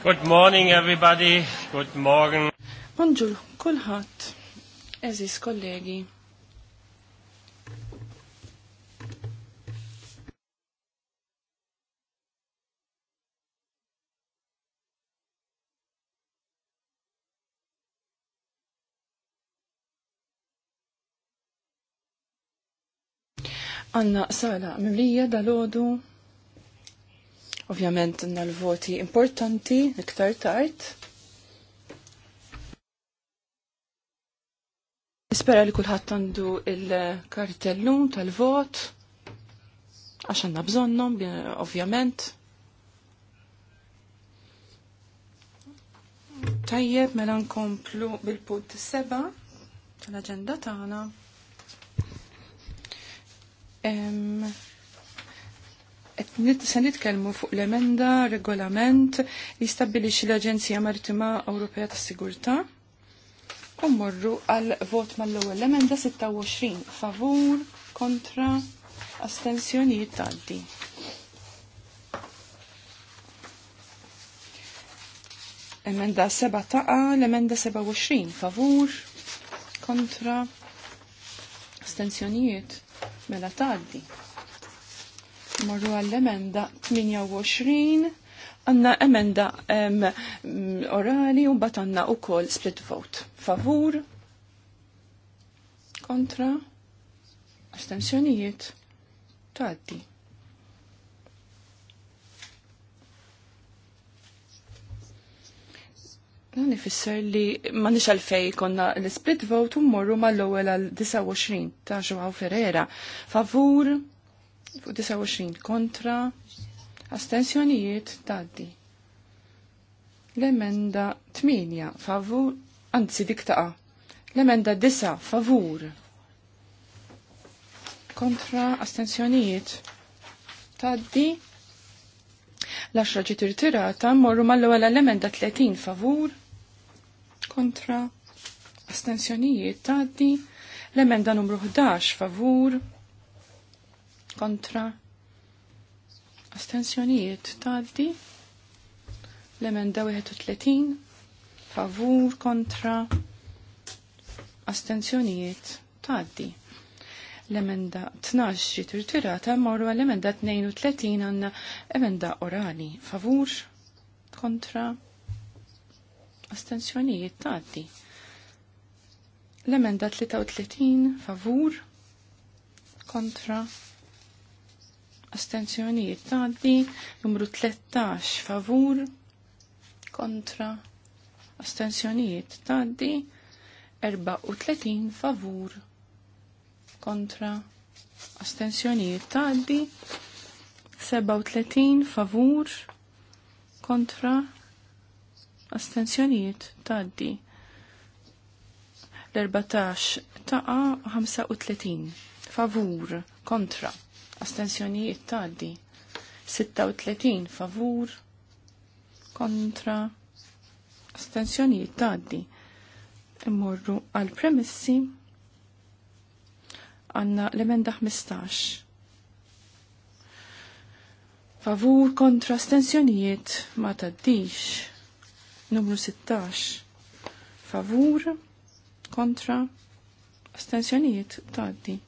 Good morning everybody, good morning. Bonjour, kulħadd, eżis kollegi. Anna sala mimlija dal-ħodu Ovvjament inna l-voti importanti iktar tard. Nispera li kulħadd għandu il-kartellum tal-vot għax għandna bżonnhom ovvjament. Tajjeb, mela nkomplu bil-punt seba tal-agenda tagħna se nitkellmu fuq l-emenda regolament li stabbilixi l-Aġenzija Maritima Ewropea tas Sigurtà. U morru għal vot mal-ewwel emenda 26 favur kontra astensjonijiet tgħaddi. Emenda 7 taqa, l-emenda 27 favur kontra astensjonijiet mela tgħaddi. Morru għall-emenda 28, għanna emenda orali u bat għanna u kol split vote. Favur, kontra, astensjonijiet, taħdi. Dan ifisser li ma nix għalfej konna l-split vote u morru mal-ewwel għal 29 ta' ġuħaw ferera. Favur, fuq 29 kontra, astensjonijiet taddi. L-emenda 8 favur, anzi diktaqa. L-emenda 9 favur. Kontra astensjonijiet taddi. L-10 ġiet irtirata morru mal-ewwel l-emenda 30 favur. Kontra astensjonijiet taddi. L-emenda numru 11 favur kontra astensjonijiet taddi l-emenda 31 favur kontra astensjonijiet taddi l-emenda 12 ġiet irtirata morru l emenda 32 għandna emenda orali favur kontra astensjonijiet taddi l-emenda 33 favur kontra astenzjonijiet tgħaddi, numru 13 favur kontra astenzjonijiet tgħaddi, 34 favur kontra astenzjonijiet tgħaddi, 37 favur kontra astenzjonijiet tgħaddi. L-14 taqa 35 favur kontra astensjonijiet taddi. 36 favur kontra astensjonijiet taddi. Immorru għal premissi għanna l-emenda 15. Favur kontra astensjonijiet ma taddix. Numru 16. Favur kontra astensjonijiet taddi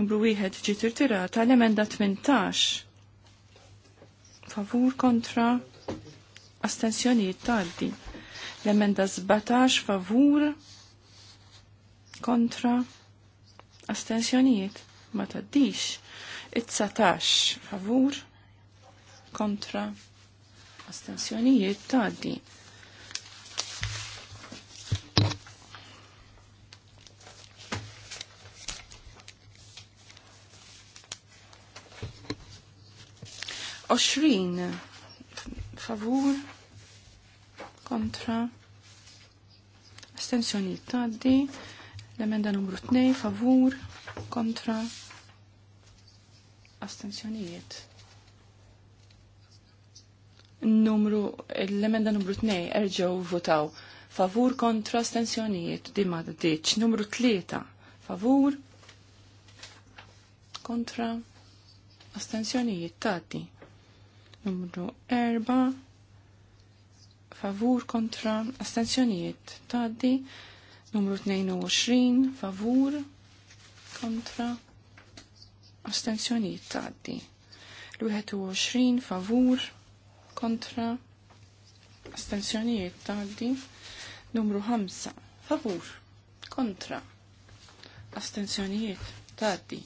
numru wieħed ġiet tirtira l-emenda 18. Favur kontra astensjonijiet tgħaddi. L-emenda 17 favur kontra astensjonijiet ma taddix. It-19 favur kontra astensjonijiet tgħaddi 20 favur kontra astensjoni taddi l-emenda numru 2 favur kontra astensjonijiet numru l-emenda numru 2 erġew votaw favur kontra astensjonijiet di ma numru 3 favur kontra astensjonijiet taddi Numru 4. Favur kontra astenzjonijiet taddi. Numru 22. Favur kontra astenzjonijiet taddi. L-21 favur kontra astensjonijiet taddi. Numru 5. Favur kontra astenzjonijiet taddi.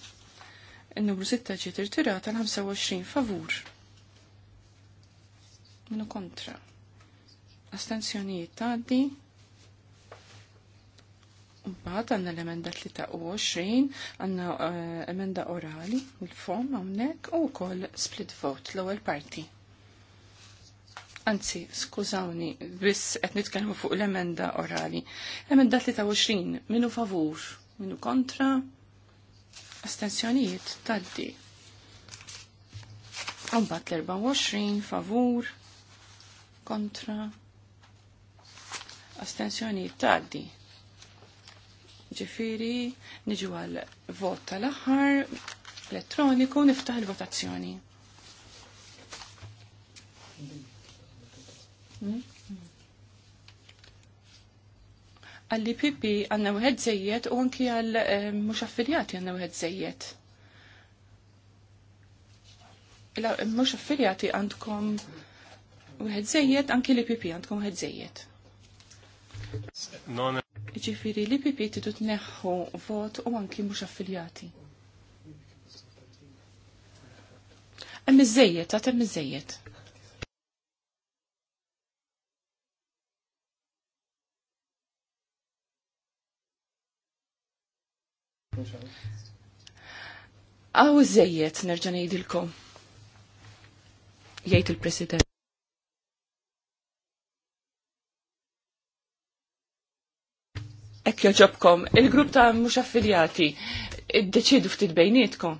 Il-numru 6 ġitir irtirata l-25 favur minu kontra. Astenzjonijiet taddi. Mbagħad għandna l-emenda 23, għandna uh, emenda orali, il-fom hawnhekk u wkoll split vote l-ewwel parti. Anzi, skużawni, biss qed nitkellmu fuq l-emenda orali. Emenda 23, minu favur, minu kontra, astensjonijiet taddi. Mbagħad l-24 favur, kontra astensjoni taddi. Ġifiri, niġu għal vot tal-aħħar elettroniku niftaħ il-votazzjoni. Hmm? Għalli pipi għanna wieħed zejjed u anki għal eh, mhux affiljati għanna wieħed zejjed. Mhux affiljati għandkom Wieħed żejjed anki li pipi għandkom wieħed żejjed. Ġifiri li pipi t tneħħu vot u anki mhux affiljati. Hemm iż-żejjed, għad hemm iż-żejjed. Għaw nerġan jgħidilkom. Jgħid il-President. Ekk joġobkom, il-grupp ta' mhux affiljati, iddeċidu ftit bejnietkom.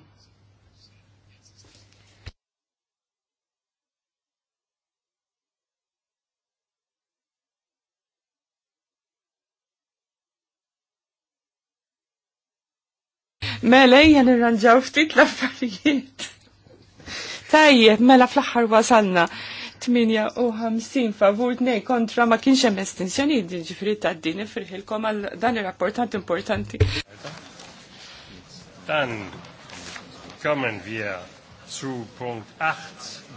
Mela hija nirranġaw ftit l-affarijiet. Tajjeb, mela fl-aħħar wasalna. 58 favur 2 kontra ma kienx hemm estensjonijiet jiġifieri ta' din ifrihilkom għal dan ir-rapportant importanti. Dan kommen wir zu Punkt 8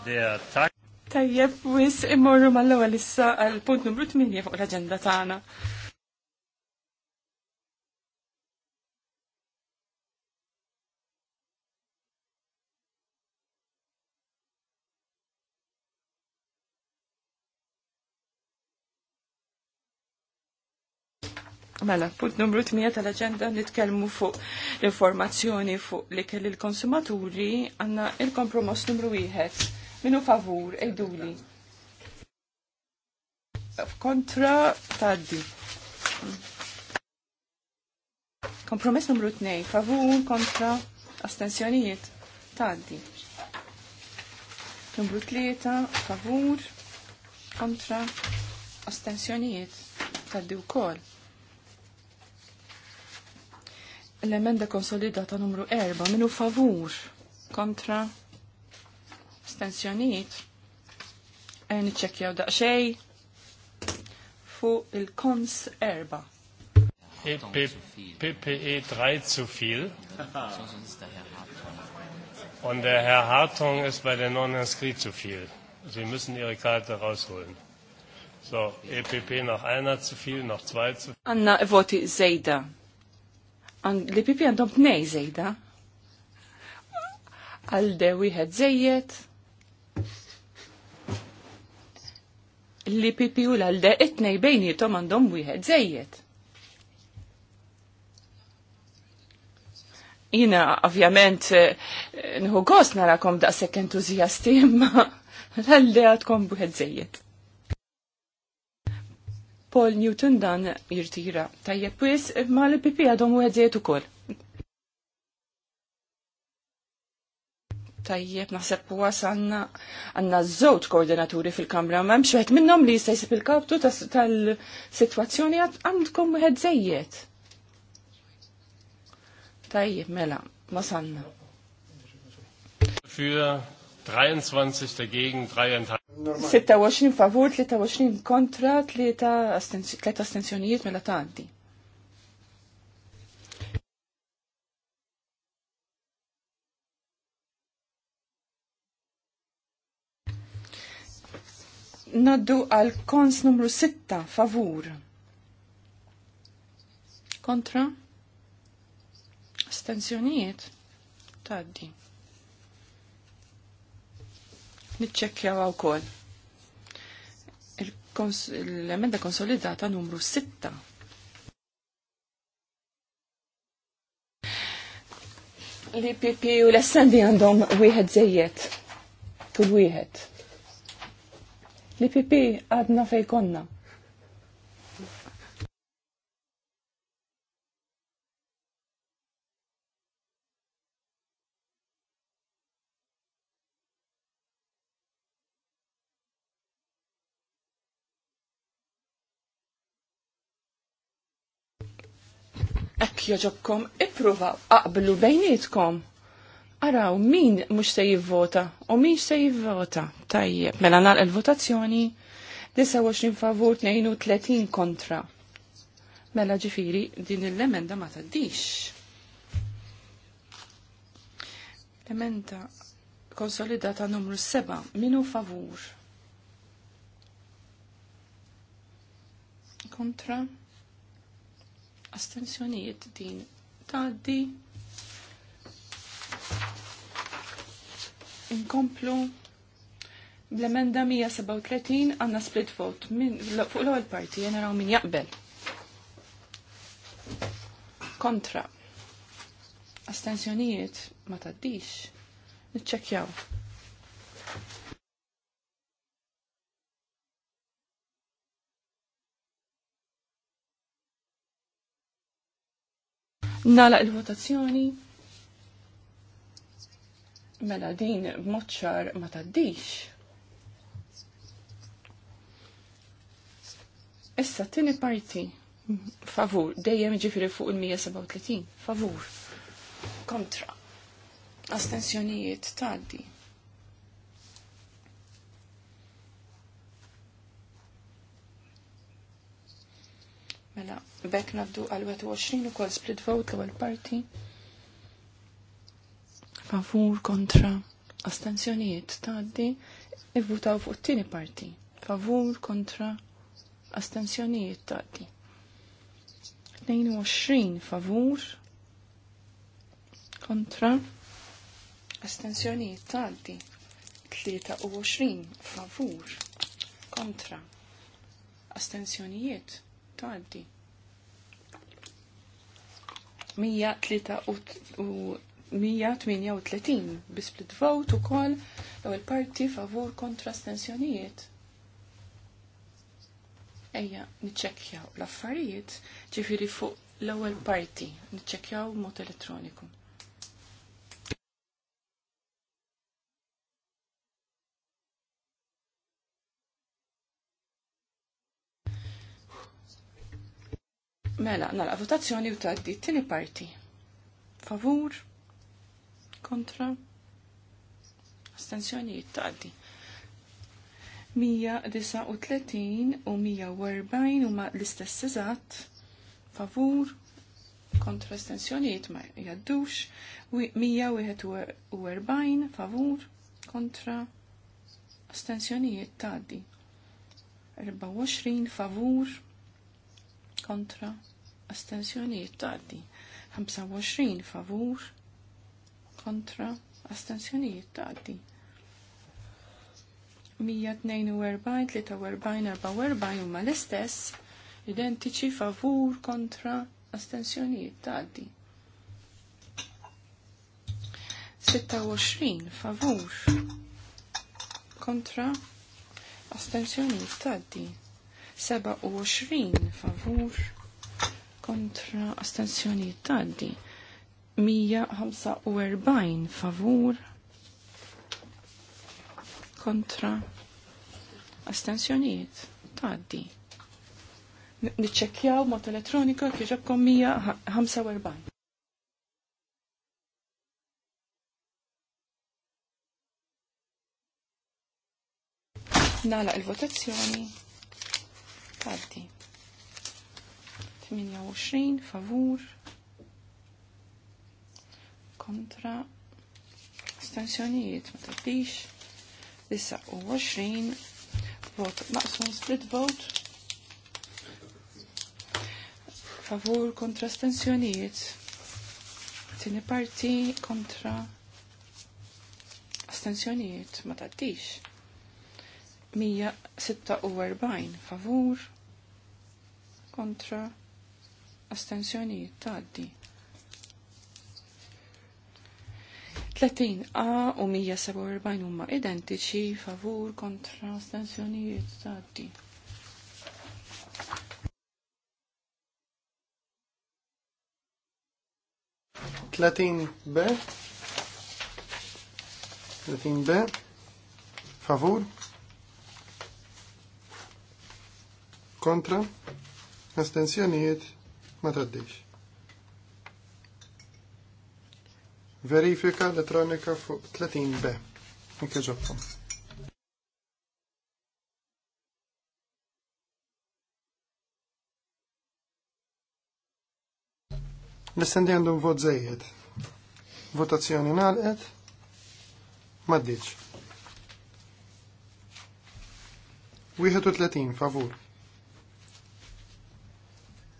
der Tag. Tajjeb, wis immorru mal-ewwel issa għal punt numru 8 fuq l-aġenda tagħna. Mela, punt numru 8 tal-agenda nitkellmu fuq l-informazzjoni fuq li kell il-konsumaturi għanna il kompromos numru 1. Minu favur, ejduli. Kontra taddi. Kompromess numru 2. Favur, kontra, astensjonijiet, taddi. Numru 3. Favur, kontra, astensjonijiet, taddi u kol l-emenda konsolidata numru 4 minu favur kontra stensjoniet e niċċekjaw daqxej fu il-kons 4. PPE 3 zu viel. Und der Herr Hartung ist bei der Non-Inscrit zu viel. Sie müssen Ihre Karte rausholen. So, EPP noch einer zu viel, noch zwei zu viel. Anna, voti zejda li pipi għandhom tnej zejda. Għalde wieħed zejjed. Li pipi u l-għalde it-nej bejnietom għandhom wieħed zejjed. Jina, ovvjament, eh, nħu għos narakom sekk entuzjasti, imma l-għalde għadkom wieħed zejjed. Paul Newton dan jirtira. Tajjeb pwis, ma l-PP għadhom u għedżiet ukoll. Tajjeb naħseb u għasanna għanna żewġ koordinaturi fil-kamra ma mxħet wieħed minnhom li jista' fil il-kaptu tal-sitwazzjoni għandkom wieħed għedżiet. Tajjeb mela, ma sanna. Für 23 dagegen, 3 26 favur, 23 kontra, 3 astensjonijiet mela tanti. Naddu għal kons numru 6 favur. Kontra? Astenzjonijiet? Taddi għaw wkoll. L-emenda konsolidata numru 6. L-IPP u l essendi għandhom wieħed żejjed. Kull wieħed. L-IPP għadna fejn konna. jaġobkom, ipruva ippruvaw aqblu bejnietkom. Araw min mhux se jivvota u min se jivvota. Tajjeb, mela nal il-votazzjoni 29 favur 32 kontra. Mela ġifiri din l-emenda ma taddix. L-emenda konsolidata numru 7 minu favur. Kontra astensjonijiet din taddi. Inkomplu bl-emenda 137 għanna split vote min, fuq l-ewwel parti jena raw min jaqbel. Kontra. Astensjonijiet ma taddix. Niċċekjaw. Nalaq il-votazzjoni. Mela din moċċar ma taddix. Issa t-tini parti. Favur, dejjem ġifiri fuq il-137. Favur. Kontra. Astensjonijiet taddi. mela bekk nabdu għal 21 u kol split vote l-ewwel parti favur kontra astensjonijiet tgħaddi ivvutaw fuq it-tieni parti favur kontra astensjonijiet tgħaddi 22 favur kontra astensjonijiet tgħaddi 23 favur kontra astensjonijiet tgħaddi 138 bi split vote u koll l il parti favur kontra stensjonijiet. Ejja, niċċekkjaw l-affarijiet ġifiri fuq l-ewwel parti, niċċekkjaw mod elettroniku. Mela, nara, votazzjoni u taddi t-tini parti. Favur, kontra, u taddi. 139 u 140 u ma l-istess eżatt favur kontra estensjonijiet ma jaddux 141 favur kontra astensjonijiet taddi 24 favur kontra astensjonijiet taddi. 25 favur kontra astensjonijiet taddi. 142-43-44 huma l-istess identiċi favur kontra astensjonijiet taddi. 26 favur kontra astensjonijiet taddi. 27 favur kontra astensjoni taddi. 145 favur kontra astensjonijiet taddi. Niċċekkjaw mod elettronika kieġabkom 145. Nala il-votazzjoni. Taddi. 28 favur kontra stanzjonijiet ma taddix 29 vot maqsum split vote favur kontra stanzjonijiet tini parti kontra stanzjonijiet ma taddix 146 favur kontra astensjonijiet taddi. 30 A u 147 huma identiċi favur kontra astensjonijiet taddi. Tletin B. Tletin B. Favur. Kontra. Astensjonijiet ma taddix. Verifika elettronika fuq 30B. Mikke ġobkom. L-istendi għandu vot zejed. Votazzjoni nalqet. Maddiċ. 31 favur.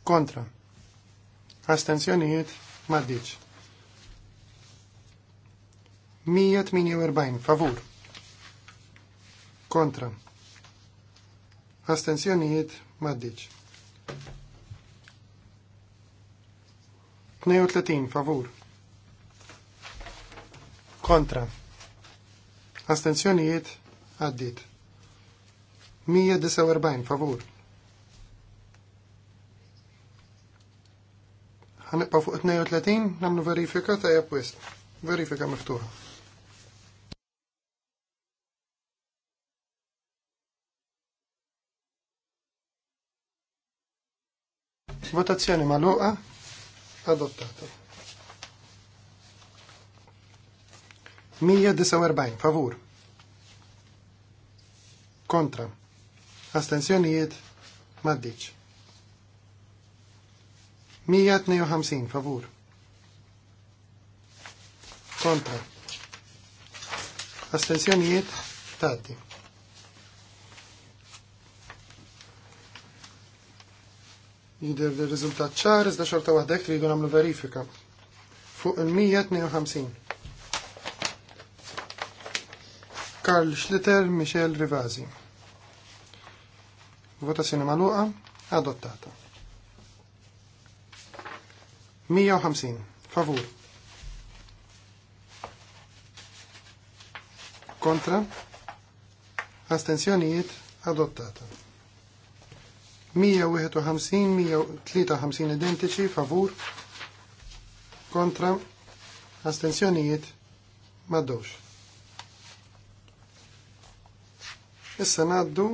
Kontra astenzjonijiet maddiċ. 148 favur kontra astenzjonijiet maddiċ. 32 favur kontra astenzjonijiet għaddit. 149 favur Kontra. ħanibqa' fuq 32 nagħmlu verifika ta' jabwis. Verifika miftuħa. Votazzjoni magħluqa adottata. 149 favur. Kontra. Astenzjonijiet maddiċ. 152 favur. Kontra. Astenzjonijiet tati. Jider il-rizultat ċar, iżda xorta waħdek tridu namlu verifika. Fuq il-152. Karl Schlitter, Michel Rivasi. Votazzjoni maluqa, adottata. 150. Favur. Kontra. Astenzjonijiet adottata. 151, 153 identiċi, favur. Kontra. Astenzjonijiet maddowx. Issa naddu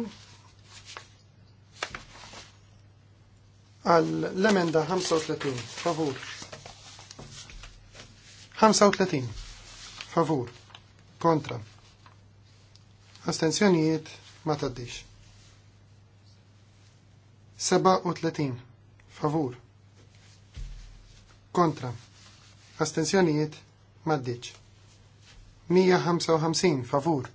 għal l-emenda 35 favur. 35 favur kontra. Astenzjonijiet ma taddix. 37 favur kontra. Astenzjonijiet ma taddix. 155 favur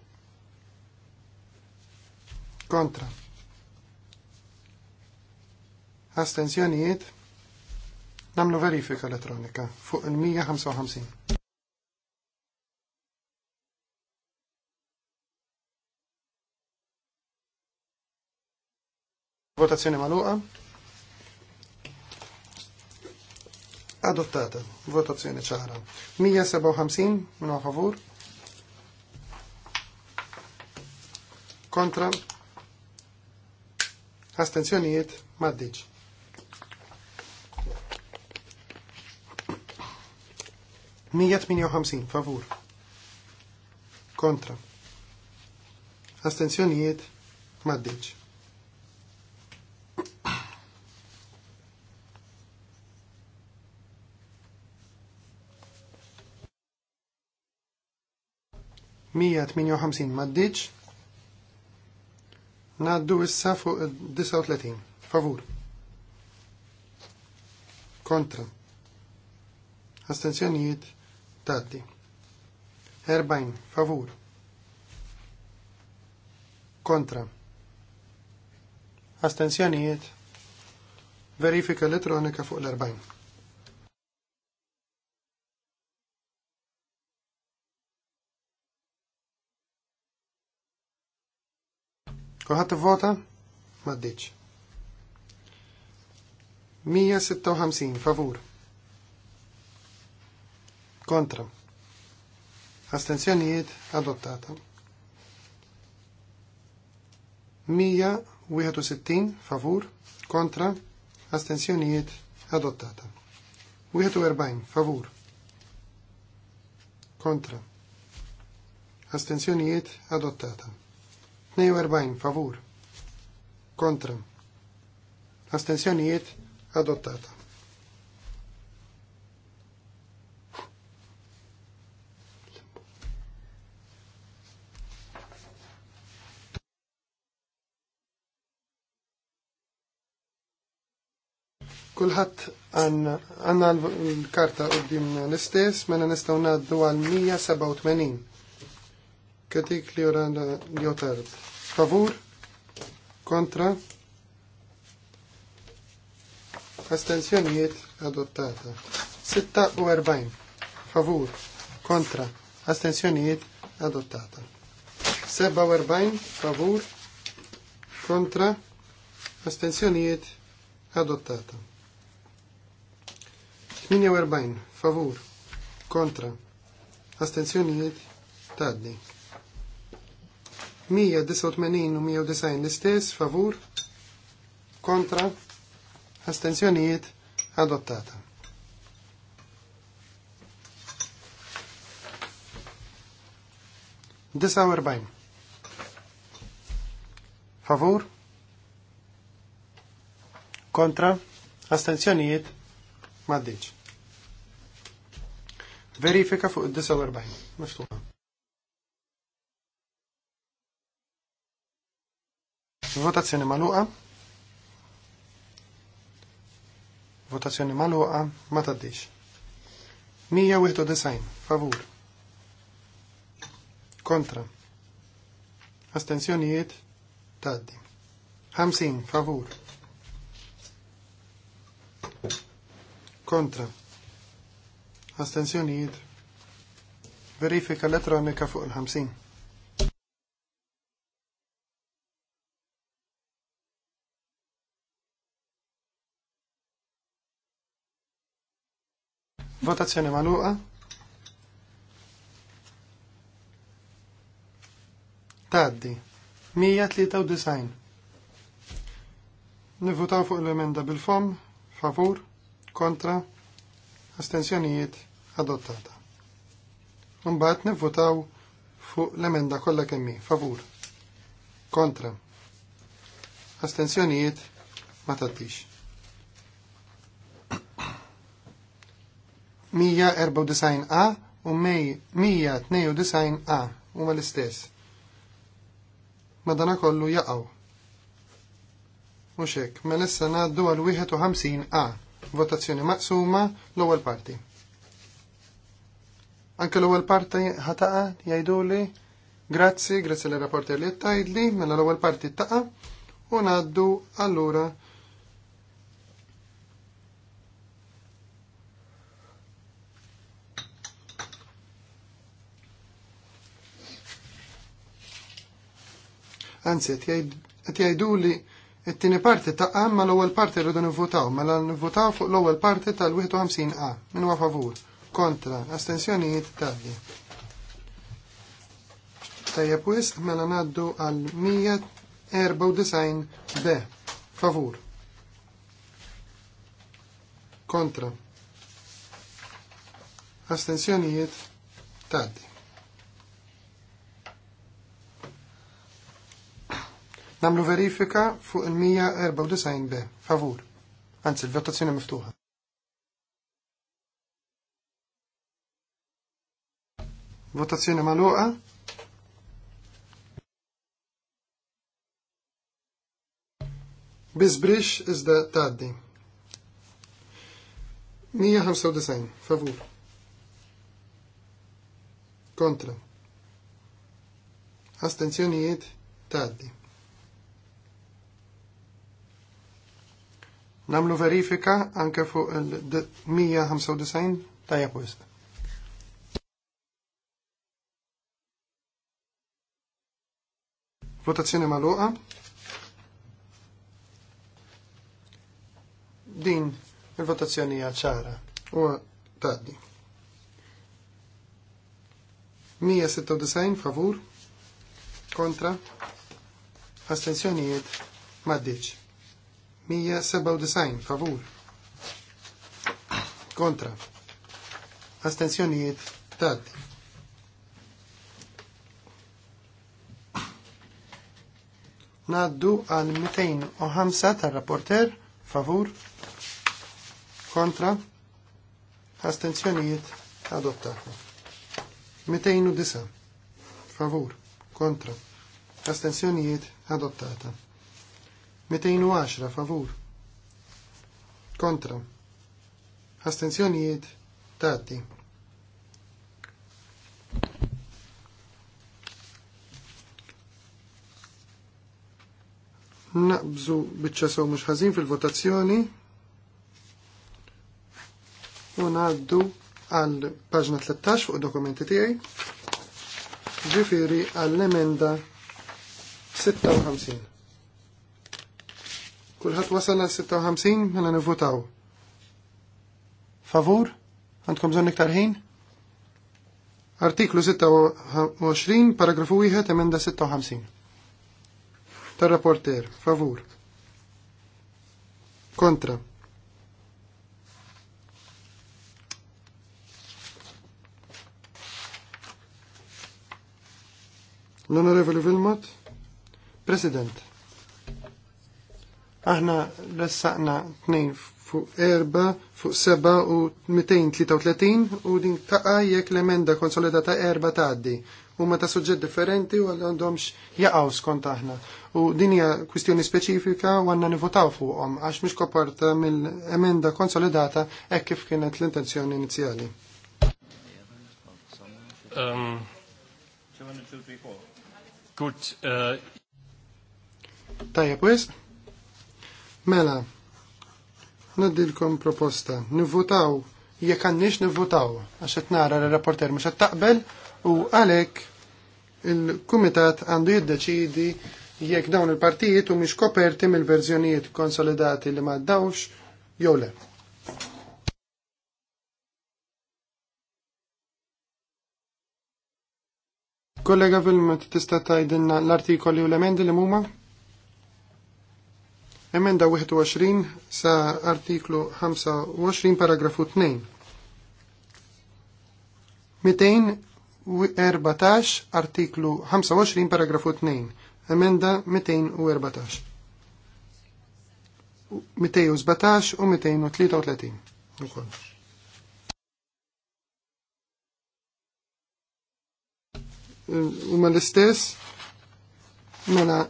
kontra astenzjonijiet, namlu verifika elettronika fuq il-155. Votazzjoni maluqa. Adottata. Votazzjoni ċara. 157 minu a favur. Kontra. Astenzjonijiet maddiċ. 158 favur. Kontra. Astenzjonijiet maddiċ. Mija 158 maddiċ. Naddu issa fuq 39. Favur. Kontra. Astenzjonijiet tatti. 40 favur kontra astensjonijiet verifika elettronika fuq l-40. Kulħadd ivvota? M'għaddiċ. 156 favur. Kontra. Astenzjonijiet adottata. 161 favur kontra astenzjonijiet adottata. 140 favur kontra astenzjonijiet adottata. 240 favur kontra astenzjonijiet adottata. Kulħadd għanna l-karta qudiemna l-istess mena nistgħu naddu għal 187. Katik li ora Liotard. Favur? Kontra? Astenzjonijiet adottata. 46. Favur. Kontra. Astenzjonijiet adottata. 47. Favur. Kontra. Astenzjonijiet adottata. 48 favur kontra astenzjonijiet taddi 189 u 190 l-istess favur kontra Astenzjoniet adottata. Disa erbajn. Favur? Kontra? Astenzjonijiet? Maddiċ. Verifika fuq id-49. Miftuħa. Votazzjoni maluqa. Votazzjoni maluqa ma taddix. 191 favur. Kontra. Astenzjonijiet taddi. 50 favur. Kontra astenzjonijiet, verifika elettronika fuq il-50. Votazzjoni magħluqa? Taddi. 193. Nivvotaw fuq l-emenda bil-fom, favur, kontra, astensjonijiet, adottata. Mbagħad nivvutaw fuq l-emenda kollha kemm favur. Kontra. Astenzjonijiet ma tattix. 194A u 192A huma l-istess. dana kollu jaqgħu. Mhux hekk, mela issa ngħaddu għal 51A. Votazzjoni maqsuma l-ewwel parti. Anke l-ewwel parti ħataqa jgħiduli grazzi, grazzi l rapporter li tgħidli, mela l-ewwel parti taqa u ngħaddu allura Anzi, qed jgħiduli it-tieni parti taqa' ma l-ewwel parti rridu nivvutaw, mela nivvutaw fuq l-ewwel parti tal-51 A. Min huwa favur? kontra astensjonijiet taddi. Tajjeb wis mela naddu għal 194 b favur kontra astensjonijiet taddi. Namlu verifika fuq il-194 b favur. Anzi, il-votazzjoni miftuħa. votazione maluqa. Bisbrix iżda taddi. 195, favur. Kontra. Astenzjonijiet taddi. Namlu verifika anke fuq il-195 tajja wisq. Votazzjoni maluqa. Din il-votazzjoni hija ċara u taddi. 196 favur kontra astensjonijiet maddiċ. 197 favur kontra astensjonijiet taddi. Naddu għal 205 tal rapporter favur kontra astenzjonijiet adotta 209 favur kontra astenzjonijiet adottata. 210 favur kontra astenzjonijiet tatti. naqbżu biċċa sew mhux ħażin fil-votazzjoni u ngħaddu għal paġna 13 fuq dokumenti tiegħi. Ġifieri għall-emenda 56. Kulħadd wasal għal 56 mela nivvotaw. Favur? Għandkom bżonn iktar ħin? Artiklu 26, paragrafu 1, emenda 56. Tar-rapporter, favur. Kontra. L-Onorevoli Vilmot, President. Aħna ressaqna tnejn fuq erba' fuq seba' u 233 u din taqqa jekk l-emenda konsolidata erba' tgħaddi huma ta' suġġett differenti u għandhomx jaqgħu skont aħna. U din hija kwistjoni speċifika u għandna nivotaw fuqhom għax mhux koparta mill-emenda konsolidata hekk kif kienet l-intenzjoni inizjali. Kut. Tajja, pues? Mela, naddilkom proposta. Nivvotaw, jekk għandix nivvotaw, għax qed nara l-rapporter mhux qed taqbel u għalhekk il-Kumitat għandu jiddeċidi jekk dawn il-partijiet u mhix koperti mill-verżjonijiet konsolidati li ma ddawx jew le. Kollega Vilma tista' tgħidilna l-artikoli u l-emendi li huma? Emenda 21 sa artiklu 25 paragrafu 2. 200 14 artiklu 25 paragrafu 2 emenda 214 217 u 233 U ma l-istess mela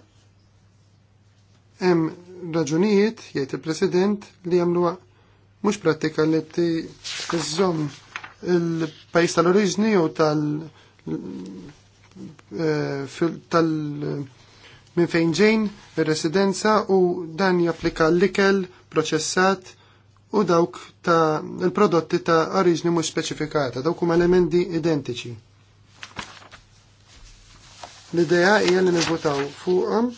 hemm raġunijiet jgħid il-President li jagħmluha mhux prattika li tiżżomm il-pajis tal-oriġni u tal- eh, tal minn fejn ġejn ir-residenza u dan japplika l-ikel, proċessat u dawk ta' il-prodotti ta' oriġni mhux speċifikata, dawk huma elementi identiċi. L-idea hija li nivvotaw fuqhom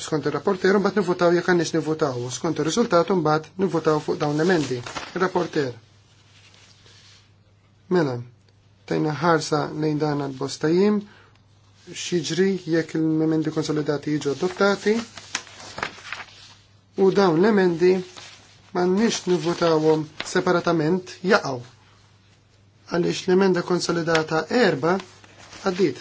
skont ir-rapporter mbagħad nivvotaw jekk għandniex nivvotaw, skont ir-riżultat mbagħad nivvotaw fuq dawn l-emendi. Ir-rapporter. Mela, tajna ħarsa lejn dan għal bostajim xieġri jekk l-emendi konsolidati jiġu adottati, u dawn l-emendi ma nix nivvotawhom separatament jaqaw. Għaliex l-emenda konsolidata erba għaddit.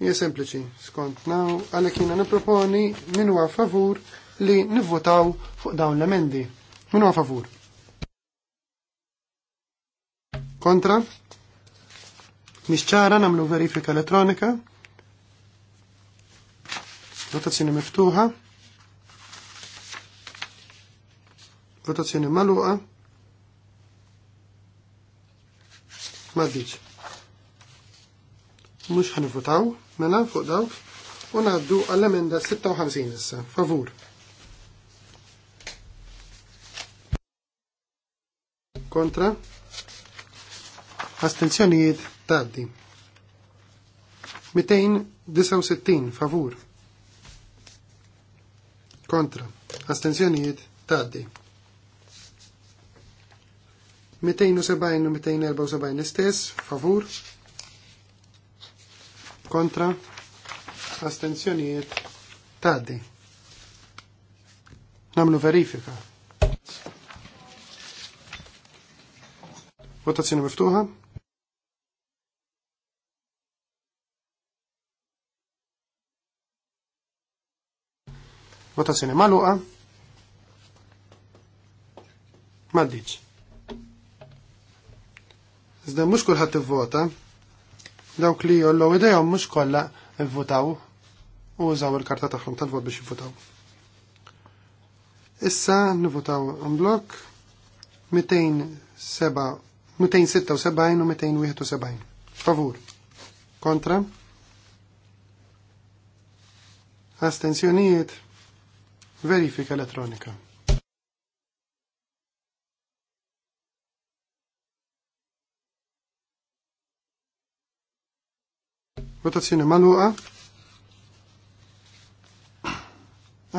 Hija sempliċi, skont naw, għalhekk jina nipproponi min huwa favur li nivvotaw fuq dawn l-emendi. Min huwa favur? Kontra? Misċara namlu verifika elettronika. Votazzjoni miftuħa. Votazzjoni maluqa. Maddiċ. Mux ħanifutaw, mela fuq daw, U naddu għall-emenda 56 issa. Favur. Kontra? astenzjonijiet taddi. 269 favur kontra astenzjonijiet taddi. 270-274 istess, favur, kontra, astenzjonijiet, taddi. Namlu verifika. Votazzjoni miftuħa. Votazzjoni maluqa. Maddiċ. mux mhux kulħadd ivvota. Dawk li jollow idejom mhux kollha votaw u użaw il-karta tagħhom tal-vot biex votaw Issa nivvotaw un blok 276 u 271. Favur. Kontra. Astenzjonijiet. Verifika elettronika. Votazzjoni maluqa.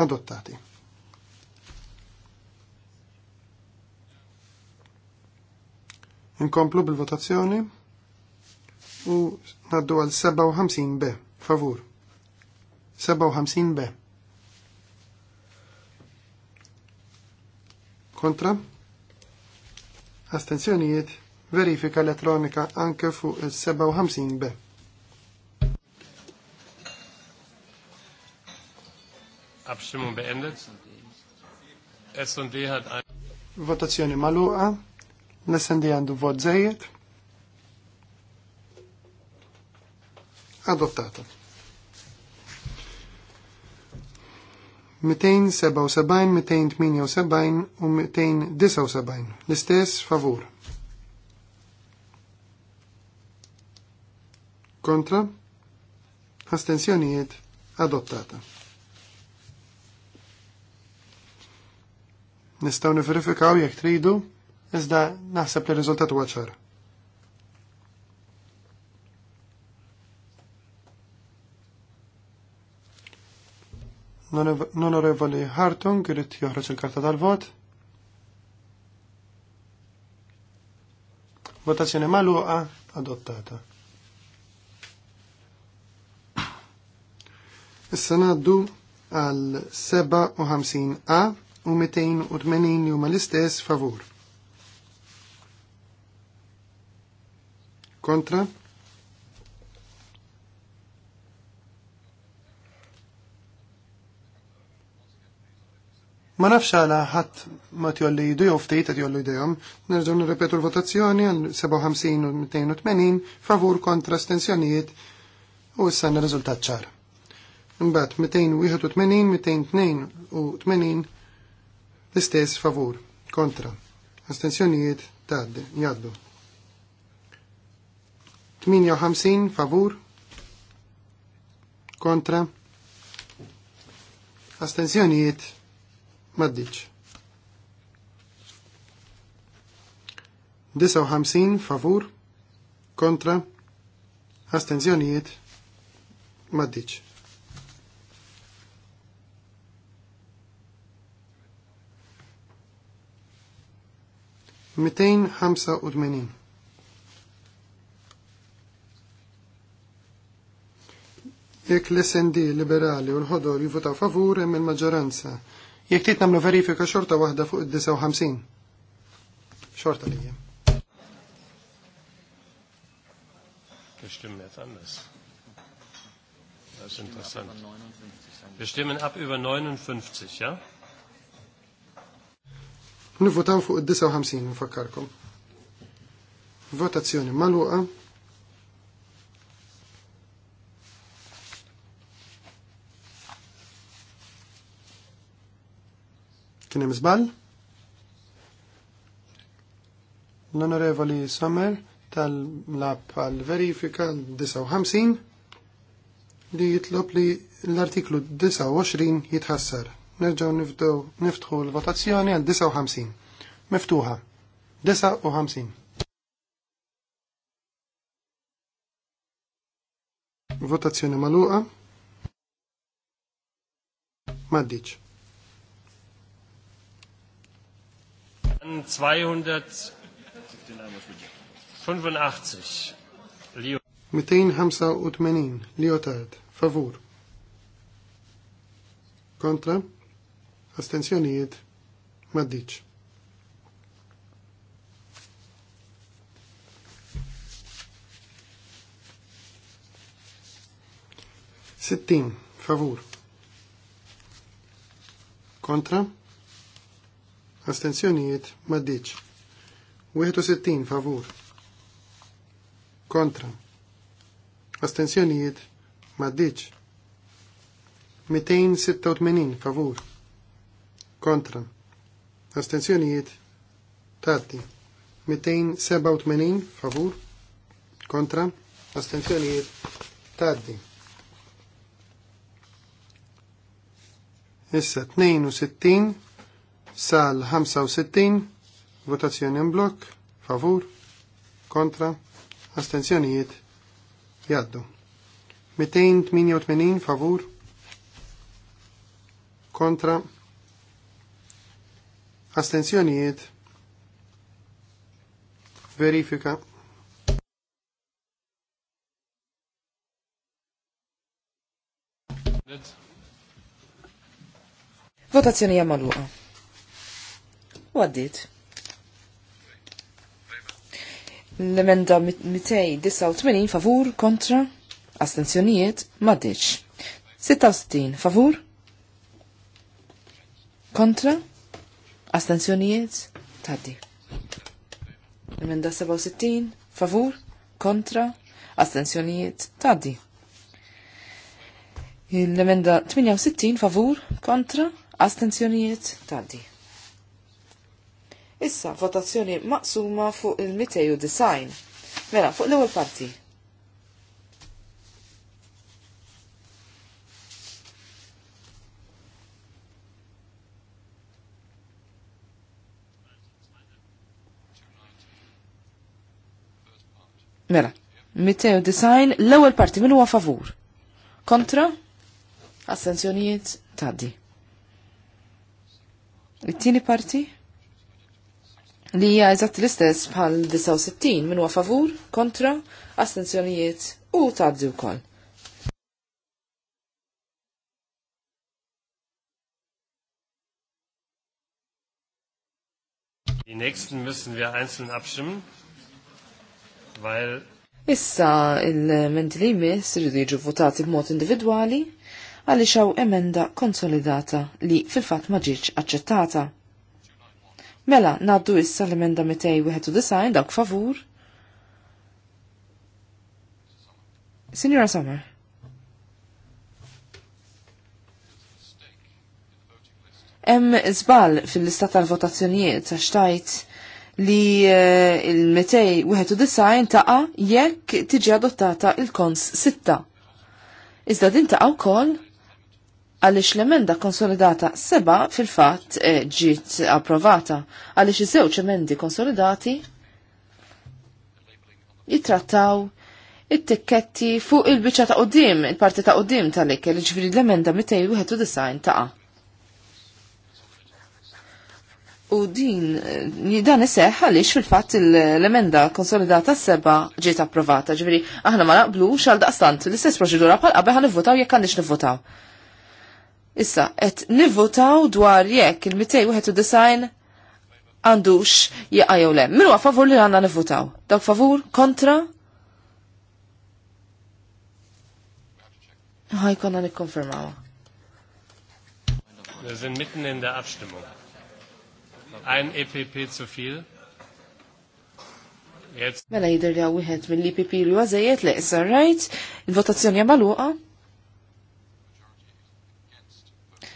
Adottati. Inkomplu bil-votazzjoni u naddu għal 57 b. Favur. 57 b. Kontra? Astenzjonijiet verifika elettronika anke fuq il-57 b. Abstimmung beendet. S&D hat ein... Votazione maluqa. L-S&D għandu vot zejiet. Adottato. 277, 278 u 279. L-istess favur. Kontra? Astenzjonijiet adottata. Nistaw niferifikaw jekk tridu, iżda naħseb li riżultat huwa ċara. l-Onorevoli Hartung irrit joħroġ il-karta tal-vot. Votazzjoni maluqa adottata. Issa naddu għal 57A u 280 li huma l-istess favur. Kontra? Ma nafx għala ħadd ma tjolli jidu jew ftit qed jollu jdejhom. Nerġgħu nirrepetu l-votazzjoni għal 57 u 280 favur kontra stensjonijiet u issa r-riżultat ċar. Imbagħad 281, 282 l-istess favur kontra. Astensjonijiet tgħaddi jgħaddu. 58 favur kontra astensjonijiet Maddiċ. 59 favur kontra astenzjonijiet maddiċ. Mitejn ħamsa u dmenin. Jek l-SND liberali u l-ħodor jivutaw favur hemm il-maġġoranza Jek tit namlu verifika xorta wahda fuq id-59. Xorta li hija. Gestimmt anders. Das ist interessant. Wir stimmen ab über 59, ja? Nivvotaw fuq id-59 nfakkarkom. Votazzjoni maluqa. Kien hemm żball? L-Onorevoli Sommer tal-lab għal-verifika 59 li jitlob li l-artiklu 29 jitħassar. Nerġaw niftħu l-votazzjoni għal 59. Miftuħa. 59. Votazzjoni maluqa. Maddiċ. 285. 285 Liotard, favur. Kontra? Astenzjonijiet? Maddiċ. Sittin, favur. Kontra? Astenzjonijiet maddiċ. 61 favur. Kontra. Astenzjonijiet maddiċ. 286 favur. Kontra. Astenzjonijiet tatti. 287 favur. Kontra. Astenzjonijiet tatti. Issa 62 sal-65 votazzjoni in blok favur kontra astenzjonijiet jaddu 288 favur kontra astenzjonijiet verifika Votazzjoni jammaluqa u għaddit. L-emenda 289 favur kontra astenzjonijiet maddiċ. 66 favur kontra astenzjonijiet taddi. Emenda 67 favur kontra astenzjonijiet taddi. L-emenda 68 favur kontra astenzjonijiet taddi. Issa, votazzjoni maqsuma fuq il design. Mela, fuq l-ewwel parti. Mela, design, l-ewwel parti min huwa favur. Kontra? Astenzjonijiet taddi. It-tieni parti? li hija eżatt l-istess bħal 69 minn huwa favur, kontra, astenzjonijiet u tgħaddi wkoll. Die nächsten müssen wir einzeln abstimmen, weil Issa il-menti li jmiss irridu jiġu votati b'mod individwali għaliex hawn emenda konsolidata li fil-fatt ma ġietx aċċettata. Mela, naddu issa l-emenda 291 dak favur. Signora Sommer. Hemm żball fil-lista tal-votazzjonijiet għax tajt li eh, il-291 taqa jekk tiġi adottata il-kons 6. Iżda din taqa wkoll għalix l-emenda konsolidata seba fil-fat eh, ġiet approvata, għalix iż-żewġ emendi konsolidati jittrattaw it-tikketti fuq il bicċa ta' qoddim, il-parti ta' qoddim tal-ikke li ġviri l-emenda 291 ta' U din, eh, dan iseħ għalix fil-fat l-emenda konsolidata seba ġiet approvata, ġviri aħna ma naqblux għal daqstant l-istess proċedura bħal qabel ħan nivvotaw jekk għandix nivvotaw. Issa, et nivvotaw dwar jekk il-291 għandux jgħajaw le. Minu favur li għanna nivvotaw? Dawk favur? Kontra? Għaj konna nikkonfermaw. Wir sind mitten in der Abstimmung. Ein EPP zu viel. Jetzt. Mela jider li għawihet mill-EPP li għazajet li issa, right? Il-votazzjoni għamaluqa?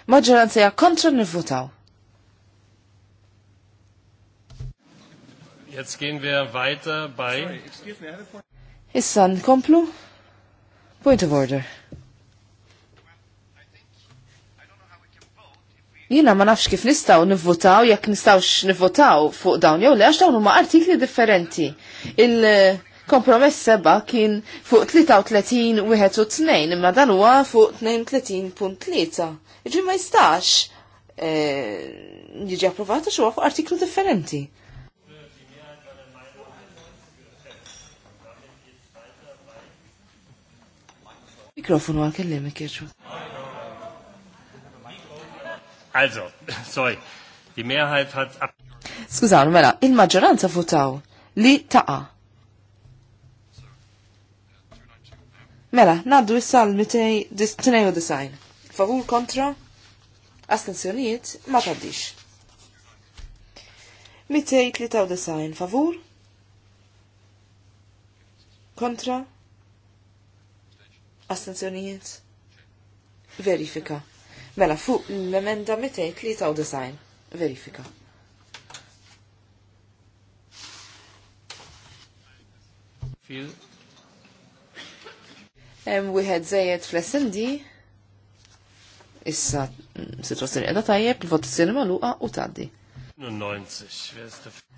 maġġoranza hija kontra nivvutaw. Jetzt gehen wir weiter bei. Issa nkomplu? Point of order. Jina ma nafx kif nistaw nivvotaw, jekk nistawx nivvotaw fuq dawn jew le għax dawn huma artikli differenti. Il-kompromess seba kien fuq 33 u tnejn imma dan huwa fuq 32.3. Iġi ma jistax eh, jiġi approvata xo fuq artiklu differenti. Mikrofonu għal kellimi kieċu. Also, sorry, di Mehrheit hat Skużan, mela, il-maġġoranza votaw li taqa. Mela, naddu issa l-292 favur kontra astenzjonijiet ma taddix. 293 favur kontra astenzjonijiet verifika. Mela fuq l-emenda 293 verifika. Fil. Wieħed żejjed fl-SND Issa, situazzjoni edha tajjeb, il-votazzjoni maluqa u taddi.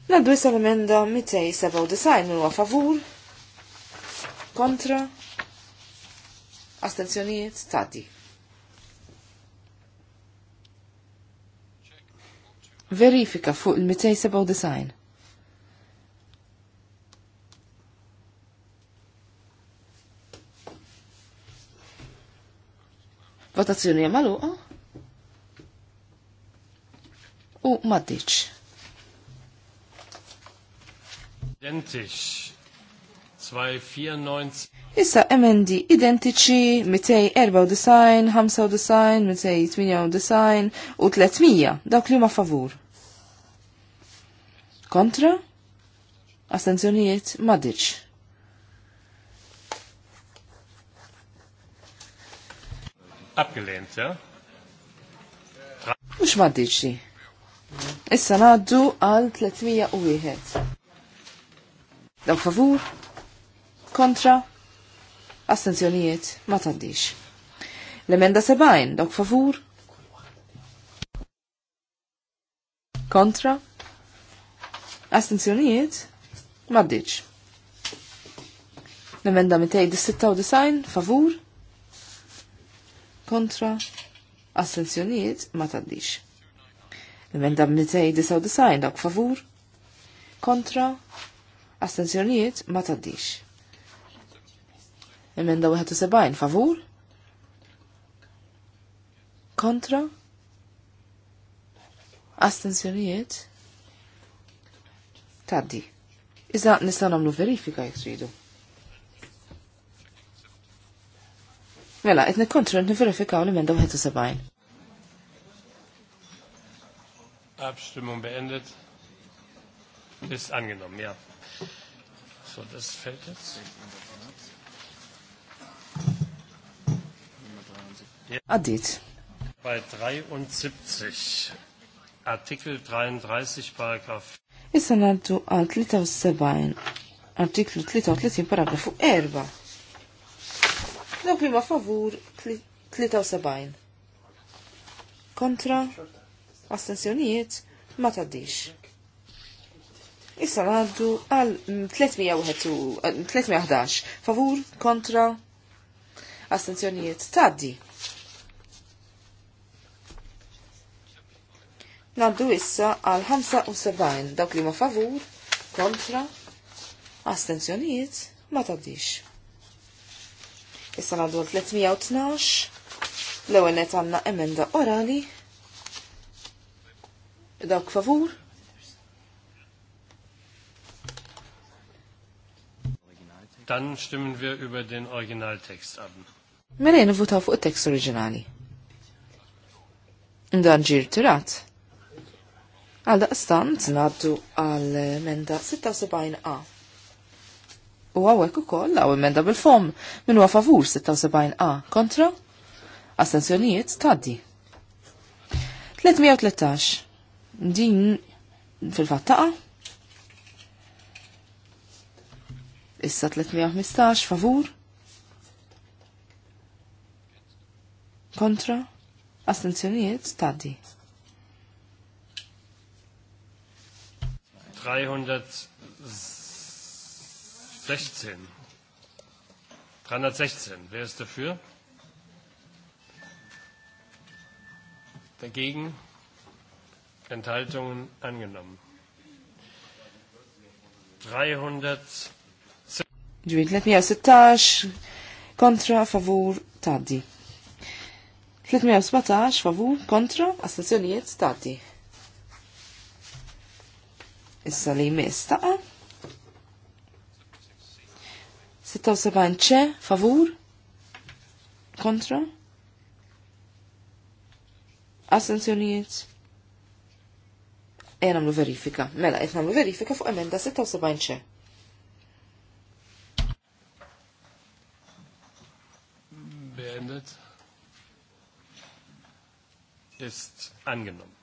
Naddu issa l-emenda 297 huwa favur, kontra, astenzjonijiet taddi. Verifika fuq il-297. Votazzjoni hija magħluqa. U maddiċ. Identix. 294. Issa emendi identiċi 294, 95, 298 u 300 dawk li ma favur. Kontra? Astenzjonijiet Maddiċ. Abgelehnt, ja? Mux maddiċi. Issa naddu għal 301. Daw favur, kontra, astenzjonijiet, ma taddix. L-emenda sebajn, dawk favur, kontra, astenzjonijiet, maddiċ. L-emenda 296, favur, kontra assenzjoniet ma taddix. L-emenda 299 dak favur kontra assenzjoniet ma taddix. Emenda 71 favur kontra astenzjonijiet taddi. Iza nistanam nagħmlu verifika jek tridu. Mela, qed nikkontroll niverifikaw l-emenda 71. Abstimmung beendet. Ist angenommen, ja. So, das fällt jetzt. Addit. Bei 73, Artikel 33, Paragraph. Ist naddu Artikel 73, artiklu 33, paragrafu 4. Dawk li ma favur 73. Kontra astensjonijiet ma taddix. Issa għaddu għal 311 favur kontra astensjonijiet taddi. Naddu issa għal 75 dawk li ma favur kontra astensjonijiet ma taddix. Issa għaddu 312. L-ewwel qed għandna emenda orali. Dawk favur. Dan stimmen wir über den Originaltext ab. Mela votaw fuq it-tekst oriġinali. Dan ġir tirat. Għal daqstant naddu għal menda 76a. U għawek u koll għaw emenda bil-fom minn huwa favur 76a kontra astensjonijiet taddi. 313. Din fil-fattaqa. Issa 315 favur. Kontra astensjonijiet taddi. 300 316. 316. Wer ist dafür? Dagegen? Enthaltungen angenommen. 316. 316 kontra favur tadi. 317 favur kontra astazzjonijiet tadi. Issa li jmiss taqa' 76 c'è favur, contro assenzjonijiet, e non namlu verifika, mela, non lo verifica fu emenda 76 c'è Beendet. Ist angenommen.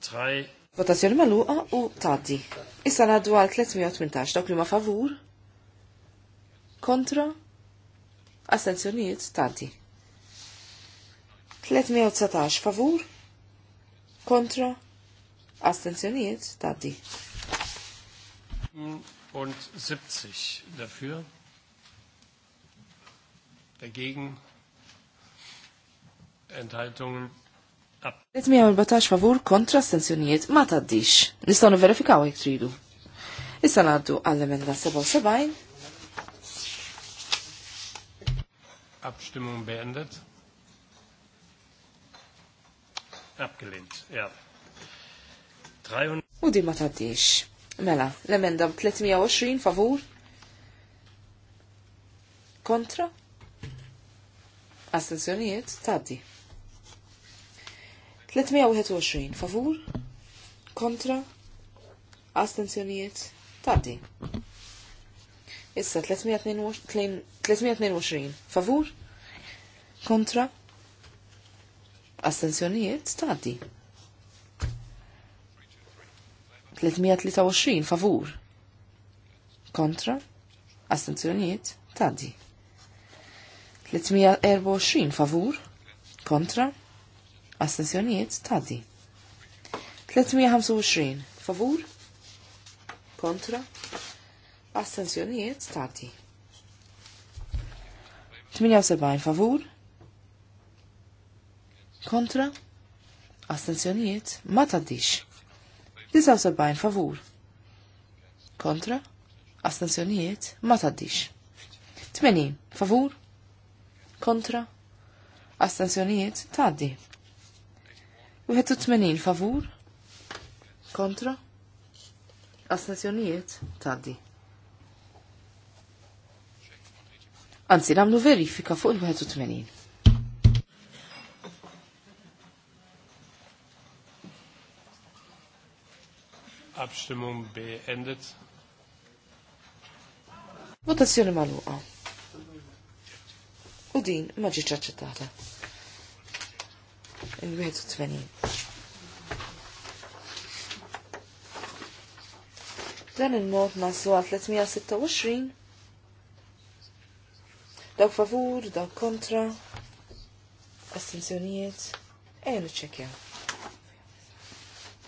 Drei. Votazzjoni maluqa u tati. Issa naddu għal 318 dawk li ma favur, kontra astenzjonijiet tanti. 319 favur kontra astenzjonijiet tanti. Und 70 dafür. Dagegen enthaltungen ab. 314 favur kontra astenzjonijiet ma taddix. Nistgħu verifikaw jekk tridu. Issa għal emenda 77 Abstimmung beendet. Abgelehnt, ja. 300... U di ma taddix. Mela, l-emenda 320 favur. Kontra. Astenzjonijiet taddi. 321 favur. Kontra. Astenzjonijiet taddi. Issa 322 favur kontra astensjonijiet stati. 323 favur kontra astensjonijiet tadi. 324 favur kontra astensjonijiet tadi. 325 favur kontra Astenzjonijiet tati. 78 favur. Kontra. Astenzjonijiet ma taddix. 79 favur. Kontra. Astenzjonijiet ma taddix. 80 favur. Kontra. Astenzjonijiet taddi. 81 favur. Kontra. Astenzjonijiet taddi. Anzi, namlu verifika fuq il-81. Abstimmung beendet. Votazzjoni maluqa. U din ma ġietx aċċettata. Il-81. Dan il-mod naslu għal 326 Dawk favur, dawk kontra, astenzjonijiet, ejlu ċekja.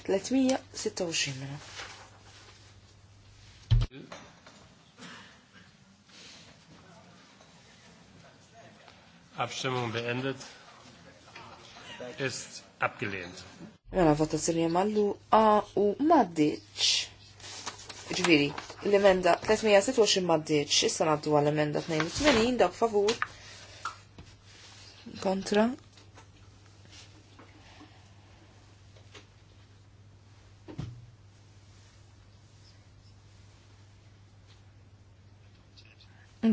326 mela. Abstimmung beendet. Ist abgelehnt. Mela votazzjoni mallu A u maddiċ. Ġviri, l-emenda 326 maddiċ, issa naddu għal-emenda 82, dak favur. Kontra.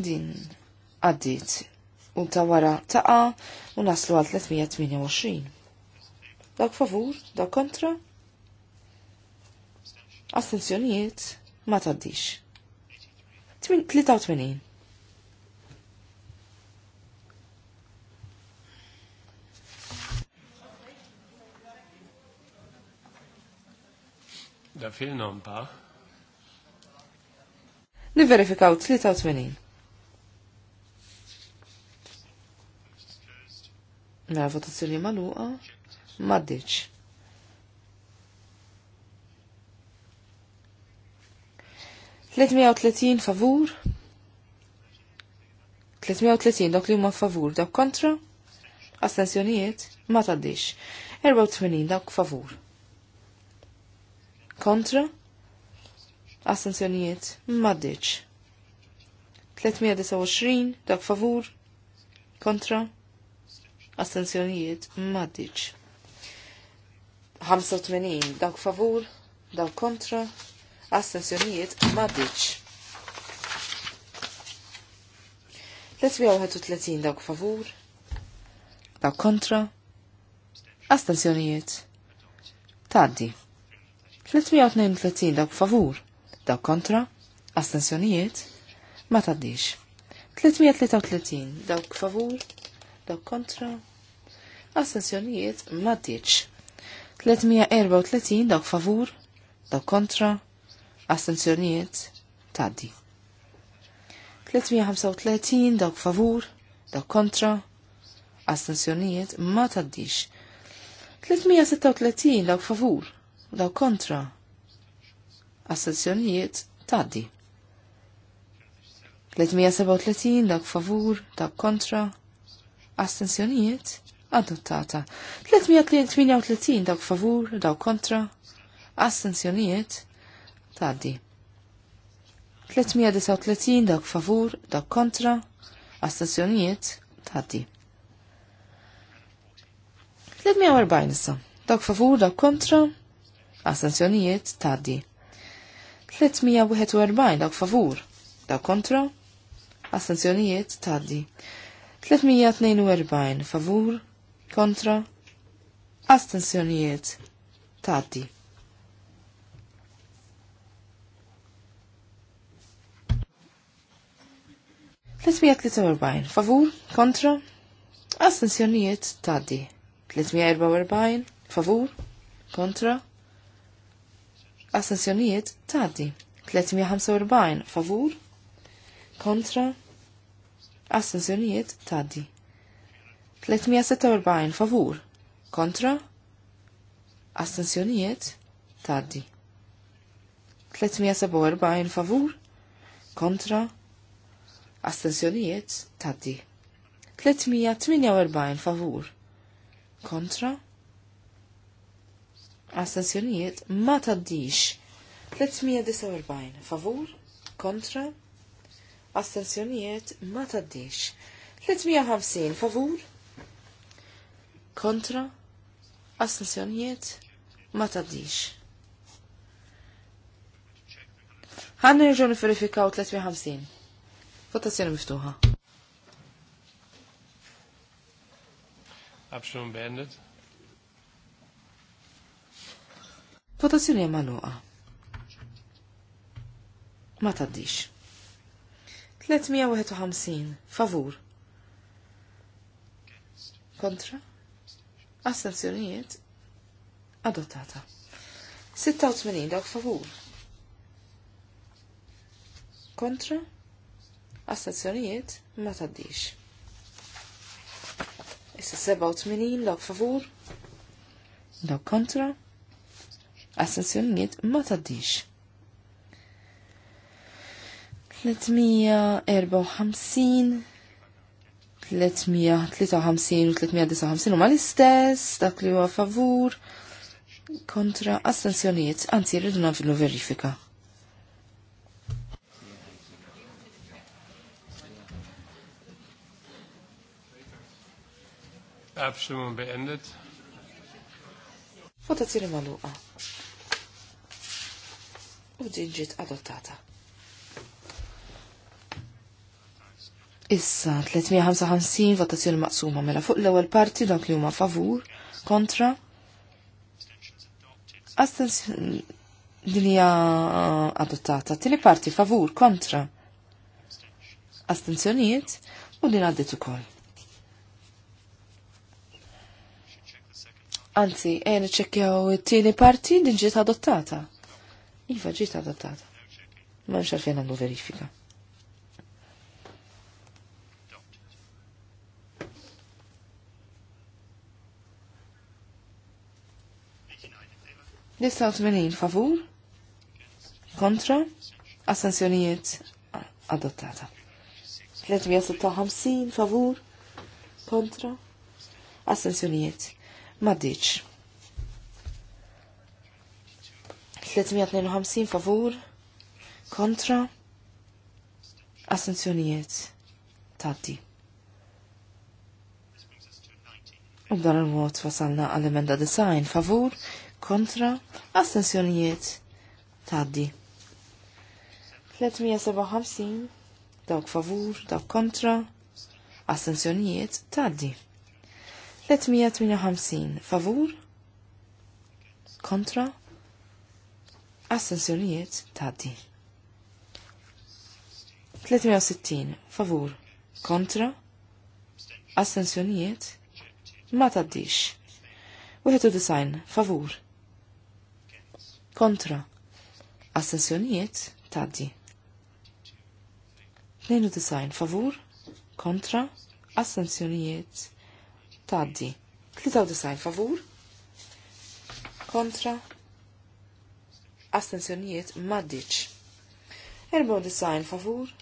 Din, għaddit, u ta' wara ta' u naslu għal 328. Dak favur, dak kontra. Astenzjonijiet ma taddix. 83. Da fil nomba. Niverifikaw 83. Na mela, votazzjoni maluqa, maddiċ. 330 favur. 330 dok li huma favur dak kontra. Astensjonijiet ma taddix. 84 dak favur. Kontra. Astensjonijiet ma taddix 329 dak favur. Kontra. Astensjonijiet ma taddix 85 dak favur. Dak kontra astensjonijiet maddiċ. 331 dawk favur, dawk kontra, astensjonijiet taddi. 332 dawk favur, dawk kontra, astensjonijiet ma taddix. 333 dawk favur, dawk kontra, astensjonijiet ma taddix. 334 dawk favur, dawk kontra, astenzjonijiet taddi. 335 dawk favur, dawk kontra, astenzjonijiet ma taddix. 336 dawk favur, dawk kontra, astenzjonijiet taddi. 337 dawk favur, dawk kontra, astenzjonijiet adottata. 338 dawk favur, dawk kontra, astenzjonijiet Taddi. 339 dak favur, dak kontra, astazzjonijiet, taddi. 340 issa, dak favur, dak kontra, astazzjonijiet, taddi. 341 dak favur, dak kontra, astazzjonijiet, taddi. 342 favur, kontra, astensjonijiet, taddi. 343 favur kontra astensjonijiet taddi 344 favur kontra astensjonijiet taddi 345 favur kontra astensjonijiet taddi 346 favur kontra astensjonijiet taddi 347 favur kontra astensjonijiet taddi. 348 favur. Kontra. astensjonijiet ma taddix. 349 favur. Kontra. astensjonijiet ma taddix. 350 favur. Kontra. astensjonijiet ma taddix. Għan nirġu niferifikaw 350. Votazzjoni miftuħa. Abxum bendet. Votazzjoni hija Ma taddix. 351 favur. Kontra. Astenzjonijiet adottata. 86 dawk favur. Kontra. Astenzjonijiet ma taddix. Issa 87 log favur. Log kontra. Astenzjonijiet ma taddix. 354 353 u 359 u l-istess, dak li huwa favur kontra astensjonijiet, anzi rridu nafilu verifika. Abstimmung beendet. Votazzjoni magħluqa. U din adottata. Issa 355 votazzjoni maqsuma mela fuq l-ewwel parti dak li huma favur, kontra. Astens din hija eh, adottata. Tieni parti favur, kontra. Astenzjonijiet u din għaddit ukoll. Anzi, ejn iċċekkjaw it-tieni parti li ġiet adottata. Iva ġiet adottata. Ma nxar fejn għandu verifika. Nistaw 80 favur, kontra, assenzjonijiet adottata. 356 favur, kontra, assenzjonijiet Maddiċ. 352 favur kontra assenzjonijiet taddi. U b'dan il-mod wasalna għall-emenda design favur kontra assenzjonijiet taddi. 357 dawk favur, dawk kontra, assenzjonijiet taddi. 358 favur kontra astensjonijiet taddi. 360 favur kontra astensjonijiet ma taddix. 91 favur kontra astensjonijiet taddi. 92 favur kontra astensjonijiet taddi. 93 favur kontra astensjonijiet maddiċ. 94 favur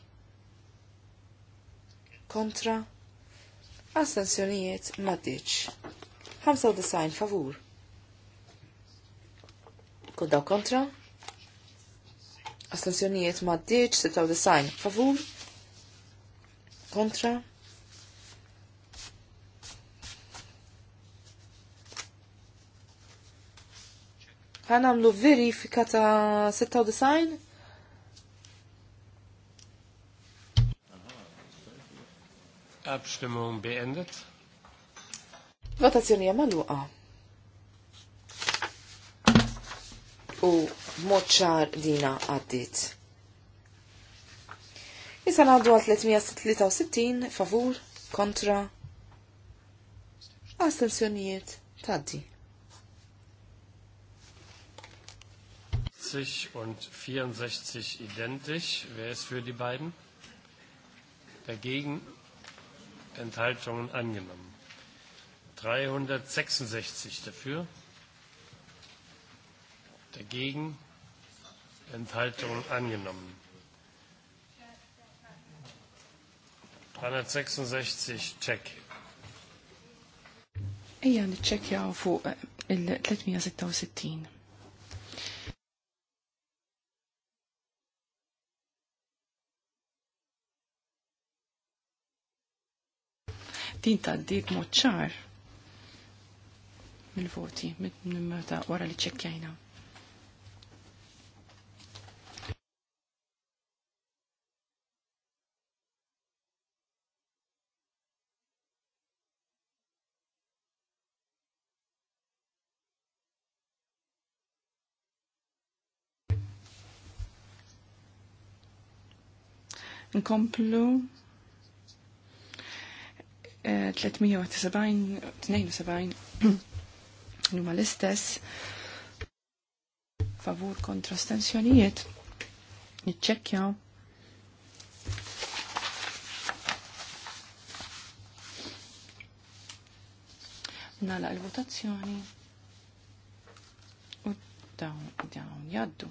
kontra astensjonijiet maddiċ. 95 favur Koddaw kontra. Astenzjonijiet maddiċ. 10, 96 favur. Kontra. ħanamlu verifika ta' 96? Abstimmung beendet. Votazzjoni luqa. U moċċar dina għaddit. Issa għaddu għal 363 favur kontra astensjonijiet taddi. 60 und 64 identisch. Wer ist für die beiden? Dagegen Enthaltungen angenommen. 366 dafür. Dagegen Enthaltungen angenommen. 366 check. Ejja, nitċekjaw fuq eh, il-366. din taddit mod moċċar mil voti mil-mata wara li ċekkjajna. Nkomplu 372 huma l-istess favur kontra stensjonijiet niċċekkjaw nala l-votazzjoni u dawn dawn jaddu.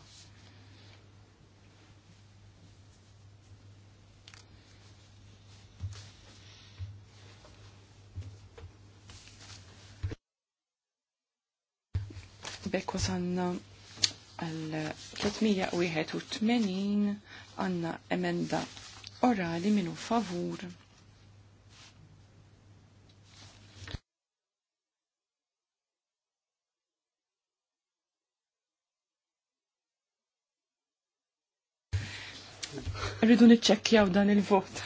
bekk wasanna għal 381 għanna emenda orali minu favur. Rridu niċċekkjaw dan il-vot.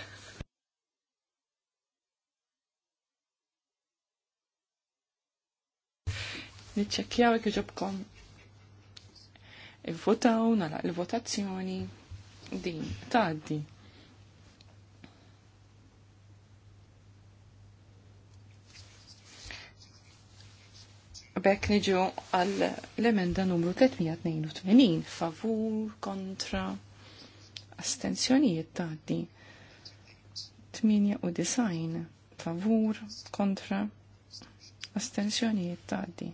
Niċċekkjaw jekk iġobkom. Ivvotaw nagħlaq il-votazzjoni din tgħaddi. Bekk niġu għall emenda numru 382 favur kontra astensjonijiet tgħaddi. 89. favur kontra astensjonijiet tgħaddi.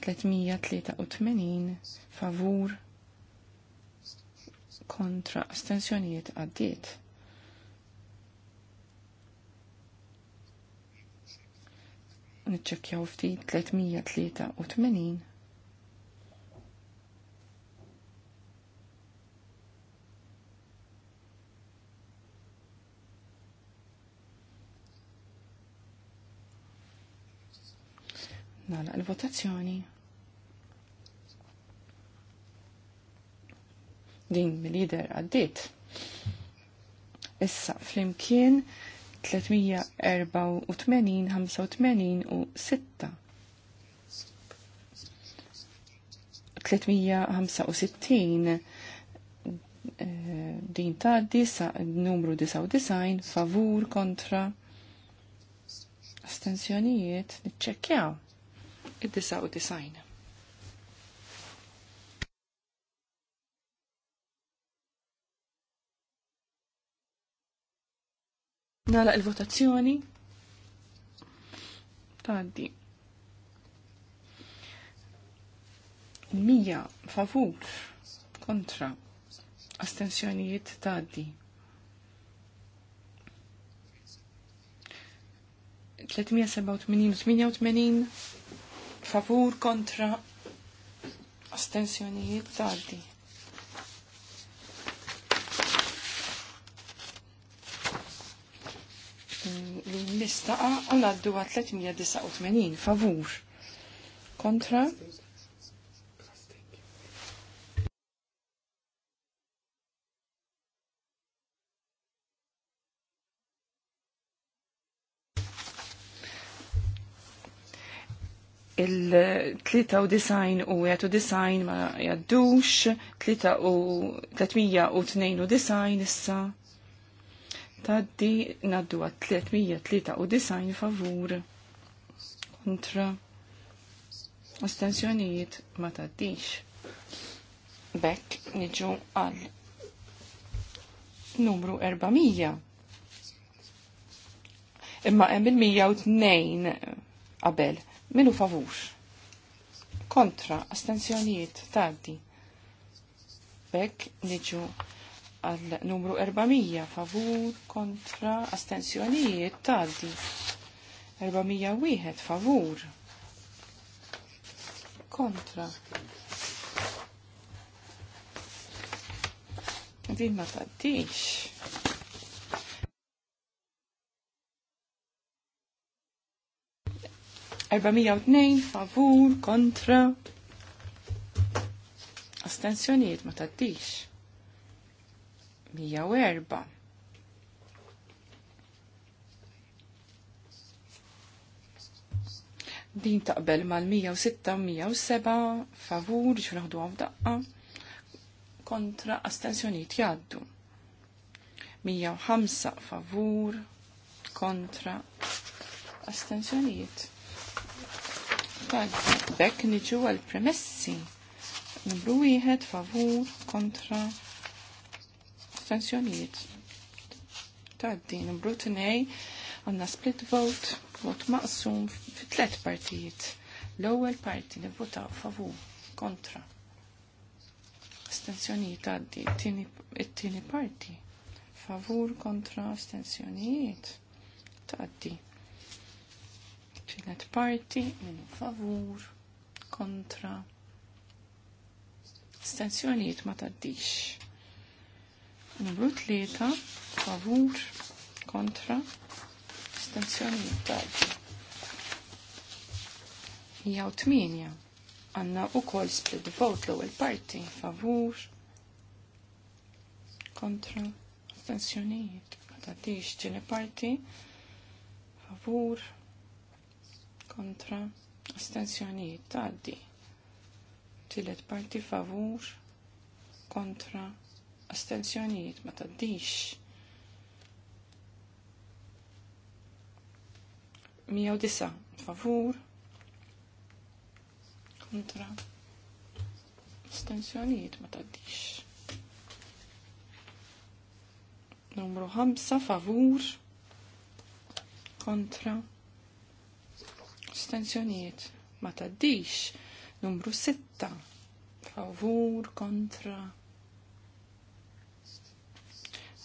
383 favur kontra astensjonijiet għaddiet. Nitċekjaw ftit 383 Nala il-votazzjoni. Din mill-lider għaddit. Issa flimkien 384, 85 u 6. 365 eh, din taddi sa numru 99 favur kontra astensjonijiet niċċekkjaw id-99. Nala il-votazzjoni. Taddi. Mija favur kontra astensjonijiet taddi. 387 u 88 favur kontra astensjonijiet tardi. L-lista għal għaddu 389 favur kontra il-93 u 91 ma jaddux, 392 issa. Taddi naddu għat 393 favur kontra ostensjonijiet ma taddix. Bekk niġu għal numru 400. Imma hemm il-102 qabel Minu favur. Kontra astenzjoniet, taddi. Bek, niġu għal numru 400 favur kontra astenzjoniet, taddi. 401 favur kontra. Din ma taddix. 402 favur kontra astensjonijiet ma taddix. 104 din taqbel mal-106-107 favur ġu naħdu għaw daqqa kontra astensjoniet jaddu. 105 favur kontra astensjoniet għadda. Bekk niġu għal-premessi. Numru wieħed favur kontra astensjonijiet. Taddi, numru tnej għanna split vote, vot maqsum fi tlet partijiet. L-ewwel parti nivvotaw favur kontra. Astensjonijiet għaddi, it-tieni parti favur kontra astensjonijiet. Taddi. Tilet parti minu favur kontra stazzjonijiet ma taddix. Numru tlieta favur kontra stazzjonijiet taddi. Jaw tminja għanna u kol split vote l-ewwel parti favur kontra stazzjonijiet ma taddix ġini parti favur kontra kontra astensjonijiet taddi. Tillet parti favur kontra astensjonijiet ma taddix. 109 favur kontra astensjonijiet ma taddix. Numru 5 favur kontra Stenzjonijiet ma taddix. Numru 6. Favur kontra.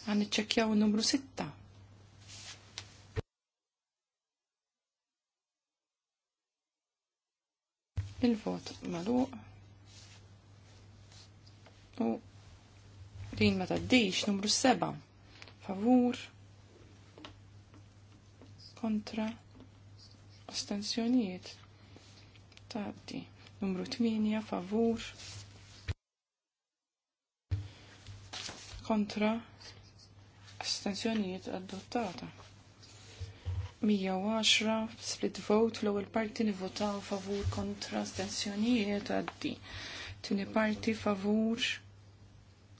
Għan iċċekjaw numru 6. Il-vot malu. U din ma taddix numru 7. Favur kontra astensjonijiet taddi numru 8 favur kontra astenzjonijiet adottata 110 split vote l-ewwel parti nivvotaw favur kontra astenzjonijiet għaddi. Tieni parti favur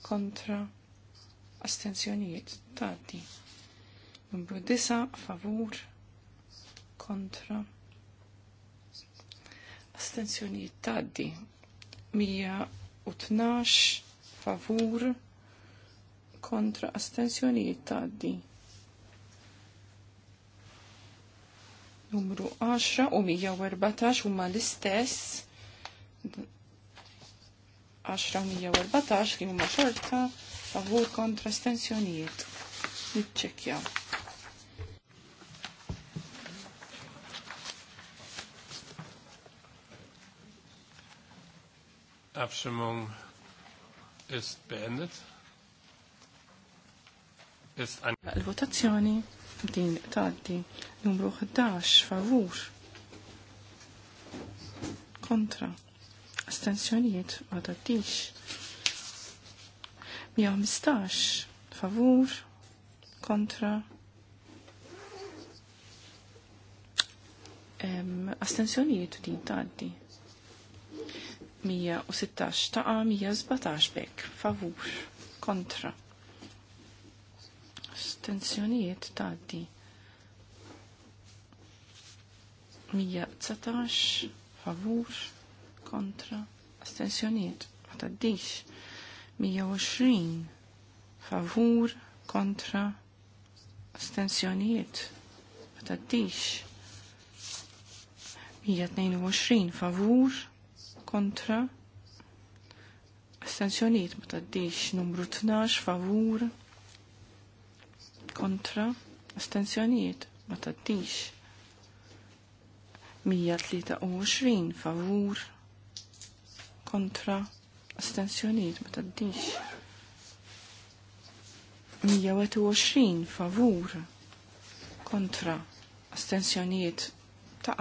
kontra astenzjonijiet tati. Numru 9 favur kontra astenzjonijiet jittaddi. 112 favur kontra astenzjoni jittaddi. numru 10 u 114 huma l-istess 10 u 114 li huma xorta favur kontra astenzjonijiet niċċekjaw Abstimmung ist beendet. Ist an Il-votazzjoni din taddi numru 11 favur kontra astensjonijiet ma taddix 115 favur kontra astensioniet din taddi 116 taqa 117 bekk favur kontra ta' taddi 119 favur kontra Stenzjoniet ma taddix 120 favur kontra Stenzjoniet ta' di. 122 favur kontra astensjoniet ma taddix numru 12 favur kontra astensjoniet ma taddix 123 favur kontra astensjoniet ma taddix 120 favur kontra astensjoniet ta'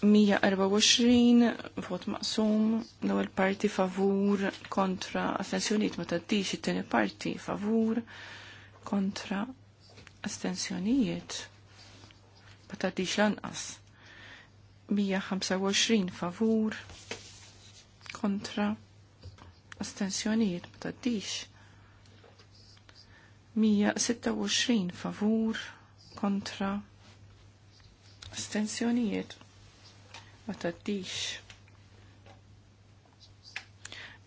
124 vot maqsum l-ewwel parti favur kontra astensjonijiet ma tgħaddix it-tieni parti favur kontra astensjonijiet ma taddix lanqas 125 favur kontra astensjonijiet ma taddix 126 favur kontra astensjonijiet ma taddix.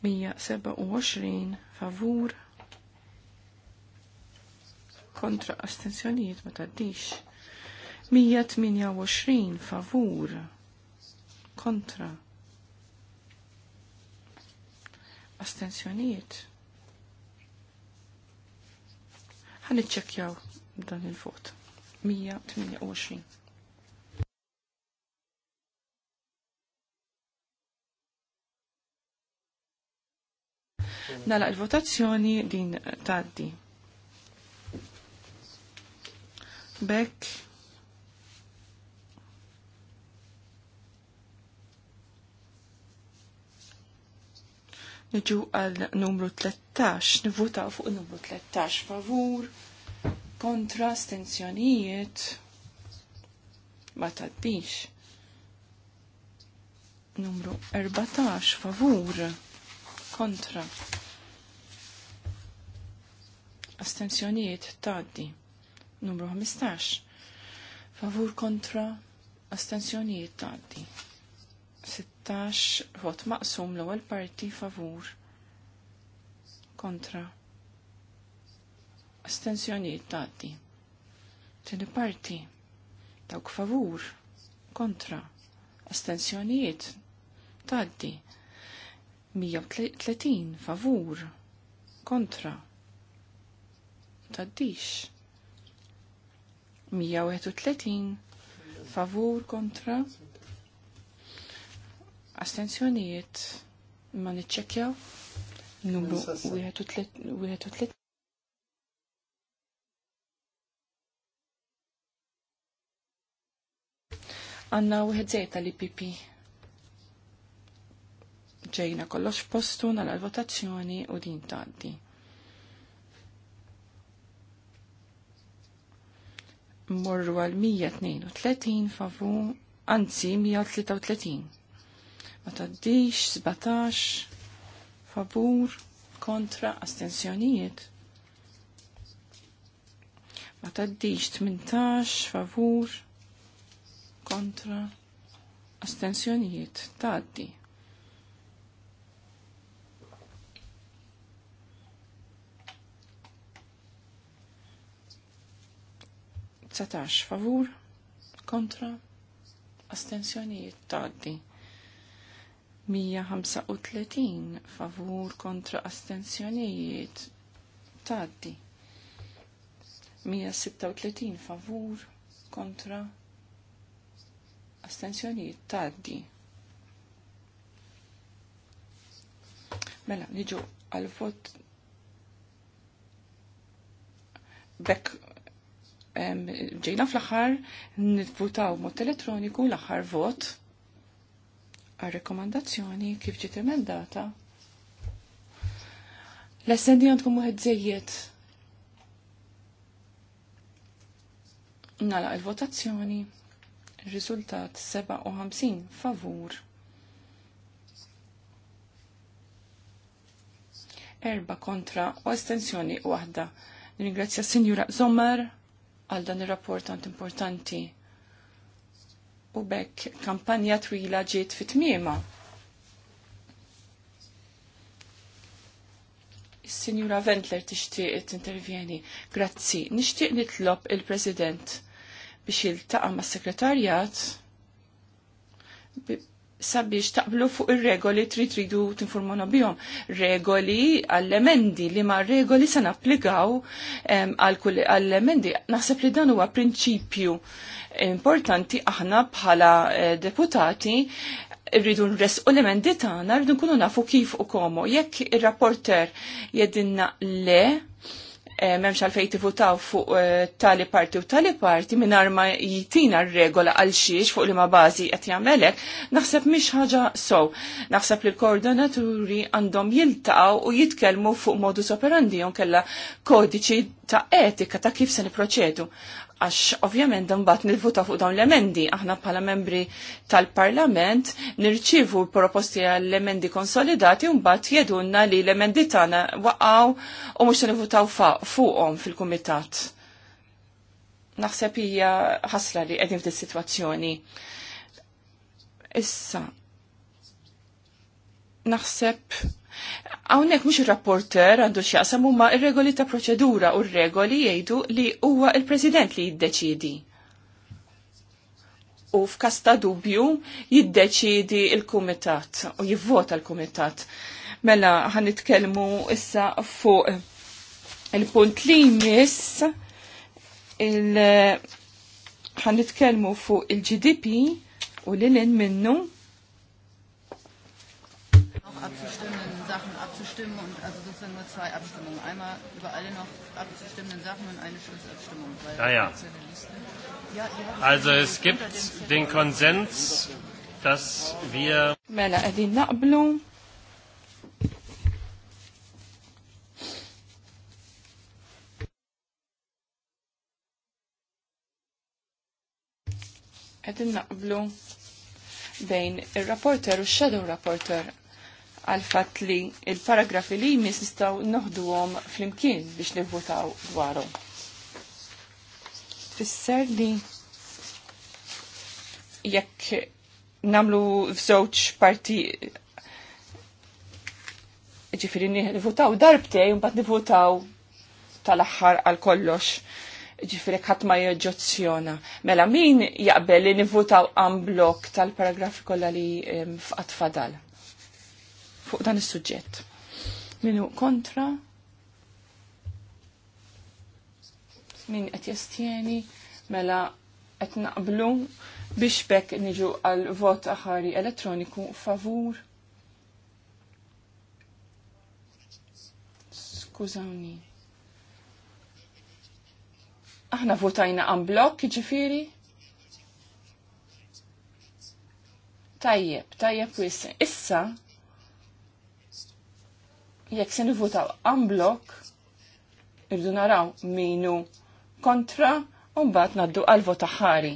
127 favur kontra astenzjonijiet ma taddix. 128 favur kontra astenzjonijiet. Għan iċċekjaw dan il-vot. 128. Nala il-votazzjoni din taddi. Bekk. Niġu għal numru 13, nivvotaw fuq numru 13 favur, kontra stenzjonijiet ma tadbix. Numru 14 favur kontra astenzjonijiet taddi. Numru 15. Favur kontra astensjonijiet taddi. 16 vot maqsum l-ewwel parti favur kontra astensjonijiet taddi. Tieni parti dawk favur kontra astensjonijiet taddi. 130 favur kontra taddix 131 favur kontra astensjonijiet ma niċċekjaw numru 31 għanna u ħedżejta li pipi Ġejna kollox postu l votazzjoni u din tgħaddi. Morru għal 132 favu, anzi 133. Ma taddix 17 favur kontra astensjonijiet. Ma taddix 18 favur kontra astensjonijiet taddi. 19 favur kontra astensjonijiet taddi. 135 favur kontra astensjonijiet taddi. 136 favur kontra astensjonijiet taddi. Mela, niġu għal-vot bekk ġejna fl-axar nivvutaw mod elettroniku l-axar vot għal rekomandazzjoni kif ġiet emendata. L-essendi għandkom uħed zejiet Nala il-votazzjoni, riżultat 57 favur. Erba kontra u estensjoni waħda. Ringrazzja Sinjura Zommer għal dan ir-rapport għant importanti. U bekk kampanja twila ġiet fit-tmiema. Is-Sinjura Ventler tixtieq intervjeni. Grazzi, nixtieq nitlob il-President biex jiltaqa' mas-Sekretarjat sabiex taqblu fuq ir-regoli trid tridu tinformuna bihom. Regoli għall-emendi li ma regoli se napplikaw għall-emendi. Naħseb li dan huwa prinċipju importanti aħna bħala eh, deputati rridu nresqu u l-emendi tagħna rridu nkunu nafu kif u komu. Jekk ir-rapporter jedinna le, Eh, memx għalfej tivutaw fuq eh, tali parti u tali parti minar ma jitina regola għal xiex fuq li ma bazi għet jamelek, naħseb miex ħaġa sow. Naħseb li l-koordinaturi għandhom jiltaw u jitkelmu fuq modus operandi kella kodiċi ta' etika ta' kif se niproċedu għax ovvjament mbagħad nivvuta fuq dawn l-emendi. Aħna bħala membri tal-Parlament nirċivu proposti għall-emendi konsolidati u mbagħad jedunna li l-emendi tagħna waqgħu u mhux se nivvutaw fuqhom fil-kumitat. Naħseb hija ħasra li qegħdin f'din sitwazzjoni. Issa naħseb Hawnhekk mhux ir-rapporter għandu x'jaqsam huma il regoli ta' proċedura u r-regoli jgħidu li huwa il-President li jiddeċidi. U f'każ ta' dubju jiddeċidi il-Kumitat u jivvota l-Kumitat. Mela ħan nitkellmu issa fuq il-punt li jmiss il ħan fuq il-GDP u l-lin minnu abstimmen und also das sind nur zwei Abstimmungen. Einmal über alle noch abzustimmenden Sachen und eine Schlussabstimmung. Weil ah, ja. ja also es gibt den Konsens, dass wir... Mela, għedin naqblu. bejn il-rapporter u shadow rapporter għal fatt li il-paragrafi li jmiss nistaw noħduhom fl-imkien biex nivvotaw dwarhom. Fisser li jekk namlu f'żewġ parti ġifiri nivvotaw darbtej un nivvotaw tal aħħar għal kollox ġifiri ma joġġozzjona. Mela min jaqbel li nivvotaw għan blok tal-paragrafi kolla li f'qat fadal? fuq dan is-suġġett. Minu kontra, min qed jestjeni mela qed naqblu biex bekk niġu għal vot aħari elettroniku favur. Skużawni. Aħna votajna għan blok, ġifiri? Tajjeb, tajjeb wis. Issa, jekk se nivutaw unblock, irdu naraw minu kontra un bat naddu għal vota ħari.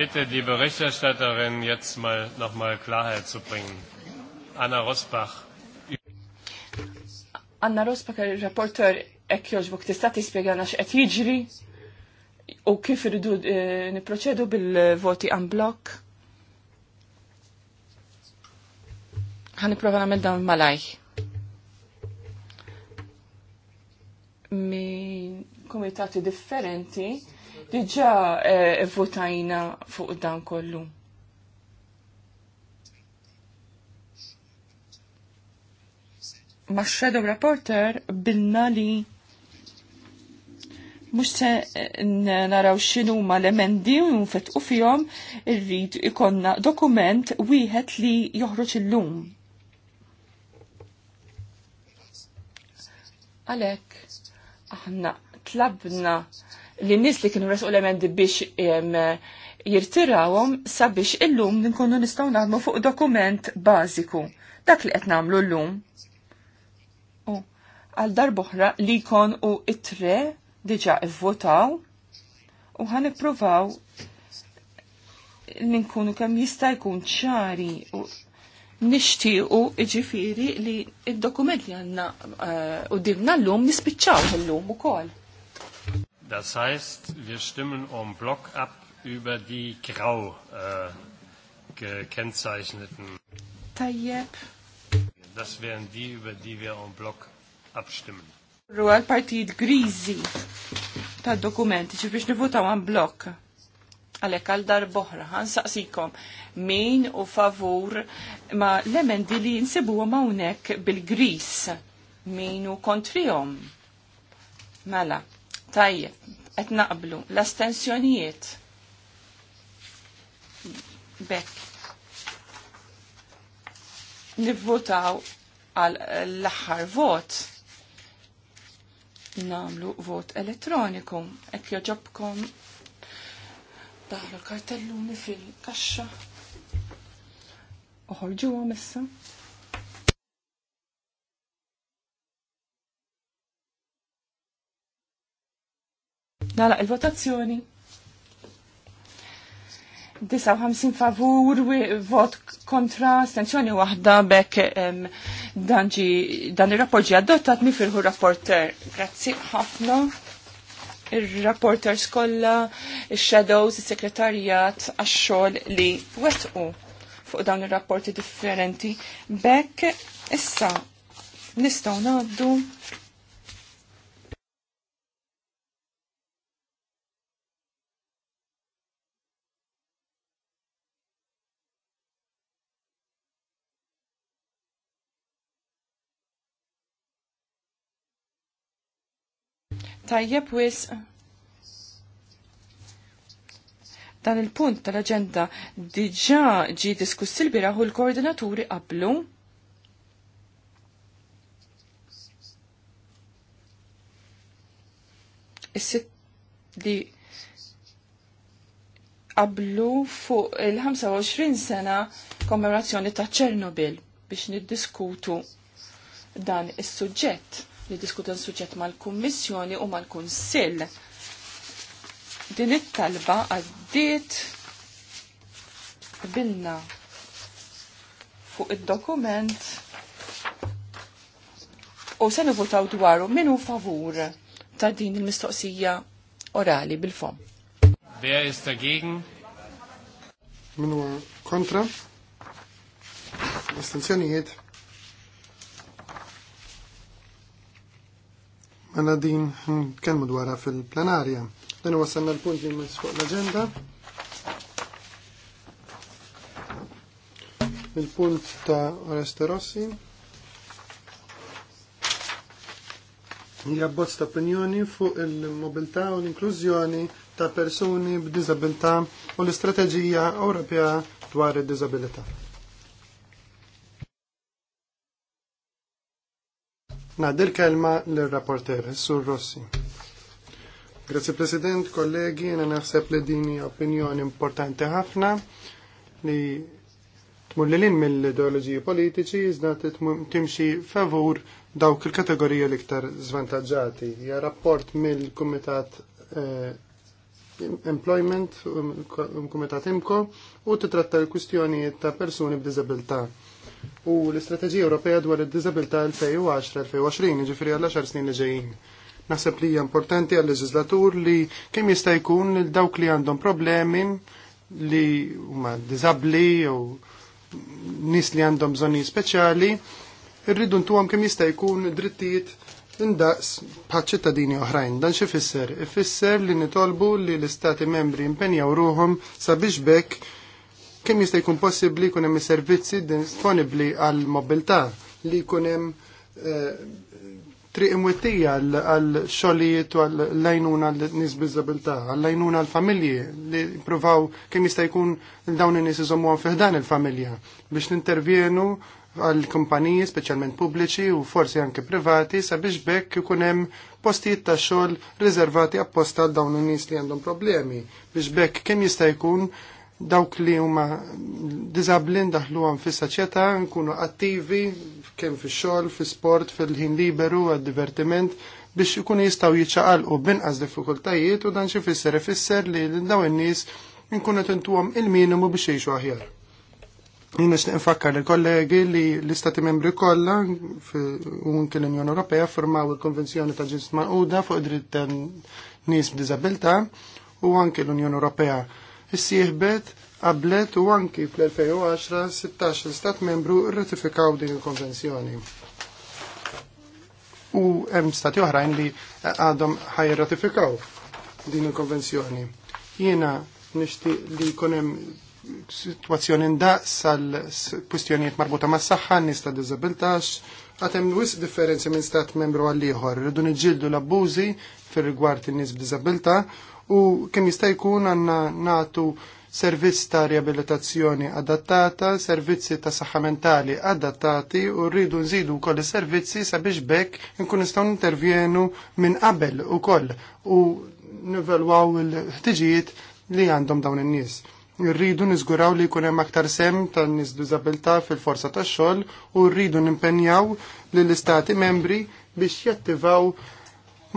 bitte die Berichterstatterin jetzt mal noch mal Klarheit zu bringen. Anna Rosbach. Anna Rosbach, Reporter, ek joġbuk tista' tispjegana x'qed jiġri u kif irridu eh, niproċedu bil-voti għan blok. Għan niprofa namel dan malaj. Mi komitati differenti diġa eh, votajna fuq dan kollu. Ma' Shadow Reporter bilna li mux se naraw xinu ma l-emendi unfet u fjom irrid ikonna dokument wieħed li joħroġ il-lum. Għalek, aħna tlabna li nis li kienu resqu l-emendi biex jirtirawom sabiex il-lum ninkunu nistaw naħdmu fuq dokument bażiku. Dak li qed nagħmlu l-lum. U għal darboħra li kon u it-tre diġa ivvotaw u ħan ippruvaw li nkunu kemm jista' jkun ċari u nixtiequ iġifieri li id-dokument li għanna għandna eh, qudiemna uh, llum nispiċċaw u kol. Das heißt, wir stimmen um Block ab über die grau äh, gekennzeichneten. Tajjeb. Das wären die, über die wir um Block abstimmen. Ru għal partijiet grizi ta' dokumenti ċi biex nivutaw għan blok. Għalek għal dar boħra, għan saqsikom min u favur ma l-emendi li jinsibu mawnek bil-gris min u kontrijom. Mela, tajje, et naqblu, l-astensjonijiet. Bekk. Nivvotaw għal l-axar vot namlu vot elettroniku. Ek joġobkom daħlu kartelluni fil-kaxxa. Uħorġu għom issa. Nalaq il-votazzjoni. 59 favur, vot kontra, stenzjoni wahda bekk danġi dan il-rapport ġi adottat firħu rapporter. Grazzi ħafna il-rapporters skolla, il-shadows, il-sekretarjat, għax-xogħol li wetqu fuq dawn il-rapporti differenti. Bekk issa nistgħu ngħaddu Tajjeb wis dan il-punt tal-agenda diġa ġi diskuss il bira u l-koordinaturi qablu. is sit li qablu fuq il-25 sena kommemorazzjoni ta' Ċernobil biex niddiskutu dan is-suġġett niddiskutu l-suġġett mal-Kummissjoni u mal-Kunsill. Din it-talba għaddiet bilna fuq id-dokument u se nivutaw dwaru minu favur ta' din il-mistoqsija orali bil-fom. Wer ist dagegen? Minu kontra? Astenzjonijiet? Għanna mela din kelmu dwarha fil-plenarja. Dan wasalna l-punt li fuq l-agenda. Il-punt ta' Oreste Rossi. Jabbozz ta' opinjoni fuq il-mobilità u l-inklużjoni ta' persuni b'diżabilità u l-istrateġija Ewropea dwar id-diżabilità. Nadir kelma l-rapporter, Sur Rossi. Grazie President, kollegi, jena naħseb li dini opinjoni importanti ħafna li tmullilin mill-ideologiji politiċi iżda timxi favur dawk il-kategorija l-iktar zvantagġati. Ja rapport mill-Kumitat eh, Employment, um, um, Kumitat Imko, u titratta l kustjoni ta' persuni b'dizabilta' u l-Istrateġija Ewropea dwar id-Disabilità 2010-2020, ġifieri għal 10 snin li ġejjin. Naħseb li hija importanti għal leġislatur li kemm jista' jkun dawk li għandhom problemi li huma diżabbli jew nis li għandhom bżonni speċjali, irridu ntuhom kemm jista' jkun drittijiet indaqs bħal ċittadini oħrajn. Dan xi fisser? Ifisser li nitolbu li l-istati membri impenjaw ruhom sabiex bekk kemm jista' jkun possibbli jkun hemm servizzi disponibbli għal mobilità li jkun hemm eh, triq imwettija għal xogħlijiet u għal lajnuna għal nies biżabilità, għal lajnuna għal familji li jippruvaw kemm jista' jkun dawn in-nies iżommuhom fiħdan il-familja biex nintervjenu għal kumpaniji speċjalment pubbliċi u forsi anke privati sabiex bekk ikun hemm postijiet ta' xogħol riservati apposta għal dawn in-nies li għandhom problemi biex bekk kemm jista' jkun dawk li huma daħlu għan fis-soċjetà nkunu attivi kemm fix-xogħol, fi sport fil-ħin liberu, għad-divertiment biex ikunu jistgħu jiċċaqalqu b'inqas diffikultajiet u dan xi fisser ifisser li daw in-nies nkunu tintuhom il-minimu biex jgħixu aħjar. Jien nixtieq nfakkar li kollegi li l-Istati Membri kollha u anke l-Unjoni Ewropea firmaw il-Konvenzjoni ta' Ġins fuq id-dritt tan nies b'diżabilità u anke l-Unjoni Ewropea issieħbet qablet u anki fl-2010 16 stat membru rratifikaw din il-konvenzjoni. U hemm stati oħrajn li għadhom ħajratifikaw din il-konvenzjoni. Jiena nixtieq li jkun hemm situazzjoni ndaqs għal kwistjonijiet marbuta ma' s-saxħa, nista' dizabiltax, għatem wis differenzi minn stat membru għal ieħor. Rridu nġildu l-abbużi fil rigward in-nies b'diżabilità u kemm jista' jkun għandna nagħtu servizz ta' riabilitazzjoni adattata, servizzi ta' saħħa mentali adattati u rridu nżidu wkoll is-servizzi sabiex bekk nkun nistgħu intervjenu minn qabel ukoll u nivelwaw il-ħtiġijiet li għandhom dawn in-nies. Rridu niżguraw li jkun hemm aktar sem tan nies diżabilità fil-forza tax-xogħol u rridu nimpenjaw lill istati membri biex jattivaw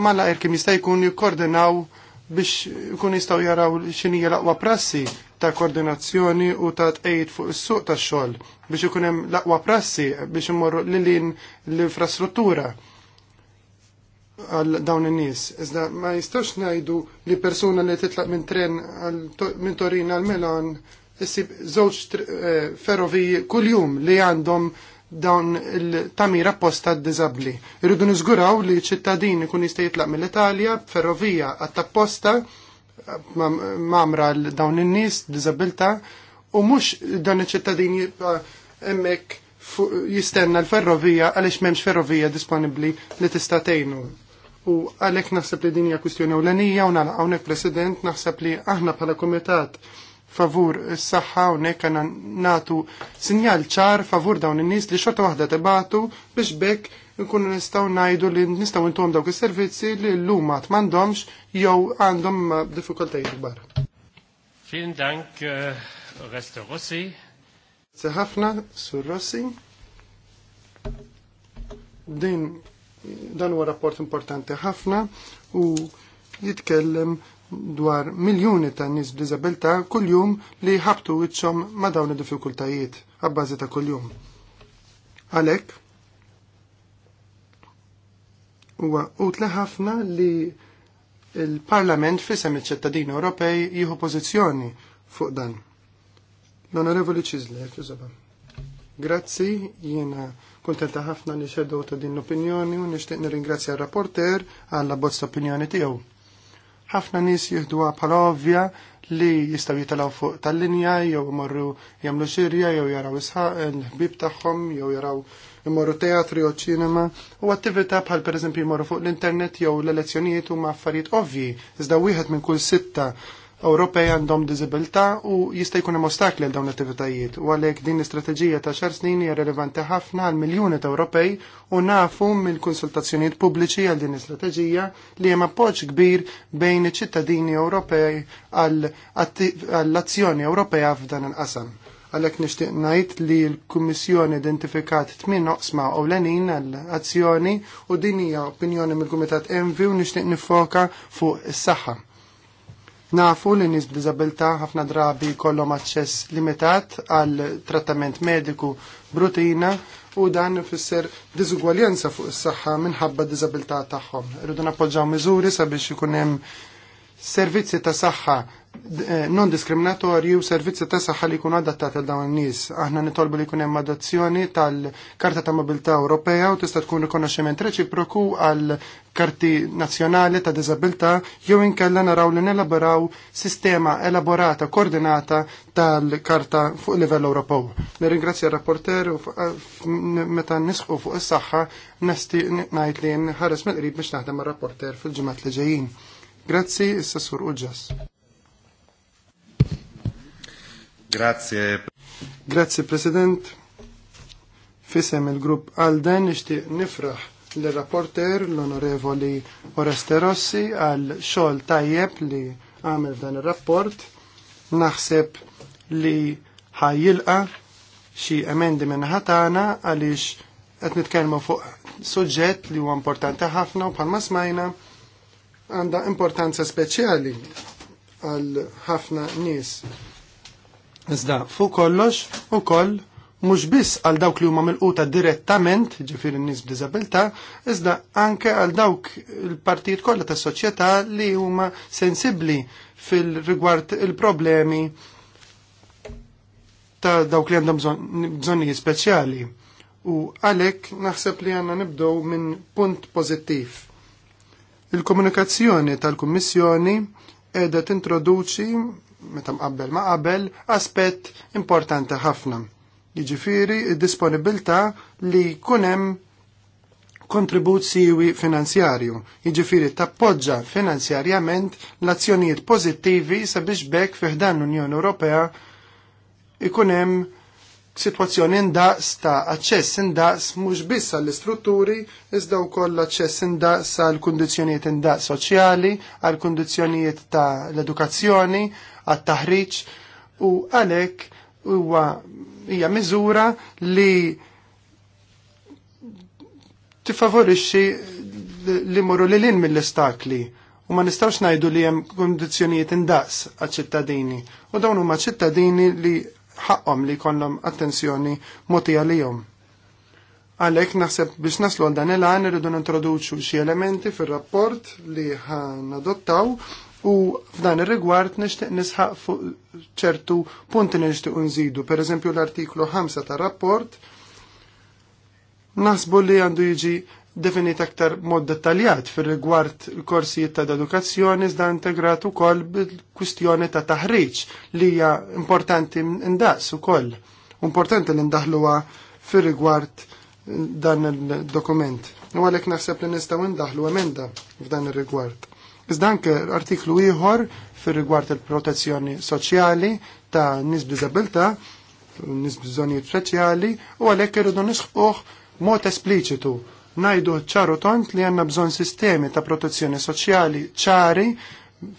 malajr kim jista' jkun jikkoordinaw biex ikun jistgħu jaraw xini l-aqwa prassi ta' koordinazzjoni u ta' t-ejt fuq is-suq tax-xogħol biex ikun hemm l-aqwa prassi biex imorru lin l-infrastruttura għal dawn in-nies. Iżda ma jistax ngħidu li persuna li titlaq minn tren minn Torino għal Melon issib żewġ eh, ferroviji kuljum li għandhom dawn il-tamira posta d-dizabli. Irridu nizguraw li ċittadin ikun jista' jitlaq mill-Italja ferrovija għat-tapposta mamra dawn in-nies diżabilità u mhux dan il ċittadin jibqa' hemmhekk jistenna l-ferrovija għaliex m'hemmx ferrovija disponibbli li tista' tgħinu. U għalhekk naħseb li din hija kwistjoni ewlenija u nagħlaq hawnhekk President naħseb li aħna bħala kumitat favur s-saħħa u nek natu sinjal ċar favur dawn in-nies li xorta waħda tebatu biex bekk nkunu nistaw najdu li nistaw intuħom dawk il-servizzi li l lumat mandomx jew għandhom diffikultajiet kbar. Fin Dank, äh, Resto Rossi. Seħafna, Sur Rossi. Din dan huwa rapport importanti ħafna u jitkellem dwar miljuni ta' nies b'diżabilità kuljum li ħabtu wiċċhom ma' dawn id-diffikultajiet għabbażi ta' kuljum. Għalhekk huwa utla ħafna li il-Parlament fisem iċ-ċittadini Ewropej jieħu pożizzjoni fuq dan. L-Onorevoli Ċizler, jużaba. Grazzi, jiena kontenta ħafna li xeddu ta' din l-opinjoni u nixtieq nirringrazzja r-rapporter għall bozz opinjoni tiegħu ħafna nies jieħduha bħala ovvja li jistaw jitalaw fuq tal-linja, jew morru jamlu xirja, jew jaraw isħaq il-ħbib tagħhom, jew jaraw imorru teatri u ċinema, u attività bħal per eżempju jmorru fuq l-internet jew l-elezzjonijiet huma affarijiet ovvi iżda wieħed minn kull sitta Ewropej għandhom diżibilità u jista' jkun hemm ostakli għal dawn l-attivitajiet u għalhekk din l-istrateġija ta' xar snin hija relevanti ħafna għal miljuni ta' Ewropej u nafu mill-konsultazzjonijiet pubbliċi għal din l-istrateġija li hemm appoġġ kbir bejn iċ-ċittadini Ewropej għall-azzjoni Ewropea f'dan il-qasam Għalhekk nixtieq ngħid li l-Kummissjoni identifikat tmien noqsma ewlenin għall azzjoni u hija opinjoni mill-Kumitat Envi u nixtieq nifoka fuq is-saħħa. Nafu li nis b'dizabilta ħafna drabi kollhom aċċess limitat għal trattament mediku brutina u dan ifisser diżugwaljanza fuq is-saħħa minħabba d-diżabilità tagħhom. Irridu nappoġġaw miżuri sabiex ikun hemm servizzi ta' saħħa eh, non diskriminatorju servizzi ta' saħħa li jkunu adattati għal dawn in-nies. Aħna nitolbu li jkun hemm adozzjoni tal-Karta ta' Mobilità Ewropea u tista' tkun rikonoxximent reċiproku għal karti nazzjonali ta' diżabilità jew inkella naraw li nelaboraw sistema elaborata koordinata tal-karta fuq livell Ewropew. Nirringrazzja r-rapporter u eh, meta nisqu fuq is-saħħa nesti ngħid li nħares mill-qrib biex naħdem mar-rapporter fil-ġimgħat li ġejjin. Grazzi, Sassur Uġas. Grazie. Grazie, President. Fisem il-grupp Alden nixtieq nifraħ l-rapporter l-onorevoli Oreste Rossi għal xogħol tajjeb li għamel dan ir-rapport. Naħseb li ħajjilqa xi emendi minn ħatana għaliex qed nitkellmu fuq suġġett li huwa importanti ħafna u bħalma smajna għandha importanza speċjali għal ħafna nies. Iżda, fuq kollox ukoll mhux biss għal dawk li huma milquta direttament, ġifieri n-nies b'diżabilità, iżda anke għal dawk il-partijiet kollha tas-soċjetà li huma sensibbli fil-rigward il-problemi ta' dawk li għandhom bżonnijiet speċjali. U għalhekk naħseb li għandna nibdew minn punt pożittiv Il-komunikazzjoni tal-Kummissjoni qiegħda tintroduċi meta mqabbel ma qabel aspett importanti ħafna. Jiġifieri id-disponibilità li jkun hemm kontribut siwi finanzjarju, jiġifieri tappoġġa finanzjarjament l-azzjonijiet pożittivi sabiex bekk fiħdan l-Unjoni Ewropea ikun hemm situazzjoni indaqs ta' aċċess indaqs mhux biss għall-istrutturi iżda wkoll aċċess indaqs għal kundizzjonijiet indaqs soċjali, għal kundizzjonijiet ta' l-edukazzjoni, għat taħriġ u għalhekk huwa hija miżura li tifavorixxi li morru lil in mill-istakli u ma nistawx ngħidu li hemm kundizzjonijiet indaqs għaċ-ċittadini u dawn huma ċittadini li ħaqhom li jkollhom attenzjoni moti għalihom. Għalhekk naħseb biex naslu għal dan il-għan irridu nintroduċu xi elementi fir-rapport li ħan adottaw u f'dan ir-rigward nixtieq nisħaq fuq ċertu punti nixtieq nżidu, pereżempju l-artiklu 5 tar-rapport naħsbu li għandu jiġi definit aktar mod dettaljat fir rigward korsijiet ta' edukazzjoni iżda integrat ukoll bil-kwistjoni ta' taħriġ li hija importanti ndaqs ukoll. Importanti li ndaħluha fir rigward eh, dan il-dokument. U għalhekk naħseb li nistgħu ndaħlu emenda f'dan ir-rigward. Iżda anke artiklu ieħor fir rigward il-protezzjoni soċjali ta' nies b'diżabilità, nies bżonnijiet speċjali u għalhekk irridu nisħquh mod espliċitu najdu ċaru tont li għanna bżon sistemi ta' protezzjoni soċjali ċari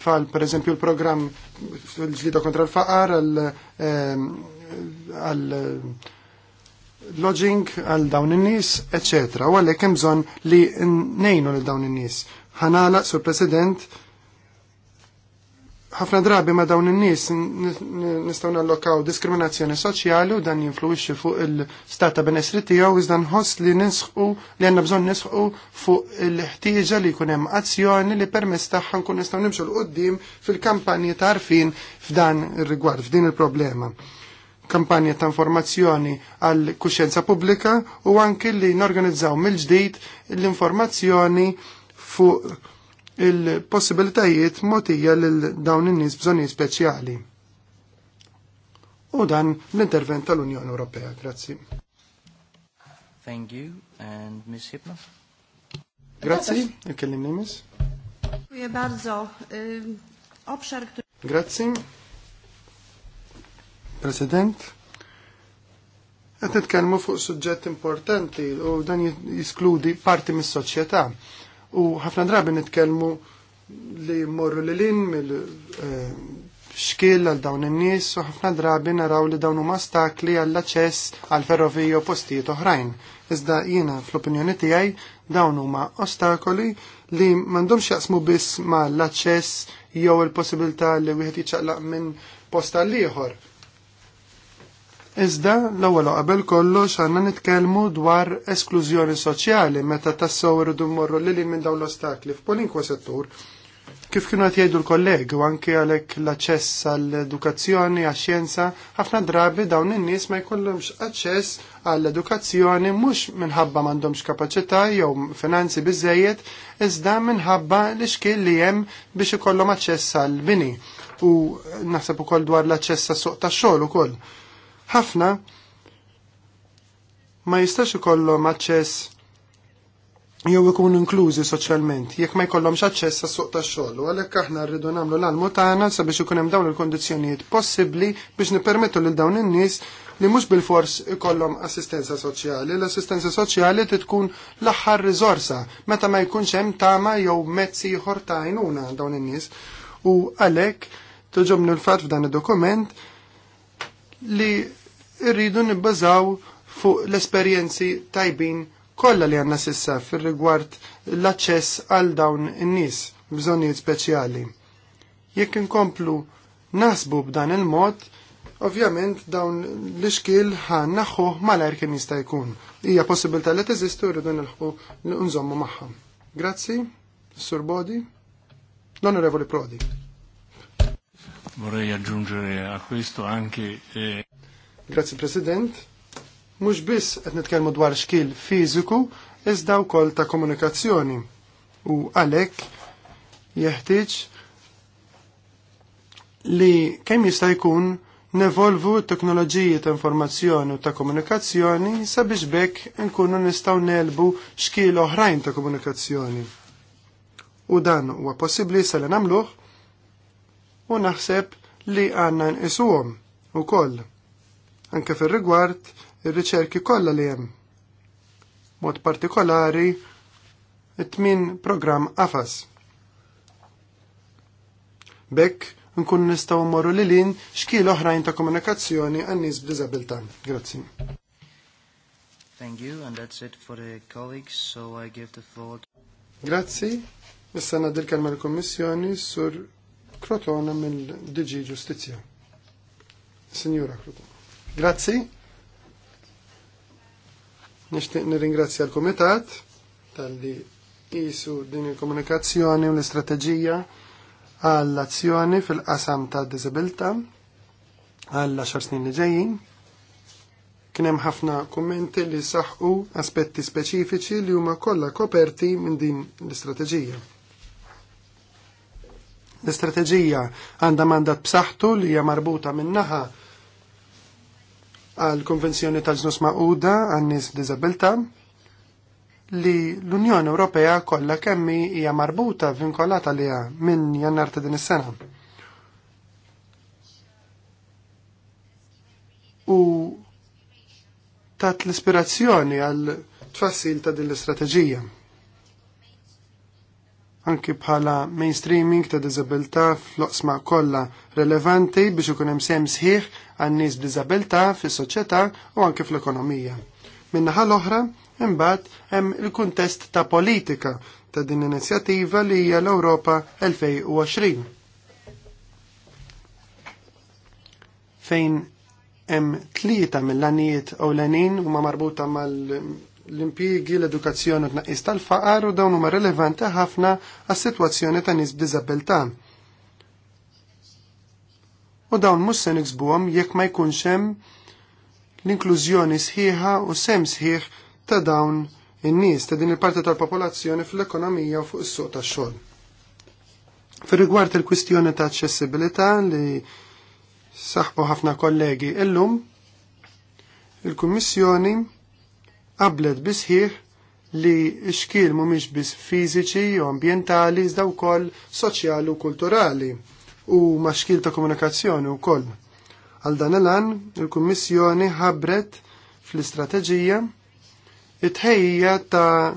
fal per eżempju l-programm fil-ġlida kontra l-faqar ehm, għal lodging għal dawn in-nies, eccetera. U għalhekk hemm bżonn li nejnu lil dawn in-nies. Ħanala sur President ħafna drabi ma dawn in-nies nistgħu nallokaw diskriminazzjoni soċjali u dan jinfluwixxi fuq il-stat ta' benessri tiegħu iżda nħoss li nisħu li għandna bżonn nisħu fuq il-ħtieġa li jkun hemm azzjoni li permess tagħha nkun nistgħu nimxu l qudiem fil-kampanji ta' arfin f'dan ir-rigward f'din il-problema kampanja ta' informazzjoni għal kuxjenza pubblika u anke li norganizzaw mill-ġdid l-informazzjoni fuq il-possibilitajiet motija lil dawn in-nies bżonni speċjali. U dan l-intervent tal-Unjoni Ewropea. Grazzi. Thank you and Ms Hipna. Grazzi, il-kellimni miss. Dziękuję bardzo. Obszar, który... Grazzi. President. Qed nitkellmu fuq suġġett importanti u dan jiskludi parti mis-soċjetà u ħafna drabi nitkellmu li morru li lin mill eh, xkil għal dawn in-nies u ħafna drabi naraw li dawn huma stakli għall aċċess għal ferrovija u postijiet oħrajn. Iżda jiena fl-opinjoni tiegħi dawn huma ostakoli li m'għandhomx jaqsmu biss ma l-aċċess jew il-possibilità li wieħed jiċċaqlaq minn posta għal ieħor Iżda l-ewwel qabel kollox għandna nitkellmu dwar esklużjoni soċjali meta tassew irridu mmorru lili minn dawn l-ostakli f'kwalinkwa settur. Kif kienu qed jgħidu l-kollegi u anke għalhekk l-aċċess għall-edukazzjoni għax-xjenza, ħafna drabi dawn in-nies ma jkollhomx aċċess għall-edukazzjoni mhux minħabba m'għandhomx kapaċità jew finanzi biżejjed, iżda minħabba l-ixkil li hemm biex ikollhom aċċess għall-bini u naħseb ukoll dwar l-aċċess għas-suq tax-xogħol ukoll ħafna ma jistax ikollhom aċċess jew ikunu inklużi soċjalment jekk ma jkollhomx aċċess għas-suq tax-xogħol u għalhekk aħna rridu nagħmlu l-almu tagħna sabiex ikun hemm dawn il-kondizzjonijiet possibbli biex nippermettu lil dawn in-nies li mhux bil-fors ikollhom assistenza soċjali. L-assistenza soċjali tkun l-aħħar riżorsa meta ma jkunx hemm tama jew mezzi ieħor ta' għajnuna dawn in-nies. U għalhekk tuġobnu l-fatt f'dan id-dokument li rridu nibbażaw fuq l-esperjenzi tajbin kollha li għandna sissa fir-rigward l-aċċess għal dawn in-nies bżonnijiet speċjali. Jekk inkomplu nasbu b'dan il-mod, ovvjament dawn l-iskil ħan naħħu malajr kien jista' jkun. Hija possibilità li teżistu rridu nilħu nżommu magħha. Grazzi, Sur Bodi, l-Onorevoli Prodi vorrei aggiungere a questo anche... Eh... Grazie President. Mux biss qed nitkellmu dwar xkil fiżiku, iżda wkoll ta' komunikazzjoni. U għalhekk jeħtieġ li kemm jista' jkun nevolvu t-teknoloġiji ta' informazzjoni u ta' komunikazzjoni sabiex bekk nkunu nistgħu nelbu xkiel oħrajn ta' komunikazzjoni. U dan huwa possibbli se li nagħmluh u naħseb li għanna nqisuhom ukoll anke fir-rigward ir-riċerki kollha li hemm. Mod partikolari it-tmin programm AFAS. Bekk nkun nistgħu mmorru lilin xkiel oħrajn ta' komunikazzjoni għan-nies b'diżabilità. Grazzi. Thank you, and that's it for the colleagues, so I give the floor. Grazzi, issa nadil kelma l-Kommissjoni sur Krotona mill-DG Ġustizja. Signora Krotona. Grazzi. Nishtiq nirringrazzja l-Komitat tal-li jisu din il-komunikazzjoni u l-istrateġija għall-azzjoni fil-qasam ta' disabilta għall-10 snin li ġejjin. Kien hemm ħafna kummenti li saħħu aspetti speċifiċi li huma kollha koperti minn din l-istrateġija L-istrateġija għandha mandat b'saħħtu li hija marbuta minnaħa għal konvenzjoni tal-ġnus maquda għan nies b'diżabilità li l-Unjoni Ewropea kollha kemm hija marbuta vinkolata liha minn jannar ta' din is-sena. U tat l-ispirazzjoni għal tfassil ta' din l-istrateġija anki bħala mainstreaming ta' disabilità fl-oqsma kollha relevanti biex ikun hemm sehem sħiħ għan-nies b'diżabilità fis-soċjetà u anke fl-ekonomija. Min-naħa l-oħra, imbagħad hemm il-kuntest ta' politika ta' din inizjattiva li hija l-Ewropa 2020. Fejn hemm tlieta mill-għanijiet ewlenin huma marbuta mal- l impiegi l-edukazzjoni u tnaqqis tal-faqar u dawn huma relevanti ħafna għas sitwazzjoni ta' nies b'diżabilità. U dawn mhux se niksbuhom jekk ma jkunx hemm l-inklużjoni sħiħa u sem sħiħ ta' dawn in-nies ta' din il-parti tal-popolazzjoni fl-ekonomija u fuq is-suq tax-xogħol. Fir-rigward il-kwistjoni ta' aċċessibilità li saħbu ħafna kollegi illum, il-Kummissjoni qablet bisħiħ li xkil mumiex biss fiżiċi u ambientali iżda wkoll soċjali u kulturali u ma xkil ta' komunikazzjoni wkoll. Għal dan il-an, il-Kummissjoni ħabret fl-istrateġija it-ħejja ta'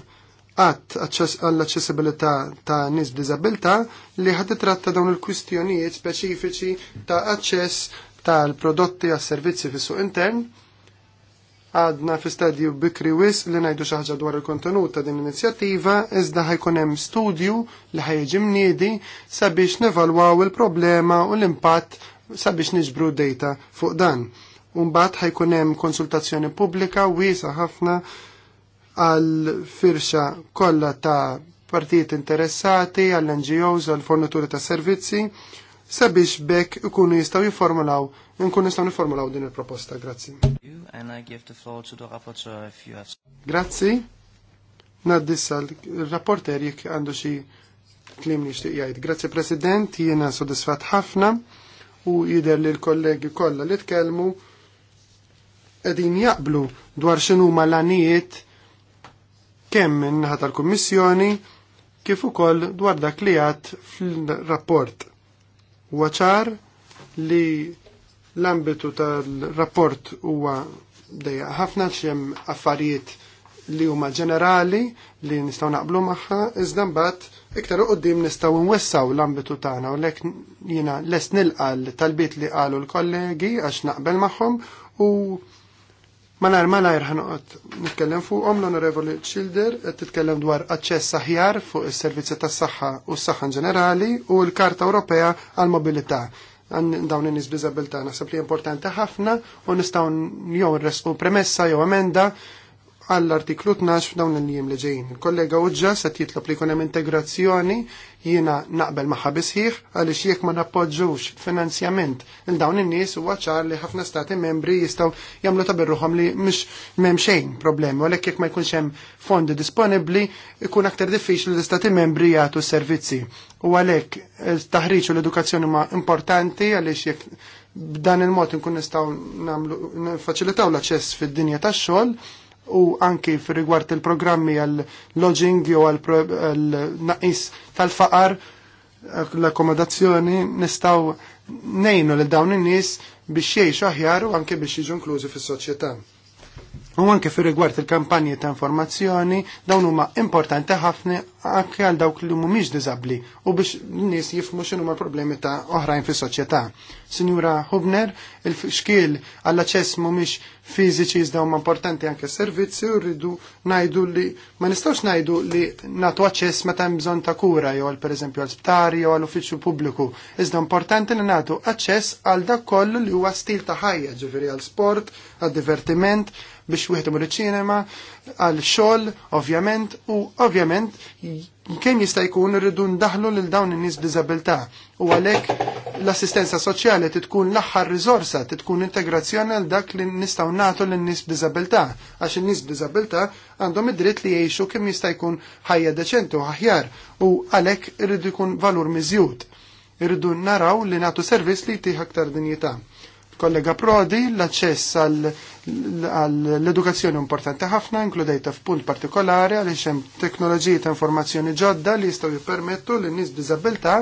għatt għall-accessibilità ta' nis b'dizabilta li ħad tratta dawn il-kwistjonijiet speċifiċi ta' aċċess tal-prodotti għas servizzi fis-suq intern għadna fi stadju bikri wis li najdu xaħġa dwar il-kontenut ta' din l-inizjattiva, iżda ħajkun hemm studju li ħajġim mniedi sabiex nevalwaw il-problema u l-impatt sabiex niġbru data fuq dan. Umbat ħajkun hemm konsultazzjoni pubblika wiesa ħafna għal firxa kollha ta' partijiet interessati, għall ngos għall fornituri ta' servizzi, sabiex bekk ikunu jistgħu jiformulaw, nkunu jistgħu niformulaw din il-proposta. Grazzi and I give the floor to the rapporteur if you have... Grazzi. Naddissa l-rapporter jek għandu xi klim li xtiq jgħid. Grazzi President, jiena sodisfat ħafna u jider li l-kollegi kollha li tkellmu qegħdin jaqblu dwar x'inhuma l-għanijiet kemm minnaħa tal-Kummissjoni kif ukoll dwar dak li għad fil-rapport. Waċar li L-ambitu tal-rapport huwa dejja ħafna xem affarijiet li huma ġenerali li nistgħu naqblu magħha iżda mbagħad iktar qudiem nistgħu nwessaw l-ambitu tagħna u lek jiena lest nilqa talbiet li qalu l-kollegi għax naqbel magħhom u Malar, malar, ħanqot nitkellem fuqhom l-Onorevoli Childer qed titkellem dwar aċċess aħjar fuq is-servizzi tas-saħħa u s-saħħa ġenerali u l-Karta Ewropea għall mobilità dawn in-nies b'diżabilità naħseb li importanti ħafna u nistgħu jew nresqu premessa jew emenda għall-artiklu 12 f'dawn il-jiem li ġejjin. Il-kollega Uġġa se jitlob li jkun hemm integrazzjoni jiena naqbel magħha ħabisħiħ għaliex jekk ma nappoġġux finanzjament il dawn in-nies huwa ċar li ħafna stati membri jistgħu jagħmlu ta' birruhom li mhux m'hemm xejn problemi, għalhekk jekk ma jkunx hemm fondi disponibbli ikun aktar diffiċli li stati membri jagħtu s-servizzi. U għalhekk il-taħriġ eh, u l-edukazzjoni ma importanti għaliex jekk b'dan il-mod nkun nistgħu nagħmlu faċilitaw l-aċċess fid-dinja tax-xogħol u anki rigward il-programmi għal-lodging jew għal-naqis tal-faqar l-akkomodazzjoni nistaw nejnu l dawn in-nies biex jiexu aħjar u anke biex jiġu inklużi fis-soċjetà. U anke fi rigward il-kampanji ta' informazzjoni dawn huma importanti ħafna anke għal dawk li mhumiex diżabbli u biex n-nies jifhmu x'inhu ma' problemi ta' oħrajn fis-soċjetà. Sinjura Hubner, il-xkiel għall-aċċess mhumiex fiżiċi iżda huma importanti anke servizzi u rridu ngħidu li ma nistgħux ngħidu li nagħtu aċċess meta hemm bżonn ta' kura jew għal pereżempju għal sptar jew għal uffiċċju pubbliku. Iżda importanti li nagħtu aċċess għal dak kollu li huwa stil ta' ħajja, ġifieri għal sport, għad divertiment, biex wieħed imur iċ-ċinema għal xogħol ovvjament u ovvjament kemm jista' jkun irridu ndaħlu lil dawn in-nies b'diżabilità u għalhekk l-assistenza soċjali titkun l-aħħar riżorsa titkun integrazzjoni għal dak li nistgħu nagħtu lin nies b'diżabilità għax in-nies b'diżabilità għandhom id-dritt li jgħixu kemm jista' jkun ħajja deċenti u aħjar u għalhekk irridu jkun valur miżjud irridu naraw li nagħtu servizz li jtih aktar dinjità kollega Prodi, l-aċċess għall-edukazzjoni importanti ħafna, inkludejta f'punt partikolari għaliex hemm teknoloġiji ta' informazzjoni ġodda li jistgħu jippermettu lin nies b'diżabilità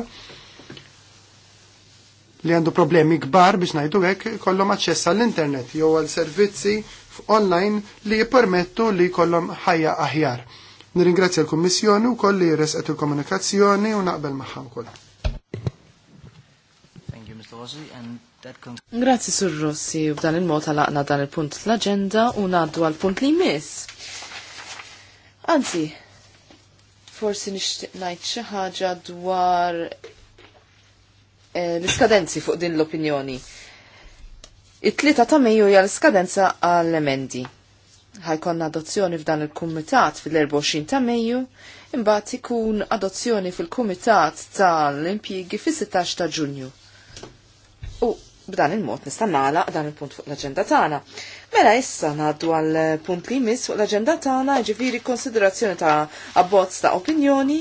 li għandu problemi kbar biex ngħidu hekk kollhom aċċess għall-internet jew għal servizzi online li jippermettu li jkollhom ħajja aħjar. Nirringrazzja l-Kummissjoni wkoll li resqet il-komunikazzjoni u naqbel magħha wkoll. Thank you, Mr. Rossi, and Grazzi Sur Rossi, u b'dan il-mod għalaqna dan il-punt l-agenda u naddu għal-punt li jmiss. Anzi, forsi nixtieq ngħid xi ħaġa dwar eh, l-iskadenzi fuq din l-opinjoni. It-tlieta ta' Mejju hija l-iskadenza għall-emendi. Ħajkonna adozzjoni f'dan il-kumitat fil-24 ta' Mejju, imbagħad ikun adozzjoni fil-kumitat tal-impjiegi fis-16 ta' Ġunju b'dan il-mod nista' nagħlaq dan il-punt fuq l-aġenda tagħna. Mela issa ngħaddu għal punt li jmiss fuq l-aġenda tagħna ġifiri konsiderazzjoni ta' abbozz ta' opinjoni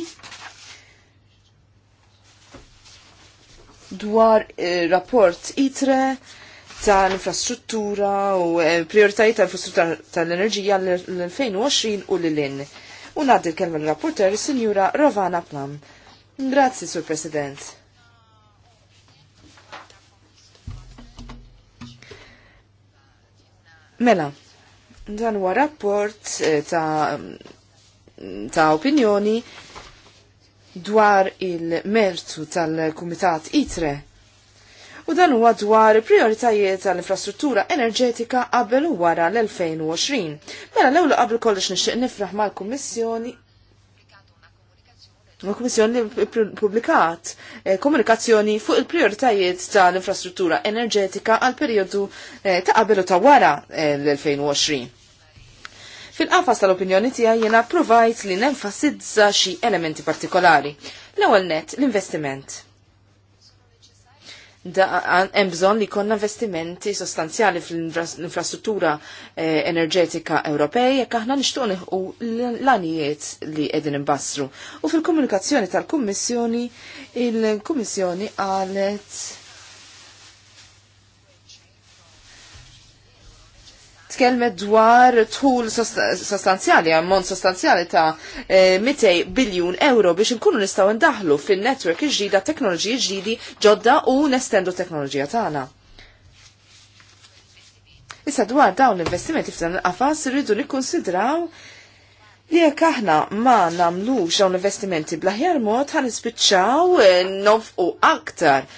dwar eh, rapport ITRE tal-infrastruttura u eh, prioritajiet tal-infrastruttura tal-enerġija l-2020 u l-lin. U għaddi l-kelma l-rapporter, Signora Rovana Plam. Grazzi, Sur President. Mela, dan huwa rapport eh, ta' ta' opinjoni dwar il-mertu tal-Kumitat ITRE. U dan huwa dwar prioritajiet tal-infrastruttura enerġetika qabel u wara l-2020. Mela l-ewwel qabel kollox nixtieq nifraħ mal-Kummissjoni il-Komissjoni publikat eh, komunikazzjoni fuq il-prioritajiet tal-infrastruttura enerġetika għal periodu eh, ta' qabel u ta' wara eh, l-2020. Fil-qafas tal-opinjoni tiegħi jiena provajt li nenfasizza xi elementi partikolari. L-ewwel net l-investiment hemm bżonn li jkollna investimenti sostanzjali fl-infrastruttura eh, enerġetika Ewropej jekk aħna nixtuq nieħu l-anijiet li qegħdin imbassru. U fil-komunikazzjoni tal-Kummissjoni il-Kummissjoni qalet tkellmet dwar tħul sostanzjali, ammont sostanzjali ta' 200 eh, biljun euro biex nkunu nistaw ndaħlu fin-network ġdida, teknoloġiji ġdidi ġodda u nestendu teknoloġija tagħna. Issa dwar dawn l-investimenti f'dan l qafas rridu nikkonsidraw li jekk aħna ma namlux dawn l-investimenti bl-aħjar mod ħanispiċċaw eh, nofqu aktar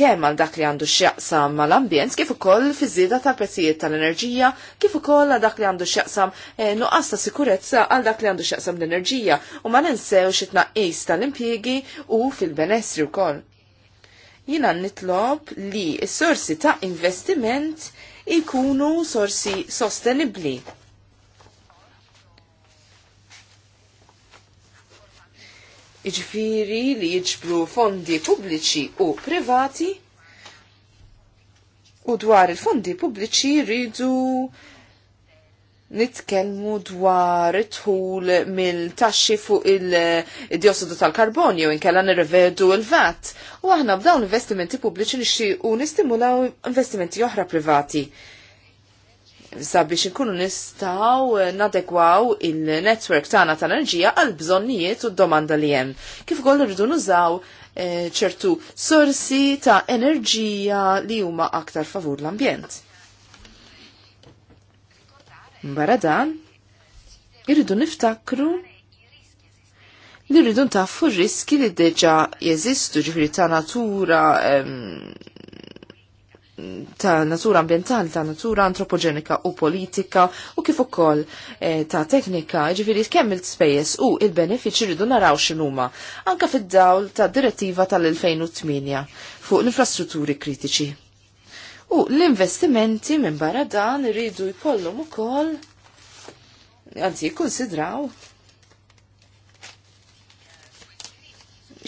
kemm għal dak li għandu x'jaqsam mal-ambjent kif ukoll fiż-żieda tal-prezzijiet tal-enerġija, kif ukoll għal dak li għandu x'jaqsam eh, nuqqas ta' sikurezza għal dak li għandu x'jaqsam l-enerġija u ma ninsewx it naqqis tal-impjiegi u fil-benessri wkoll. Jiena nitlob li s-sorsi ta' investiment ikunu sorsi sostenibbli iġviri li jiġbru fondi pubbliċi u privati u dwar il-fondi pubbliċi rridu nitkellmu dwar it-tħul mill-taxxi fuq il-diossidu tal-karbonju inkella nirrevedu l-VAT. U aħna b'dawn investimenti pubbliċi nixtiequ nistimulaw investimenti oħra privati sabiex ikunu nistaw nadegwaw il-network tagħna tal-enerġija għal bżonnijiet u d-domanda li hemm. Kif ukoll rridu nużaw eh, ċertu sorsi ta' enerġija li huma aktar favur l-ambjent. Mbara dan, irridu niftakru li rridu ntaffu r riski li deġa jeżistu ġifiri ta' natura ta' natura ambientali, ta' natura antropogenika u politika u kif ukoll eh, ta' teknika, ġifiri kemm il-spejjeż u il-benefiċi rridu naraw x'inhuma anka fid-dawl ta' direttiva tal-2008 fuq l-infrastrutturi kritiċi. U l-investimenti minn barra dan irridu jkollhom ukoll anzi jikkonsidraw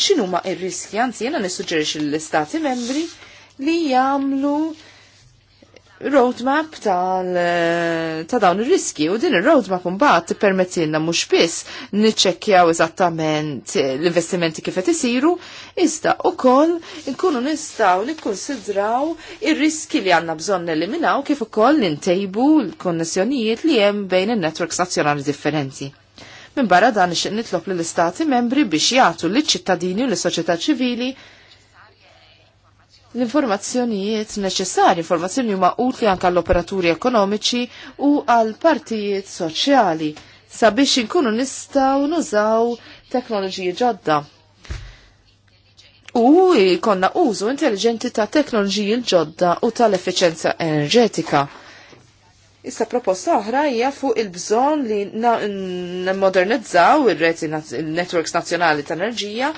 x'inhuma r-riski, anzi jiena nissuġġerixxi l istati membri li jagħmlu roadmap tal eh, ta' dawn ir-riski u din ir-roadmap mbagħad tippermettilna mhux biss niċċekkjaw eżattament l-investimenti kif qed isiru, iżda wkoll nkunu nistgħu nikkunsidraw ir-riski li għandna bżonn neliminaw kif ukoll nintejbu l-konnessjonijiet li hemm bejn in-networks nazzjonali differenti. Minn barra dan ix nitlob lill-istati membri biex jagħtu liċ-ċittadini u l-soċjetà ċivili l-informazzjonijiet neċessari, informazzjoni huma utli anke għall-operaturi ekonomiċi u għall partijiet soċjali sabiex inkunu nistaw nużaw teknoloġiji ġodda. U konna użu intelligenti ta' teknoloġiji ġodda u tal-efficienza enerġetika. Issa proposta oħra hija fuq il-bżonn li modernizzaw ir-reti il networks nazzjonali ta' enerġija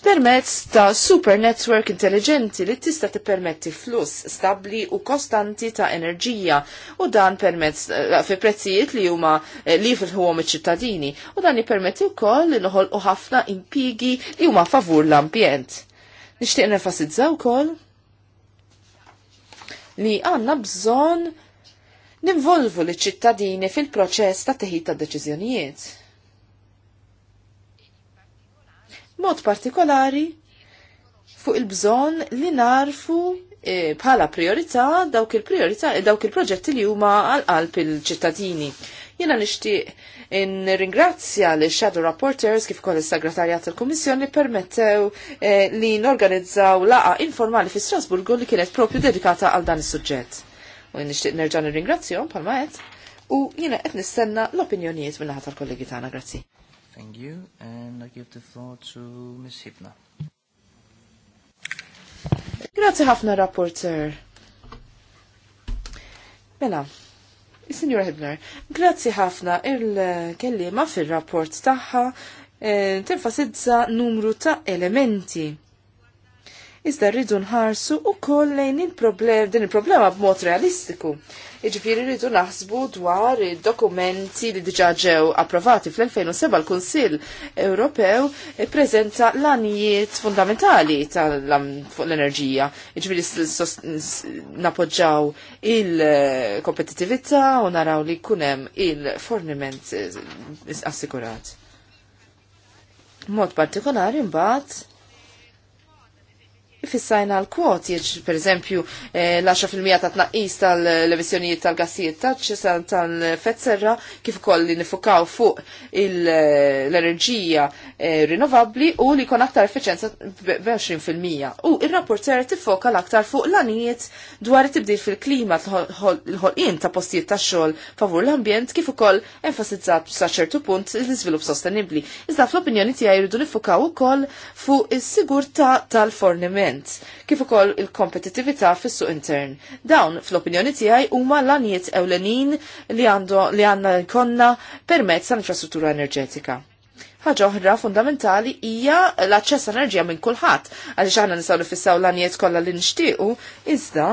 permezz ta' super network intelligenti li tista' tippermetti fluss stabbli u kostanti ta' enerġija u dan permezz eh, fi prezzijiet li huma eh, li fil-ħuhom iċ-ċittadini u dan jippermetti wkoll li noħolqu ħafna impigi li huma favur l-ambjent. Nixtieq nenfasizza wkoll li għandna bżonn ninvolvu l-ċittadini fil-proċess ta' teħid ta' deċiżjonijiet mod partikolari fuq il-bżon li narfu eh, bħala priorità dawk il-priorità eh, dawk il-proġetti li huma għal-qalb il-ċittadini. Jena nixtieq nirringrazzja l shadow Rapporters kif ukoll is-Segretarjat tal-Kummissjoni permettew eh, li norganizzaw laqa informali fi Strasburgu li kienet propju dedikata għal dan is-suġġett. U nixtieq nerġa' nirringrazzjahom bħalma qed u jiena qed nistenna l-opinjonijiet minnaħa tal-kollegi tagħna. Grazzi. Thank you. And I give the floor to Ms. Hibna. Grazie ħafna, rapporteur. Mela, Signor Hibner, grazzi ħafna il-kellima fil-rapport taħħa eh, tinfasizza numru ta' elementi iżda rridu nħarsu u koll lejn il-problem, din il-problema b'mod realistiku. Iġifiri rridu naħsbu dwar dokumenti li diġa ġew approvati fl-2007 l-Kunsill Ewropew prezenta l-anijiet fundamentali tal-enerġija. Iġifiri napoġġaw il-kompetitivita u naraw li kunem il-forniment assikurat. Mod partikolari mbagħad fissajna l-kwoti, per eżempju, eh, l-10% ta' tnaqqis tal-emissjonijiet tal-gassijiet taċċisa tal fetzerra kif ukoll li nifukaw fuq l-enerġija eh, rinnovabli u li kon aktar effiċenza b-20%. U il ser tifoka l-aktar fuq l-anijiet dwar tibdil fil-klima l-ħolqien ta' postijiet ta' xogħol favur l-ambjent kif ukoll enfasizzat sa' ċertu punt l-iżvilupp sostenibli. Iżda fl-opinjoni tiegħi jridu nifukaw ukoll fuq is-sigurtà tal-forniment talent, kif ukoll il-kompetittività fis-suq intern. Dawn, fl-opinjoni tiegħi, huma l-anijiet ewlenin li għandna jkollna permezz tal-infrastruttura enerġetika ħaġa oħra fundamentali hija l-aċċess enerġija minn kulħadd għaliex aħna nistgħu nifissaw l-għanijiet kollha li nixtiequ, iżda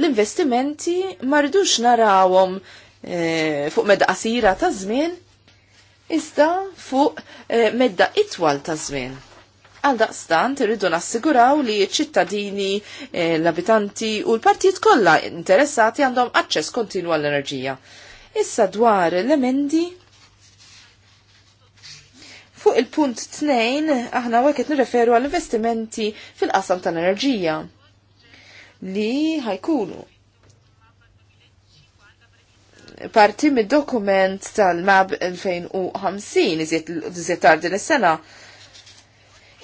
l-investimenti ma rridux narawhom eh, fuq medda qasira ta' żmien iżda fuq eh, medda itwal ta' żmien. Għal daqstant irridu nassiguraw li ċittadini, eh, l-abitanti u l-partijiet kollha interessati għandhom aċċess kontinu għall-enerġija. Issa dwar l-emendi Fuq il-punt 2, aħna għeket nirreferu għall-investimenti fil-qasam tal-enerġija li ħajkunu parti mid dokument tal-MAB 2050, iżiet tardi l-sena,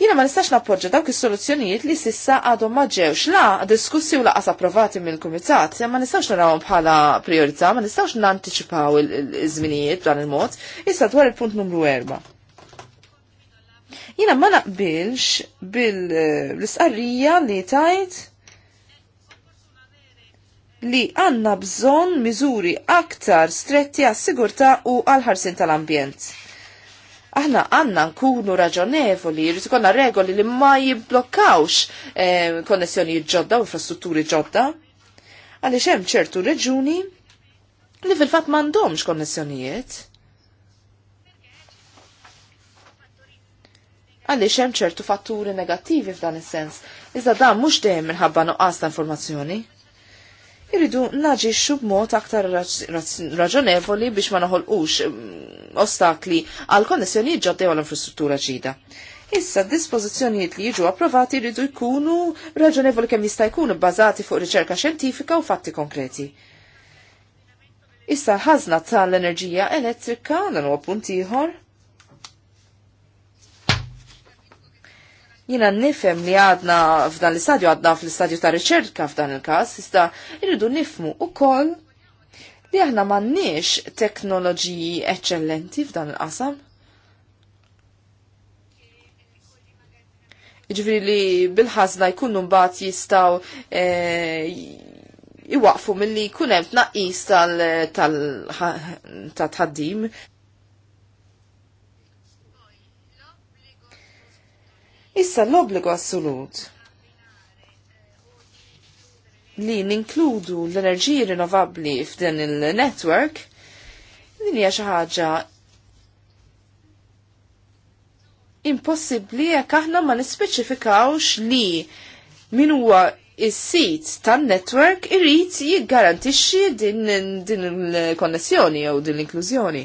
Jina ma nistax nappoġġa dawk is-soluzzjonijiet li sissa għadhom ma ġewx la diskussi u laqas approvati mill-kumitat, ma nistax narawhom bħala priorità, ma nistax nanticipaw iż-żminijiet dan il-mod. Issa dwar il-punt numru 4. Jina ma naqbilx bil-isqarrija li tajt li għanna bżon miżuri aktar stretti għas sigurtà u għal-ħarsin tal-ambjent aħna għanna nkunu raġonevoli, jrid ikolna regoli li ma jibblokkawx eh, konnessjoni ġodda u infrastrutturi ġodda. Għaliex hemm ċertu reġuni li fil-fatt m'għandhomx konnessjonijiet. Għaliex hemm ċertu fatturi negattivi f'dan is-sens, iżda dan mhux dejjem minħabba nuqqas ta' informazzjoni irridu naġixxu b'mod aktar raġonevoli biex ma naħolqux mm, ostakli għal konnessjoni ġodda għal infrastruttura ġida. Issa, dispożizzjonijiet li jiġu approvati jiridu jkunu raġonevoli kemm jista' jkunu bbażati fuq riċerka xjentifika u fatti konkreti. Issa ħazna tal-enerġija elettrika dan huwa punt ieħor Jina nifem li għadna f'dan l-istadju, għadna fl-istadju ta' riċerka f'dan il-kas, iżda irridu nifmu u koll li aħna mannix teknoloġiji eccellenti f'dan il-qasam. Iġviri li bil-ħazna jkunu mbagħad jistgħu e, iwaqfu mill-li kunem tnaqqis tal-tħaddim Issa l-obbligo assolut li ninkludu l-enerġiji rinnovabbli f'din il-network din hija xi ħaġa impossibbli jekk aħna ma nispeċifikawx li min huwa is-sit tan-network irid jiggarantixxi din, din il-konnessjoni jew din l-inklużjoni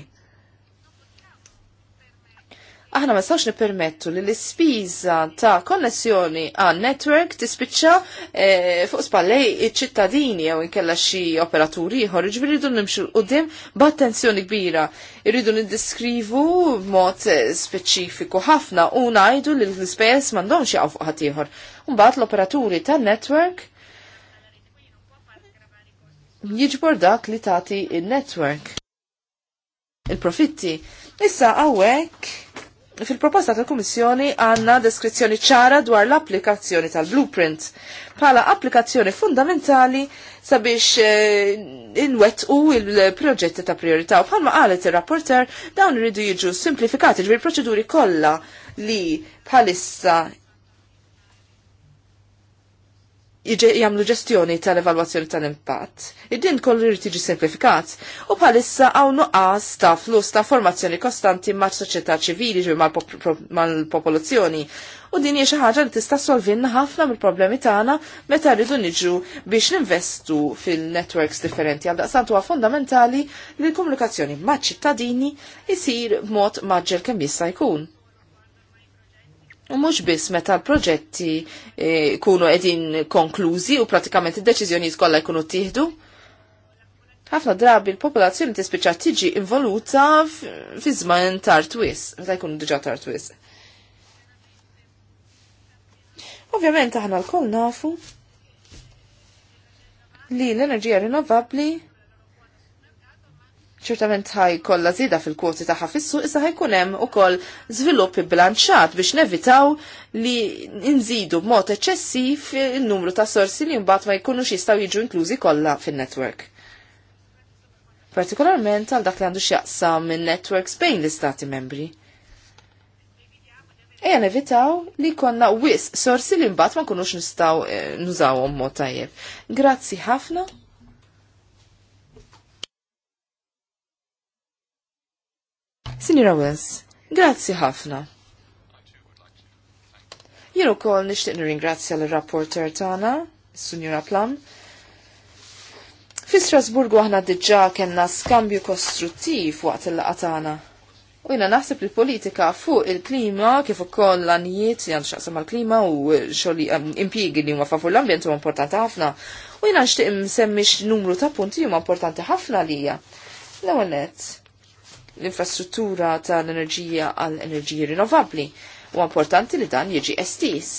aħna ma stawx nippermettu li l-ispiża ta' konnessjoni għan network tispiċċa eh, fuq spallej iċ-ċittadini jew inkella xi operaturi ieħor, ġifieri rridu nimxu qudiem b'attenzjoni kbira. Irridu niddiskrivu b'mod eh, speċifiku ħafna u ngħidu li l-ispejjeż m'għandhomx jaqgħu fuq ħadd ieħor. Mbagħad l-operaturi tan-network jiġbor dak li tagħti in-network. Il-profitti. Issa għawek fil-proposta tal-Kummissjoni għanna deskrizzjoni ċara dwar l-applikazzjoni tal-blueprint bħala applikazzjoni fundamentali sabiex eh, inwet u il-proġetti ta' priorità. U bħalma qalet il-rapporter dawn iridu jiġu simplifikati ġbir proċeduri kollha li bħalissa jagħmlu ġestjoni tal-evalwazzjoni tal-impatt. Id-din kollu jrid jiġi semplifikat. u bħalissa hawn nuqqas ta' flus ta' formazzjoni kostanti ma' soċjetà ċivili ġew mal-popolazzjoni u din hija xi ħaġa li tista' solvinna ħafna mill-problemi tagħna meta rridu niġu biex ninvestu fil-networks differenti għal daqsant huwa fondamentali li l-komunikazzjoni maċ-ċittadini jsir b'mod maġġel kemm jista' jkun. U mhux biss meta l-proġetti jkunu eh, qegħdin konklużi u pratikament id-deċiżjonijiet kollha jkunu tieħdu. Ħafna drabi l-popolazzjoni tispiċċa tiġi involuta fi żmien tartwis, meta jkunu diġà tar twis. Ovvjament aħna l kol nafu li l-enerġija rinnovabbli ċertament ħaj kolla zida fil-kwoti taħħa fissu, issa ħajkun hemm ukoll zviluppi blanċat biex nevitaw li nżidu b'mod eċċessiv il-numru ta' sorsi li mbagħad ma jkunux jistgħu jiġu inklużi kollha fin-network. Partikolarment għal dak li għandu x'jaqsam minn networks bejn l-istati membri. Eja nevitaw li konna wis sorsi li mbagħad ma nkunux nistgħu eh, nużawhom mod tajjeb. Grazzi ħafna. Sinjura Wells, grazzi ħafna. Jien ukoll nixtieq nirringrazzja l-rapporter tagħna, Sinjora Plam. Fi Strasburgu aħna diġà kellna skambju kostruttiv waqt il-laqgħa tagħna. U jina naħseb li politika fuq il-klima kif ukoll l-anijiet jgħan xaqsam mal-klima u xoli impiegi li huma favur l-ambjent u importanti ħafna. U jina nixtieq nsemmi numru ta' punti huma importanti ħafna lija. L-ewwel nett l-infrastruttura tal-enerġija għal enerġiji rinnovabli. U importanti li dan jiġi estis.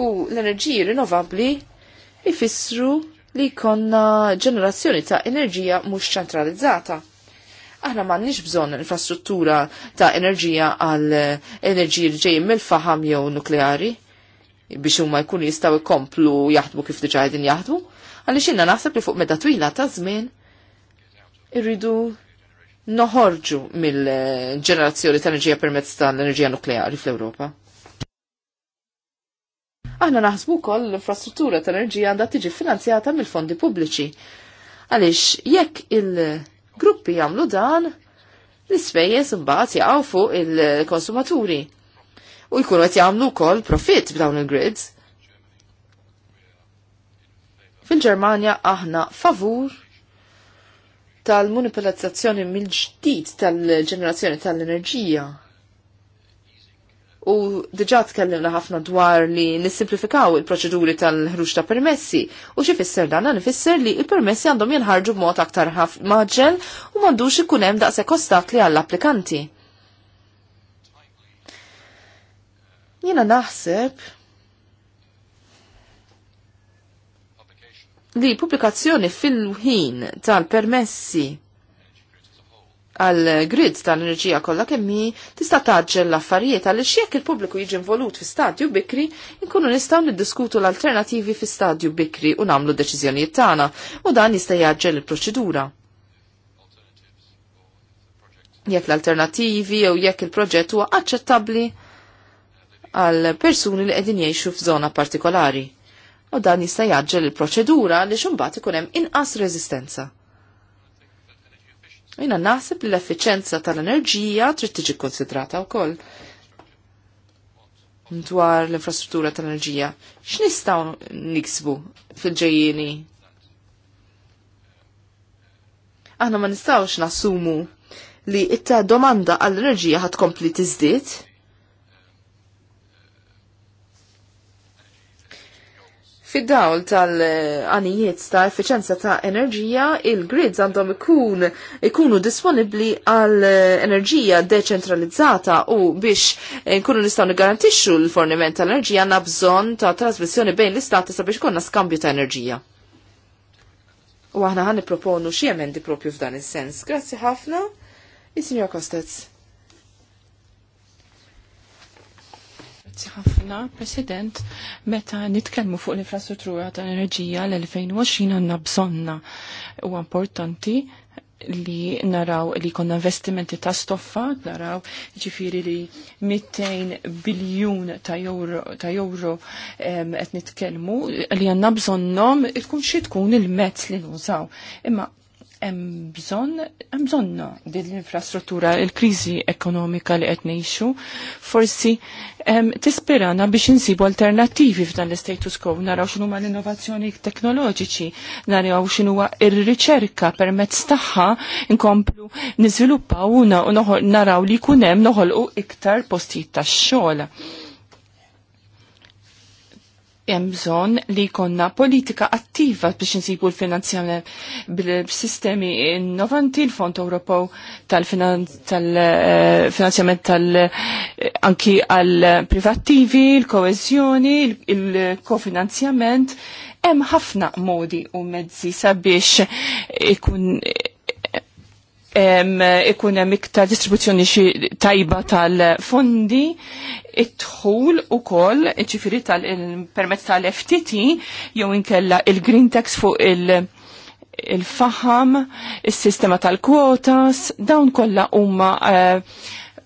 U l-enerġiji rinnovabli jifissru li konna ġenerazzjoni ta' enerġija mhux ċentralizzata. Aħna m'għandniex bżonn infrastruttura ta' enerġija għal enerġiji li ġejjin mill-faħam jew nukleari biex huma jkunu jistgħu jkomplu jaħdmu kif diġà qegħdin jaħdmu, għaliex inna naħseb li fuq meta twila ta' żmien irridu noħorġu mill-ġenerazzjoni ta' enerġija permezz tal-enerġija nukleari fl-Ewropa? Aħna naħsbu kol l-infrastruttura tal-enerġija għandha tiġi finanzjata mill-fondi pubbliċi. Għaliex jekk il-gruppi jagħmlu dan, l-ispejjeż imbagħad jaqgħu fuq il-konsumaturi. U jkunu qed jagħmlu wkoll profitt b'dawn il-grids. Fil-Ġermanja aħna favur tal-monopolizzazzjoni mill-ġdid tal-ġenerazzjoni tal-enerġija. U diġa tkellimna ħafna dwar li nissimplifikaw il-proċeduri tal-ħruġ ta' permessi u xi fisser dan dan ifisser li il-permessi għandhom jinħarġu b'mod aktar maġġel u m'għandux ikun hemm daqshekk ostakli għall-applikanti. Jiena naħseb li pubblikazzjoni fil-ħin tal-permessi għal grid tal-enerġija kollha kemmi tista' taġġel l-affarijiet għaliex jekk il-pubbliku jiġi involut fi stadju bikri, inkunu nistgħu niddiskutu l-alternativi fi stadju bikri u nagħmlu deċiżjonijiet tagħna u dan jista' jaġġel il-proċedura. Jekk l-alternativi jew jekk il-proġett huwa aċċettabbli għal persuni li qegħdin jgħixu f'żona partikolari u dan jista' jaġġel il-proċedura li xumbat ikun hemm inqas reżistenza. Jina naħseb li l-effiċenza tal-enerġija trid tiġi konsidrata wkoll dwar l-infrastruttura tal-enerġija. X'nistgħu niksbu fil-ġejjieni? Aħna ma nistgħux nassumu li t domanda għall-enerġija ħadd kompli tiżdied Fid-dawl tal-għanijiet ta' effiċenza ta' enerġija, il-grids għandhom ikun ikunu disponibli għal enerġija deċentralizzata u biex nkunu nistgħu nigarantixxu l-forniment tal-enerġija għandna bżonn ta' trasmissjoni bejn l-istati sabiex konna skambju ta' enerġija. U aħna ħanni nipproponu xi emendi propju f'dan is-sens. Grazzi ħafna. Is-Sinjor Kostez. Grazzi ħafna, President. Meta nitkellmu fuq l-infrastruttura ta' enerġija l-2020 għandna bżonna u importanti li naraw li konna investimenti ta' stoffa, naraw ġifiri li 200 biljun ta' euro, ta euro qed nitkellmu li għandna bżonnhom il xi tkun il-mezz li nużaw. Imma hemm bżonn hemm bżonna din l-infrastruttura il-kriżi ekonomika li qed ngħixu forsi tispirana biex insibu alternattivi f'dan l-status quo naraw x'inhu ma l-innovazzjoni teknoloġiċi, naraw x'inhu ir-riċerka permezz tagħha nkomplu niżviluppaw u naraw li jkun hemm noħolqu iktar postijiet tax-xogħol hemm bżonn li jkollna politika attiva biex insibu l-finanzjament bil-sistemi innovanti l-Fond Ewropew tal-finanzjament tal anki għal privattivi, l-koeżjoni, il-kofinanzjament, hemm ħafna modi u mezzi sabiex ikun ikun hemm iktar distribuzzjoni xi tajba tal-fondi, id dħul ukoll, ġifieri tal-permezz tal-FTT jew inkella il-Green Tax fuq il- il-faham, il-sistema tal-kwotas, dawn kollha huma uh,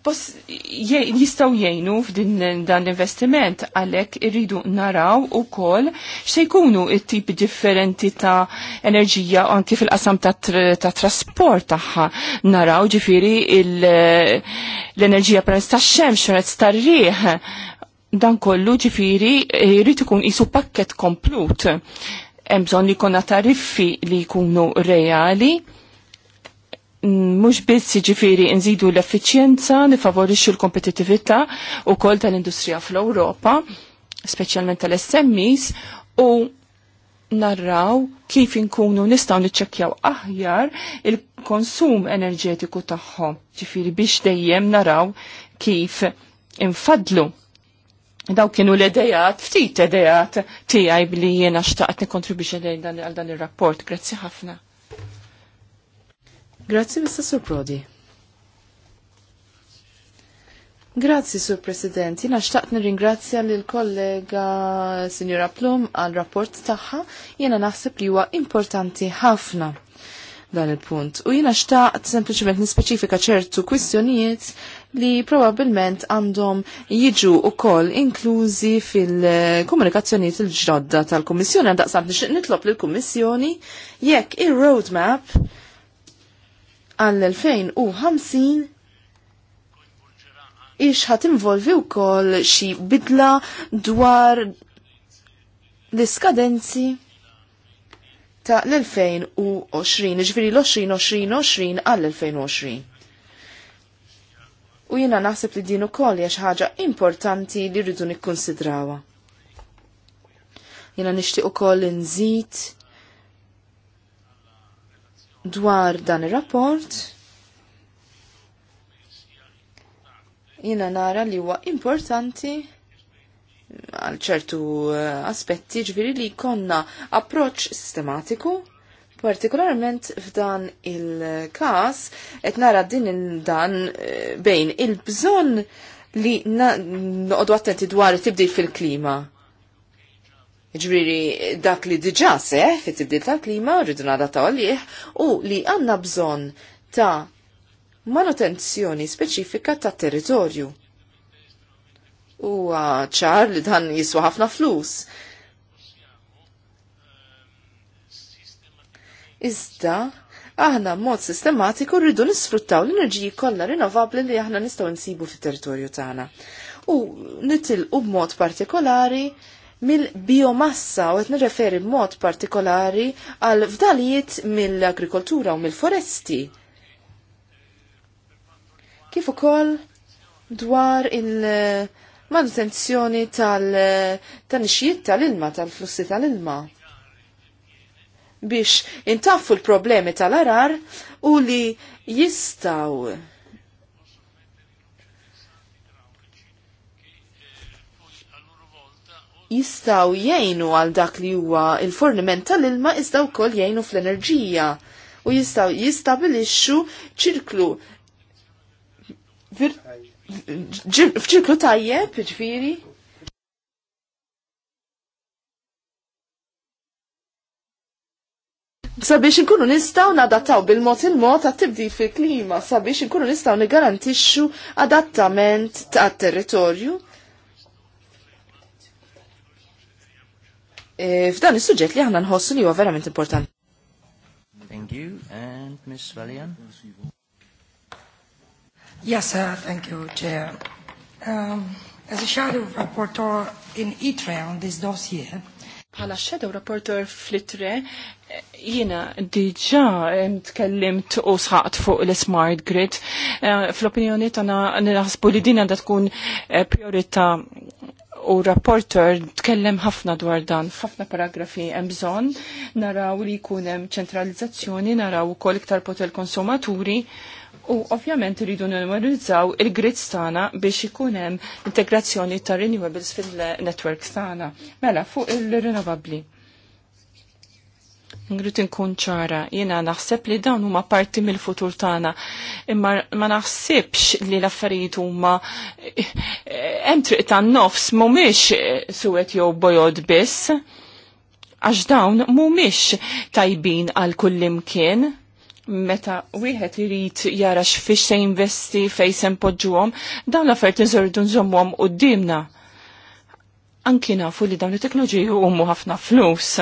jistaw jgħinu f'din dan investiment għalek irridu naraw u kol xejkunu it-tipi differenti ta' enerġija u anki fil-qasam ta', ta trasport taħħa naraw ġifiri l-enerġija permess ta' xemx permess ta' rieħ dan kollu ġifiri irrid ikun isu pakket komplut hemm bżonn li jkollna tariffi li jkunu reali mux biss ġifiri nżidu l-effiċjenza, nifavorixxu l-kompetitività u kol tal-industrija fl-Europa, specialment tal-SMEs, u narraw kif inkunu nistaw niċċekkjaw aħjar il-konsum enerġetiku tagħhom, ġifiri biex dejjem naraw kif infadlu. Daw kienu l-edejat, ftit edejat tiegħi bli jiena xtaqt nikontribwixxa lejn dan ir rapport Grazzi ħafna. Grazzi, Mr. Surprodi. Grazzi, Sur President. Jina xtaqt nirringrazzja lil kollega Signora Plum għal rapport taħħa. Jena naħseb li huwa importanti ħafna dan il-punt. U jina xtaqt sempliciment nispeċifika ċertu kwistjonijiet li probabilment għandhom jiġu u koll inklużi fil-komunikazzjoniet il-ġodda tal-Kommissjoni. Għandaqsant nitlob l kummissjoni jekk il-roadmap għall-2050 ix ħat involvi u koll xie bidla dwar l-iskadenzi ta' l-2020, ġviri l-2020 għall-2020. U jina naħseb li din ukoll hija xi ħaġa importanti li rridu nikkonsidrawha. Jina nixtieq ukoll nżid dwar dan ir-rapport. Jina nara li huwa importanti għal ċertu eh, aspetti ġviri li konna approċ sistematiku partikolarment f'dan il-kas et nara din il-dan eh, bejn il-bżon li noqdu attenti dwar tibdil fil-klima Ġviri, dak li diġa seħ fit tibdil tal-klima rridu ta' għalih u li għanna bżon ta' manutenzjoni speċifika ta' territorju. U ċar li dan jiswa ħafna flus. Iżda, aħna mod sistematiku rridu nisfruttaw l-enerġiji kollha rinnovabbli li aħna nistgħu nsibu fit-territorju tagħna. U nitilqu b'mod partikolari mill-biomassa u qed nirreferi b'mod partikolari għal fdalijiet mill-agrikoltura u mill-foresti. Kif ukoll dwar il-manutenzjoni tal-nixijiet tal-ilma, tal-flussi tal-ilma biex intaffu l-problemi tal-arar u li jistaw jistaw jgħinu għal dak li huwa il-forniment tal-ilma iżda wkoll jgħinu fl-enerġija u jistaw jistabilixxu ċirklu f'ċirklu tajjeb, ġifieri. Sabiex inkunu nistaw nadattaw bil-mod il-mod għat tibdil fil-klima, sabiex inkunu nistaw nigarantixxu adattament ta' territorju E, f'dan is-suġġett li għanna nħossu li huwa verament importanti. Thank you and Ms. Valian. Yes, sir, thank you, Chair. Um, as a shadow rapporteur in ITRE on this dossier, Bħala shadow rapporteur flitre, jina diġa tkellimt u sħaqt fuq l-smart grid. Uh, Fl-opinjoni tana nħasbu li dina da tkun eh, priorita u rapporter tkellem ħafna dwar dan, ħafna paragrafi hemm bżonn, naraw li jkun hemm ċentralizzazzjoni, naraw ukoll iktar potel konsumaturi u ovvjament n-numerizzaw il grid tagħna biex ikun hemm integrazzjoni ta' renewables fil-network tagħna. Mela fuq il-renovabbli Ngrit inkun ċara, jena naħseb li dawn huma parti mill-futur tagħna, imma ma naħsibx li l-affarijiet huma hemm triq tan-nofs mhumiex suwed jew bojod biss, għax dawn mhumiex tajbin għal kullimkien meta wieħed irid jara x'fiex se jinvesti fejn se npoġġuhom, dawn l-affarijiet inżordu nżommhom qudiemna. Anki nafu li dawn it-teknoloġiji huma ħafna flus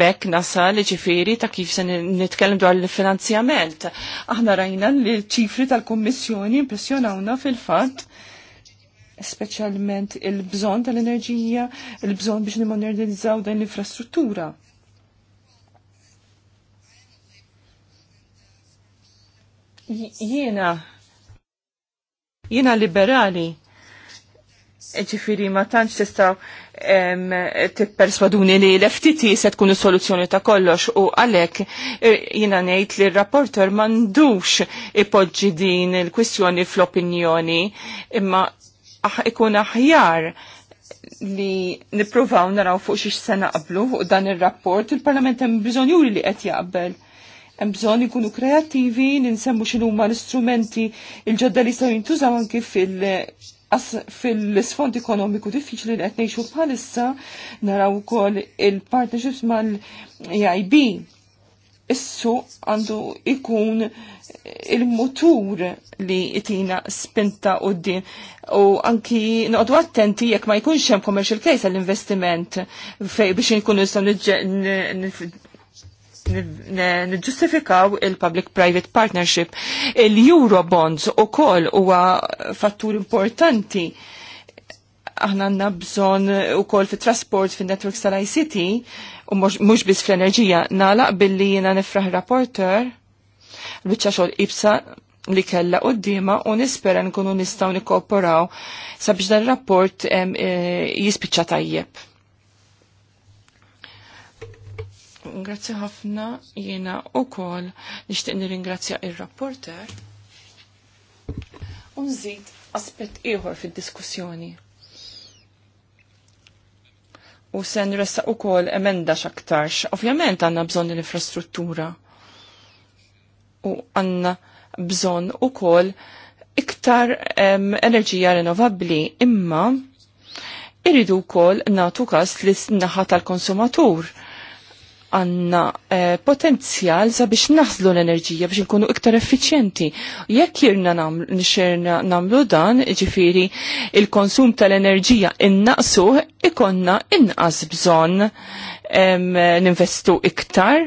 Bekk nasal ġifiri ta' kif se nitkellem dwar l-finanzjament. Aħna rajna li ċifri tal-Kummissjoni impressjonawna fil-fatt speċjalment il-bżon tal-enerġija, il-bżon biex nimodernizzaw dan l-infrastruttura. Jiena, jiena liberali, ġifiri ma tantx tistaw tipperswaduni li l-FTT se tkun is-soluzzjoni ta' kollox u għalhekk eh, jiena ngħid li r-rapporter m'għandux ipoġġi din il-kwistjoni fl-opinjoni imma ikun aħjar li nippruvaw naraw fuq xiex se naqblu fuq dan ir-rapport il-Parlament hemm bżonn juri li qed jaqbel hemm bżonn ikunu kreattivi, ninsemmu x'inhuma l-istrumenti il-ġodda li jistgħu jintużaw anki fil- fil-sfond ekonomiku diffiċli li qed ngħixu bħalissa naraw ukoll il-partnerships mal-EIB. Issu għandu ikun il-motur li itina spinta u din u anki noqdu attenti jekk ma jkunx hemm commercial case għall-investiment fej biex nkunu nistgħu nġustifikaw il-public-private partnership. Il-Eurobonds u kol huwa fattur importanti aħna għanna bżon u kol fi trasport fi networks tal-ICT u mux bis fl-enerġija nalaq billi jina nifraħ rapporter l-bicċa xol ibsa li kella u d-dima u nispera nkunu nistaw nikooperaw sabiex dan rapport eh, jispiċċa tajjeb. Grazzi ħafna jiena u kol nishtiq nirringrazzja il-rapporter. Unżid aspet ieħor fid-diskussjoni. U sen ressa u kol emenda xaktarx. Ovvjament għanna bżon l-infrastruttura. U għanna bżon u kol iktar em, enerġija renovabli imma irridu kol natu kas l-naħa tal-konsumatur għanna eh, potenzjal sabiex naħslu l-enerġija biex nkunu iktar effiċjenti. Jekk jirna nixerna namlu dan, ġifiri il-konsum tal-enerġija innaqsu, ikonna inqas bżon ninvestu iktar.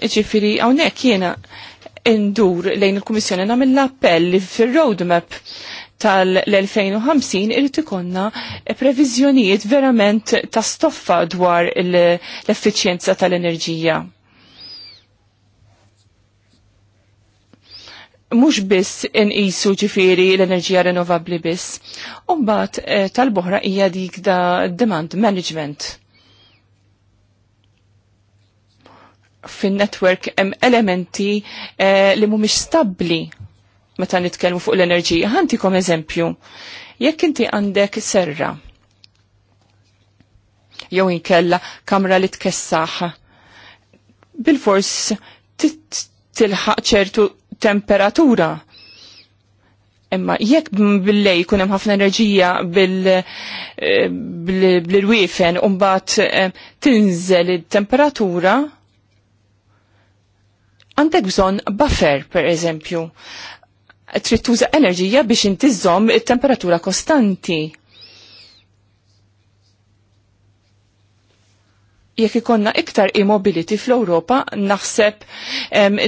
Ġifiri għawnek jena indur lejn il-Kummissjoni namilla appelli fil-roadmap tal-2050 irrid ikonna previżjonijiet verament ta' stoffa dwar l-effiċjenza tal-enerġija. Mhux biss inqisu ġifieri l-enerġija rinnovabbli biss. Umbat eh, tal-boħra hija dik da demand management. fin netwerk hemm elementi eh, li mhumiex stabbli meta nitkellmu fuq l-enerġija. Ħantikom eżempju, jekk inti għandek serra, jew inkella kamra li tkessaħ, bil-fors tilħaq ċertu temperatura. Imma jekk billej jkun hemm ħafna enerġija bil-wiefen eh, u mbagħad eh, tinżel it-temperatura, għandek bżonn buffer per eżempju trid tuża enerġija biex intizzom it-temperatura kostanti. Jekk ikonna iktar immobility fl-Ewropa, naħseb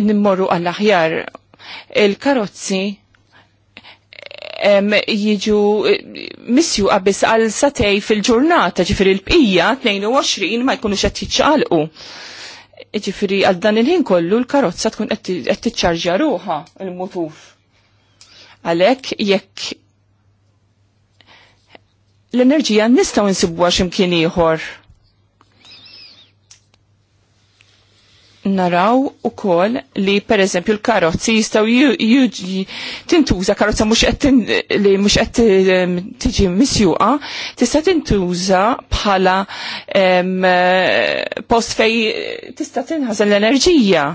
nimmorru għall-aħjar il-karozzi jiġu eh, missju għabis għal satej fil-ġurnata, ġifiri l-bqija 22 ma jkunu xat jitxalqu. Ġifiri għal dan il-ħin kollu l-karozza tkun qed tiċċarġja ruħa il mutuf Għalhekk jekk l-enerġija nistgħu nsibuha x'imkien ieħor. naraw u kol li per eżempju l-karozzi jistaw juġi tintuża karozza mux li mux qed ehm, tiġi misjuqa tista' tintuża bħala ehm, post fej tista' tinħazan l-enerġija.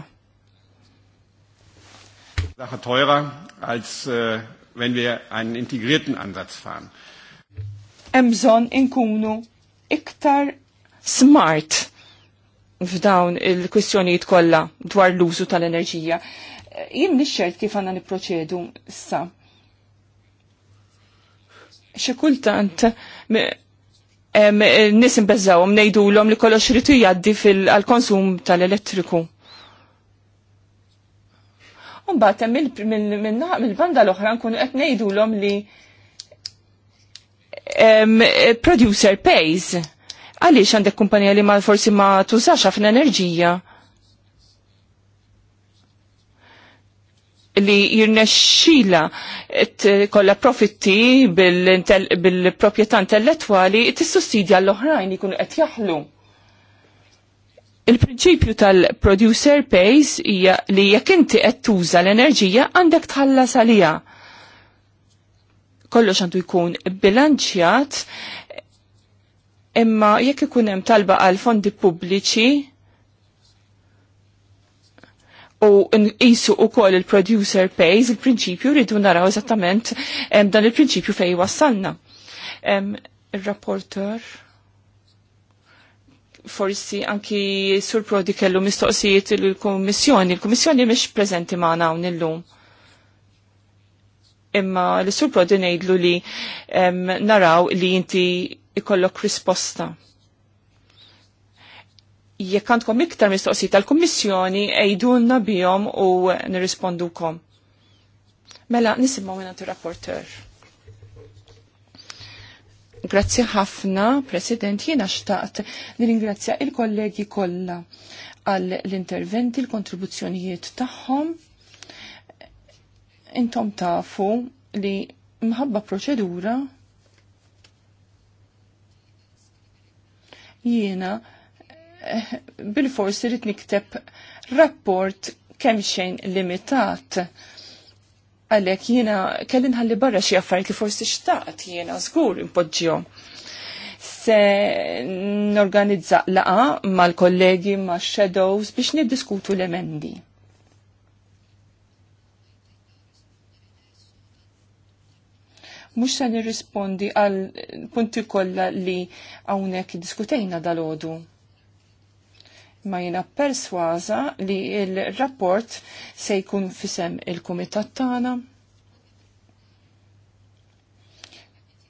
Sache teurer, als äh, wenn wir einen integrierten Ansatz fahren. Emson inkunu iktar smart f'dawn il-kwistjonijiet kollha dwar l-użu tal-enerġija. Jien nixxert kif għandna nipproċedu issa. Xi kultant nies imbeżawhom ngħidulhom li kollox rid jgħaddi fil-konsum tal-elettriku. Mbagħad hemm mill-banda l-oħra nkunu qed ngħidulhom li producer pays. Għaliex għandek kumpanija li ma forsi ma tużax ħafna enerġija. li jirnexxila kollha profitti bil-proprjetà intellettwali tissussidja l-oħrajn ikunu qed jaħlu il-prinċipju tal-producer pays hija li jekk inti qed tuża l-enerġija għandek tħallas għalija. Kollox għandu jkun bilanċjat imma jekk ikun hemm talba għal fondi pubbliċi u nqisu ukoll il-producer pays, il-prinċipju rridu naraw eżattament dan il-prinċipju fejn wassalna. Ir-rapporter forsi anki sur prodi kellu mistoqsijiet il-Kommissjoni. Il-Kommissjoni mhix preżenti ma' hawn illum. Imma l-sur prodi ngħidlu li naraw li inti ikollok risposta. Jekk għandkom iktar mistoqsijiet tal-Kummissjoni ejdunna bihom u nirrispondukom. Mela, nisimgħu minn rapporter. Grazzi ħafna, President, jiena xtaqt nir-ingrazzja il-kollegi kollha għall l-interventi, l-kontribuzzjonijiet tagħhom. Intom tafu li mħabba proċedura jiena eh, bil-forsi rrit nikteb rapport kemm xejn limitat għalek jiena kellin ħalli barra xie affarijiet li forsi xtaqt jiena żgur impoġġio. se norganizza laqa mal-kollegi, mal-shadows biex niddiskutu l-emendi. Mux se nirrispondi għal punti kolla li għawnek diskutejna dal odu ma jina perswaza li il-rapport se jkun fisem il-kumitat tagħna.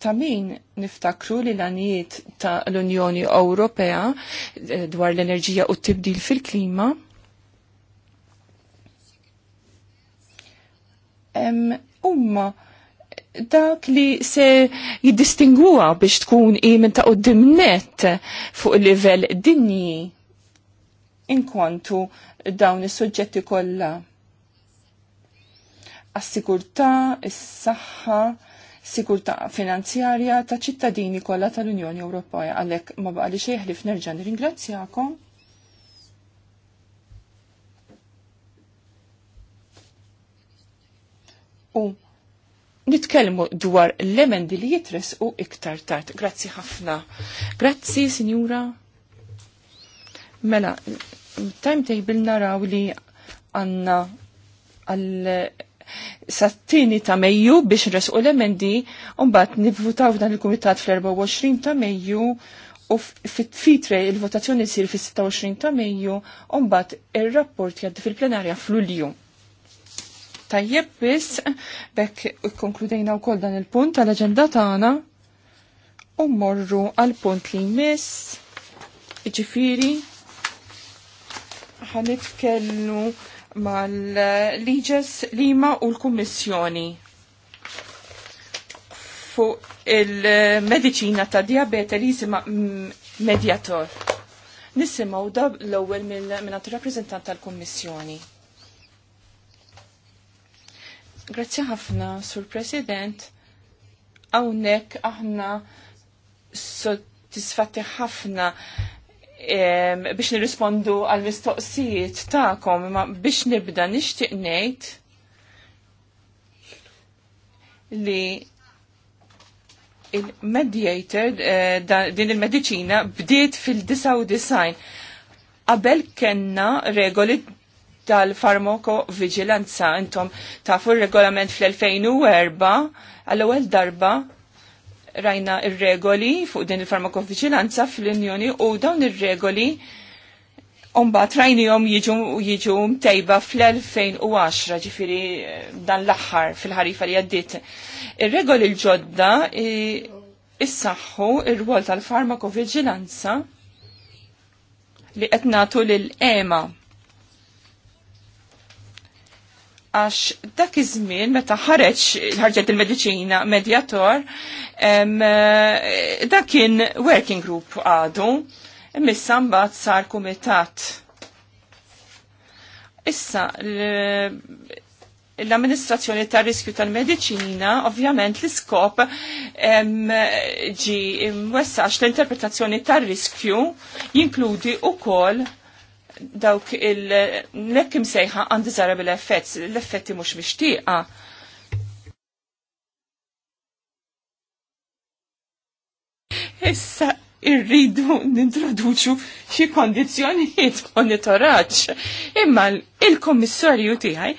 ta' min niftakru li l-anijiet ta' l-Unjoni Ewropea eh, dwar l-enerġija u t-tibdil fil-klima umma dak li se jiddistingwa biex tkun imen ta' u dimnet fuq il-livell dinji inkontu dawn is-suġġetti kollha. Assigurtà, is-saħħa, sigurtà finanzjarja ta' ċittadini kollha tal-Unjoni Ewropea. Għalhekk ma baqali xejn ħlif nerġa' nirringrazzjakom. U nitkellmu dwar l-emendi li jitresqu iktar tard. Grazzi ħafna. Grazzi, Sinjura. Mela, timetable naraw li għanna għal sattini ta' Mejju biex resqu l-emendi, unbat nivvutaw dan il-Kumitat fl-24 ta' Mejju u fit-fitre il-votazzjoni sir fil-26 ta' Mejju, unbat il-rapport jaddi fil-plenarja fl-Ulju. Tajjeb biss, bekk konkludejna u koll dan il-punt tal-agenda tagħna u morru għal-punt li jmiss, ġifiri, ħanitkellmu mal-liġes Lima u l-Kummissjoni fuq il-medicina ta' diabete li jisima medjator. Nisimaw dab l-ewel minnat rappresentant tal kummissjoni Grazzi ħafna, Sur President. għawnek aħna sottisfatti ħafna biex nirrispondu għal mistoqsijiet ta'kom, ma biex nibda nixtieq ngħid li il-mediator eh, din il-medicina bdiet fil-99 qabel kenna regoli tal farmoko vigilanza intom tafu regolament fl-2004 għall-ewwel darba rajna ir-regoli fuq din il-farmakovigilanza fl-Unjoni u dawn ir-regoli Umbat rajnijom jiġu jiġu mtejba fl-2010 ġifiri eh, dan l-axħar fil-ħarifa li għaddit. Ir-regoli l-ġodda eh, issaħħu il rwol tal-farmakovigilanza li qed nagħtu lil ema għax dak iż-żmien meta ħareġ ħarġet il-mediċina medjator, eh, dak kien working group għadu, imissa mbagħad sar kumitat. Issa l-amministrazzjoni ta' riskju tal-medicina, ovvjament l-iskop ġi wessax l-interpretazzjoni ta' riskju jinkludi u koll dawk il-lekkim sejħa undesirable effects, l-effetti mux mishtiqa. Issa irridu nintroduċu xi kondizjonijiet monitoraċ. Imma il-kommissarju tiegħi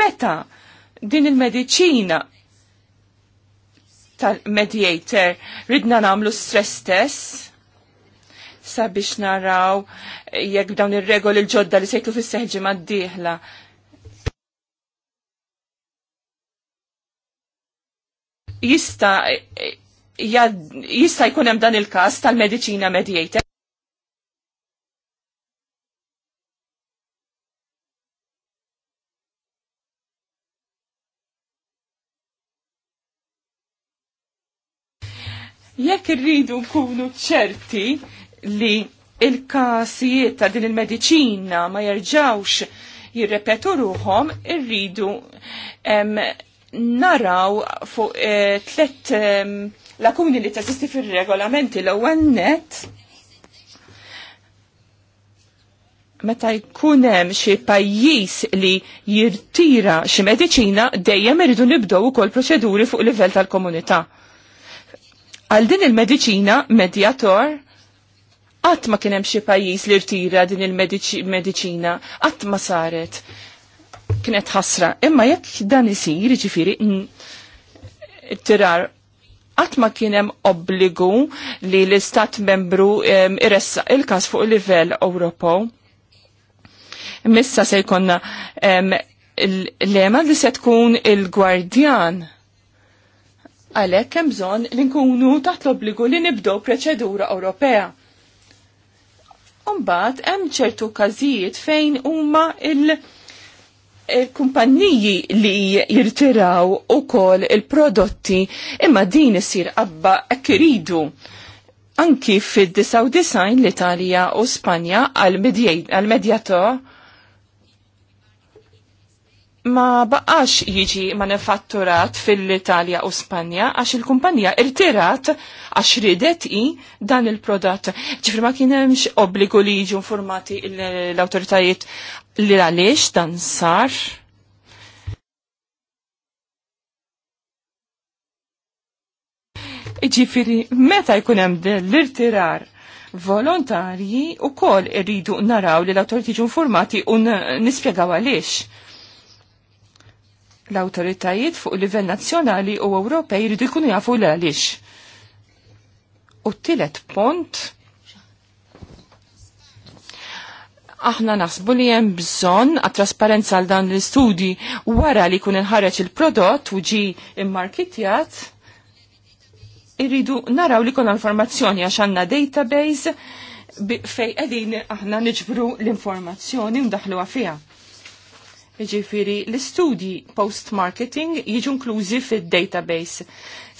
meta din il-mediċina tal-mediator ridna namlu stress test sabiex naraw jekk dawn ir-regoli l-ġodda li sejtu fis-seħġi mad-dieħla. Jista jista jkun hemm dan il-każ tal-mediċina medjated. jekk irridu nkunu ċerti li il-kasijiet ta' din il-medicina ma jerġawx jirrepetu ruħom irridu naraw fuq eh, tlet lakuni li tazisti fil-regolamenti l ewwel net meta jkun hemm xi pajjiż li jirtira xi mediċina dejjem irridu nibdew ukoll proċeduri fuq livell tal-komunità. Għal din il-mediċina medjator Qatt ma kien hemm xi pajjiż li rtira din il-mediċina, qatt ma saret. Kienet ħasra, imma jekk dan isir, t tirar qatt ma kien hemm obbligu li l-istat membru irressa il-każ fuq il-livell Ewropew. Missa se jkollna l-lema li se tkun il-gwardjan għalek hemm bżonn li nkunu taħt l-obbligu li nibdew proċedura Ewropea. Umbat, hemm ċertu każijiet fejn huma il- il-kumpanniji li jirtiraw u kol il-prodotti imma din isir qabba ekkiridu. Anki fid-99 l-Italja u Spanja għal-medjator ma baqax jiġi manifatturat fil-Italja u Spanja għax il-kumpanija irtirat għax ridet i dan il-prodott. Ġifri ma kienemx obbligu li jiġu informati l-autoritajiet li għaliex dan sar. Ġifiri, meta jkunem l-irtirar volontarji u kol irridu naraw li l ġu informati un nispiegaw għaliex L-autoritajiet fuq livell nazzjonali u Ewropej jridu jkunu jafu l għaliex. U t-tielet punt aħna naħsbu li hemm bżonn għat-trasparenza għal dan l-istudji wara li kun inħareġ il-prodott u ġi immarkitjat, irridu naraw li kun informazzjoni għax għandna database fej qegħdin aħna niġbru l-informazzjoni ndaħluha fiha. Ġifiri, l-istudji post-marketing jiġu inklużi fil-database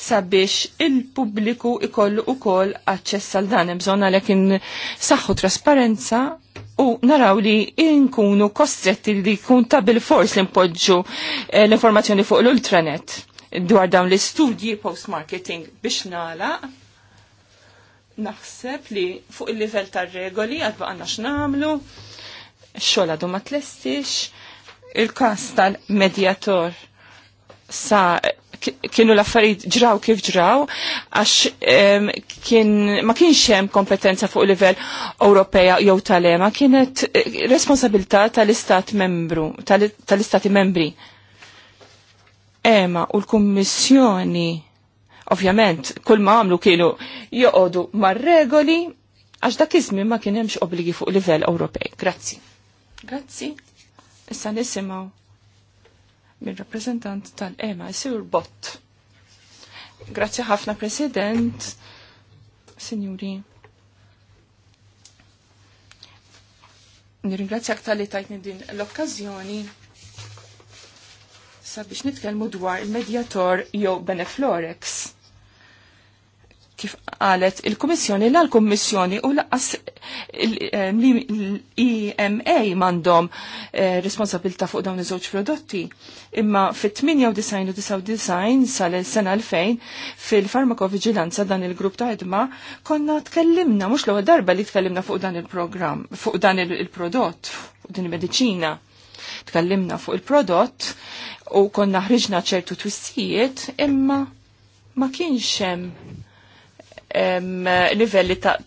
sabiex il-pubbliku ikollu u koll aċċess għal dan bżonna in saħħu trasparenza u naraw li inkunu kostretti li kun ta' bil-fors li npoġġu eh, l-informazzjoni fuq l-ultranet dwar dawn l-istudji post-marketing biex nala naħseb li fuq il-livell tar regoli għadba għanna x'namlu, xogħol għadu ma tlestix, il-kas tal-medjator sa kienu l-affarijiet ġraw kif ġraw, għax kien, ma kienx hemm kompetenza fuq livell Ewropea jew tal-ema, kienet eh, responsabilità tal-istat membru, tal-istati membri. Ema u l-Kummissjoni, ovvjament, kull ma għamlu kienu joqogħdu mar-regoli, għax dak iż ma kien hemmx obligi fuq livell Ewropej. Grazzi. Grazzi. Issa nisimaw mir-rappresentant tal-EMA, Sir Bott. Grazzi ħafna, President, Signori. Nirringrazzjak tal-li tajtni din l-okkazjoni sabiex nitkellmu dwar il-medjator jew Beneflorex kif qalet il-Kummissjoni l kummissjoni u laqas l-EMA mandom eh, responsabilta fuq dawn iż-żewġ prodotti. Imma fit-98 u 99 sal-sena 2000 fil-farmakovigilanza dan il-grupp ta' edma konna tkellimna, mux l-ewwel darba li tkellimna fuq dan il-programm, fuq dan il-prodott, fuq din il-medicina. Tkellimna fuq il-prodott u konna ħriġna ċertu twissijiet imma ma kienx hemm livelli ta'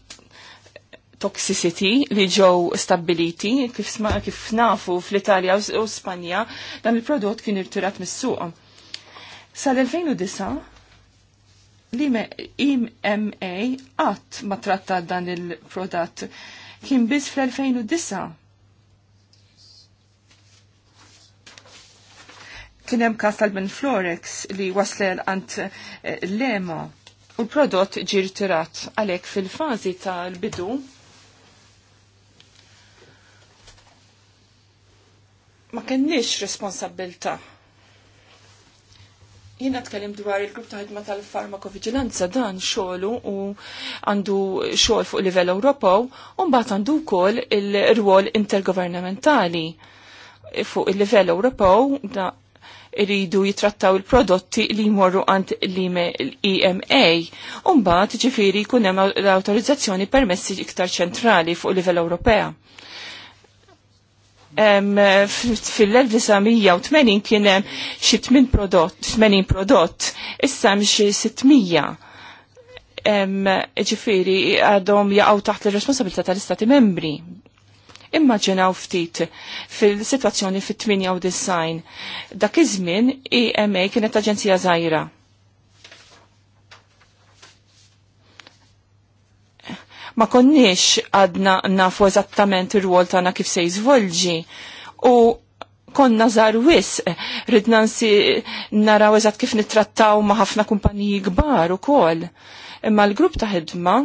toxicity li ġew stabiliti kif, sma, kif nafu fl-Italja u Spanja dan il-prodott kien irtirat mis-suq. Sal-2009 l-IMA għat ma tratta dan il-prodott kien biss fl-2009 kien hemm kas tal-Ben Florex li waslet għand eh, lema u prodott ġir tirat għalek fil-fazi tal-bidu ma kenniex responsabilta. Jina tkellim dwar il-grupp ta' ħidma tal-farmakovigilanza dan xogħlu u għandu xogħol fuq livell Ewropew u mbagħad għandu wkoll il-rwol intergovernamentali fuq il-livell Ewropew iridu jitrattaw il-prodotti li jmorru għand l-EMA. Umbat ġifiri jkun hemm l-autorizzazzjoni permessi iktar ċentrali fuq livell Ewropea. Fil-1980 kien hemm xi prodott, 80 prodott, issa hemm xi 600 ġifiri għadhom jaqgħu taħt l-responsabilità tal-Istati membri immaġinaw ftit fil-situazzjoni fit-98. Dak iż-żmien EMA kienet aġenzija żgħira. Ma konniex għadna nafu eżattament ir-rwol tagħna kif se jiżvolġi u konna żar wis ridna nsi naraw eżatt kif nittrattaw ma' ħafna kumpaniji kbar ukoll. Imma l-grupp ta' ħidma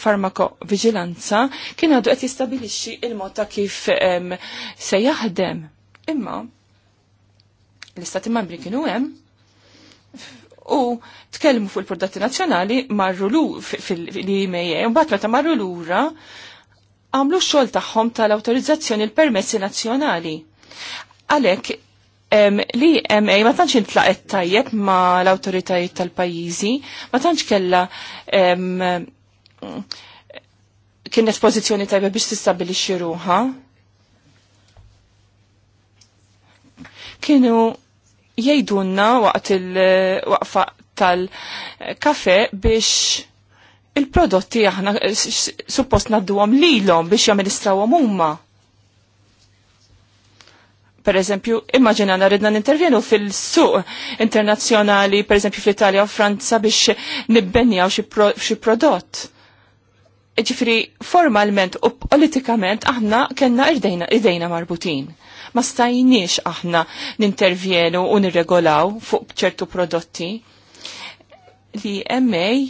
farmakovigilanza kien għadu qed jistabilixxi il-mod ta' kif um, se jaħdem. Imma l-istati membri kienu hemm u tkellmu fuq il-prodotti nazzjonali marru lu fil-IMEA, mbagħad meta marru lura għamlu xogħol tagħhom tal-awtorizzazzjoni l-permessi nazzjonali. Għalhekk li MA ma tantx intlaqet tajjeb ma l-awtoritajiet tal-pajjiżi, ma tantx kellha kienet pozizjoni tajba biex tistabilixxi ruha. Kienu jgħidunna waqt il-waqfa tal-kafe biex il-prodotti aħna suppost nadduhom lilhom biex jamministrawhom huma. Per eżempju, immaġinana ridna n-intervjenu fil-suq internazzjonali, per eżempju fl-Italja u Franza biex nibbenjaw xi prodott ġifri formalment u politikament aħna kena irdejna, irdejna marbutin. Ma stajniex aħna nintervjenu u nirregolaw fuq ċertu prodotti li emmej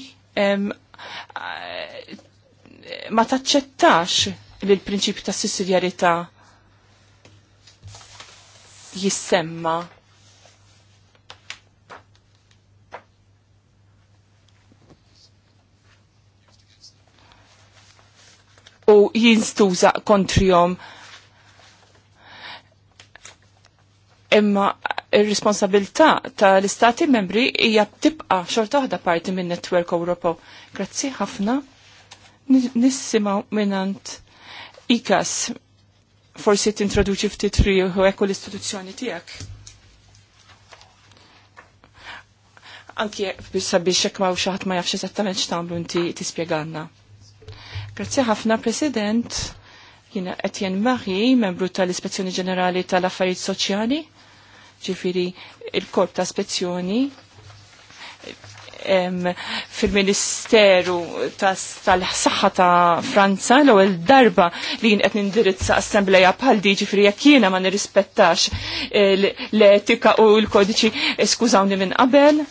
ma taċċettax li l-prinċipju ta' sussidjarità jissemma u jinstuża kontrihom. Imma il-responsabilta ta' tal-istati membri hija tibqa' xorta waħda parti minn netwerk Ewropew. Grazzi ħafna nissimaw minnant ikas forsi t-introduċi ftit u ekku l-istituzzjoni tijak. Anki biex sabiex u xaħat ma jafx eżattament xtamlu inti tispieganna. Grazzi ħafna, President. Jina Etienne Marie, membru tal-Ispezzjoni Ġenerali tal-Affarijiet Soċjali, ġifiri il-Korp ta' Spezzjoni fil-Ministeru tal-Saħħa ta' Franza l ewwel darba li jien qed nindirizza assembleja bħal di ġifri jekk jiena ma nirrispettax l-etika u l-kodiċi skużawni minn qabel.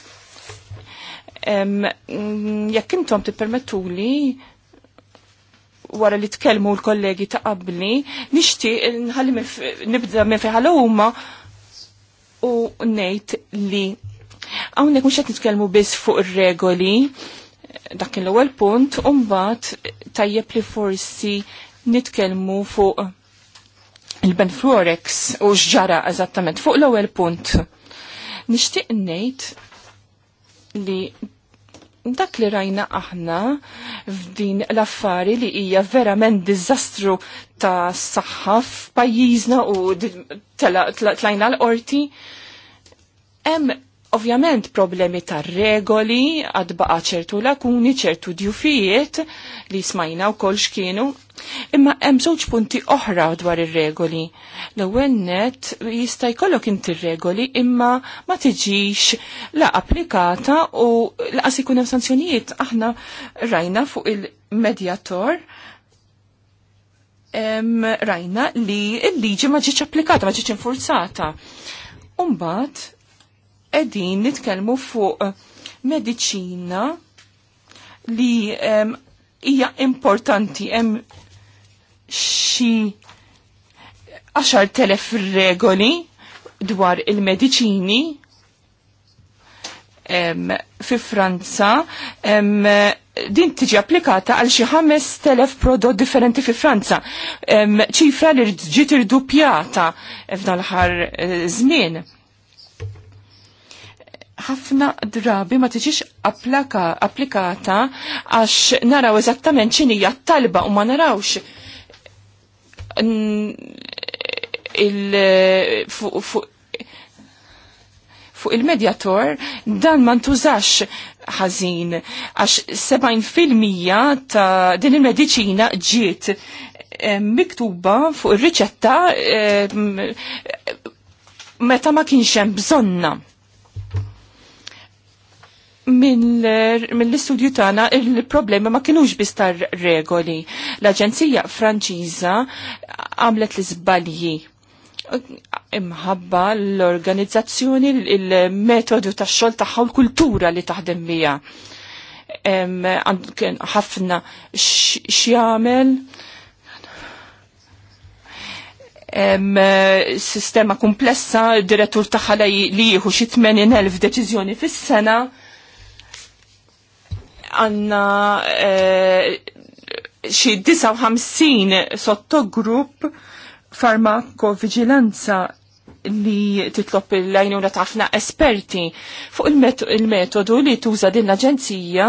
Jekk intom tippermettuli wara li tkellmu l-kollegi ta' qabli, nixtieq nħalli nibda minn fiħal huma u ngħid li hawnhekk mhux qed nitkellmu biss fuq ir-regoli dak l-ewwel punt u mbagħad tajjeb li forsi nitkellmu fuq il-Benfluorex u x'ġara eżattament fuq l-ewwel punt. Nixtieq ngħid li dak li rajna aħna f'din l-affari li hija verament diżastru ta' saħħa f'pajjiżna u tlajna l-qorti. Hemm ovvjament problemi ta' regoli għad baqa ċertu lakuni, ċertu djufijiet li smajna u kol xkienu, Imma hemm żewġ punti oħra dwar ir-regoli. L-ewwel net jista' jkollok inti regoli imma ma tiġix la applikata u laqas ikun hemm sanzjonijiet aħna rajna fuq il-medjator rajna li l liġi ma ġiċ applikata, ma ġiċ infurzata. Umbat, edin nitkelmu fuq medicina li hija importanti hemm xi telef regoli dwar il-mediċini fi Franza din tiġi applikata għal xi 5.000 prodott differenti fi Franza. ċifra li ġiet irdupjata f'dan l aħħar eh, żmien. Ħafna drabi ma tiġix applikata għax naraw eżattament x'inhi t-talba u ma narawx il fuq fuq il-medjator dan ma ntużax ħażin għax 70% ta' din il-mediċina ġiet eh, miktuba fuq ir-riċetta eh, meta ma kienx hemm bżonna mill-istudju tagħna il-problema ma kinux biss regoli L-Aġenzija Franċiża għamlet l-iżbalji imħabba l-organizzazzjoni, il-metodu tax-xogħol tagħha l-kultura li taħdem bija. Ħafna x'jagħmel sistema komplessa, direttur taħħa li jieħu xi 80,000 deċiżjoni fis-sena għanna eh, xi 59 sottogrupp farmakovigilanza li titlob il-lajnuna tafna esperti fuq il-metodu li tuża din l-aġenzija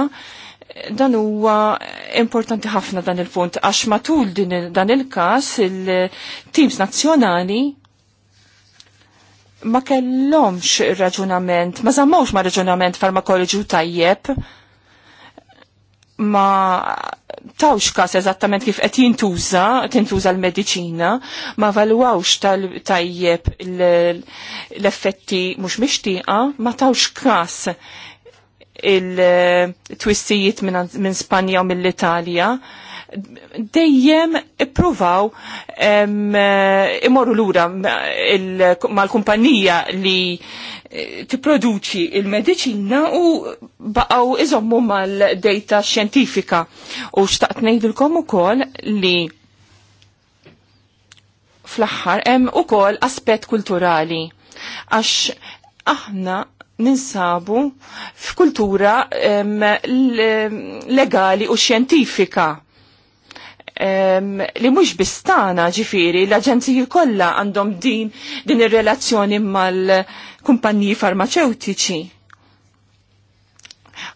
dan huwa importanti ħafna dan il-punt għax matul dan il-każ il-teams nazzjonali ma kellhomx raġunament, ma zammawx ma raġunament farmakoloġu tajjeb ma tawx kas eżattament kif qed jintuża, tintuża l-mediċina, ma valwawx tal-tajjeb l-effetti mhux mixtieqa, ma tawx kas il-twissijiet minn Spanja u mill-Italja dejjem ippruvaw eh, imorru lura mal-kumpanija li eh, tipproduċi il-medicina u baqaw iżommu mal-data xjentifika. U xtaqt ngħidilkom ukoll li fl-aħħar hemm ukoll aspett kulturali għax aħna ninsabu f'kultura legali u xjentifika li mhux bistana ġifiri l-aġenziji kollha għandhom din din ir-relazzjoni mal-kumpanniji farmaceutiċi.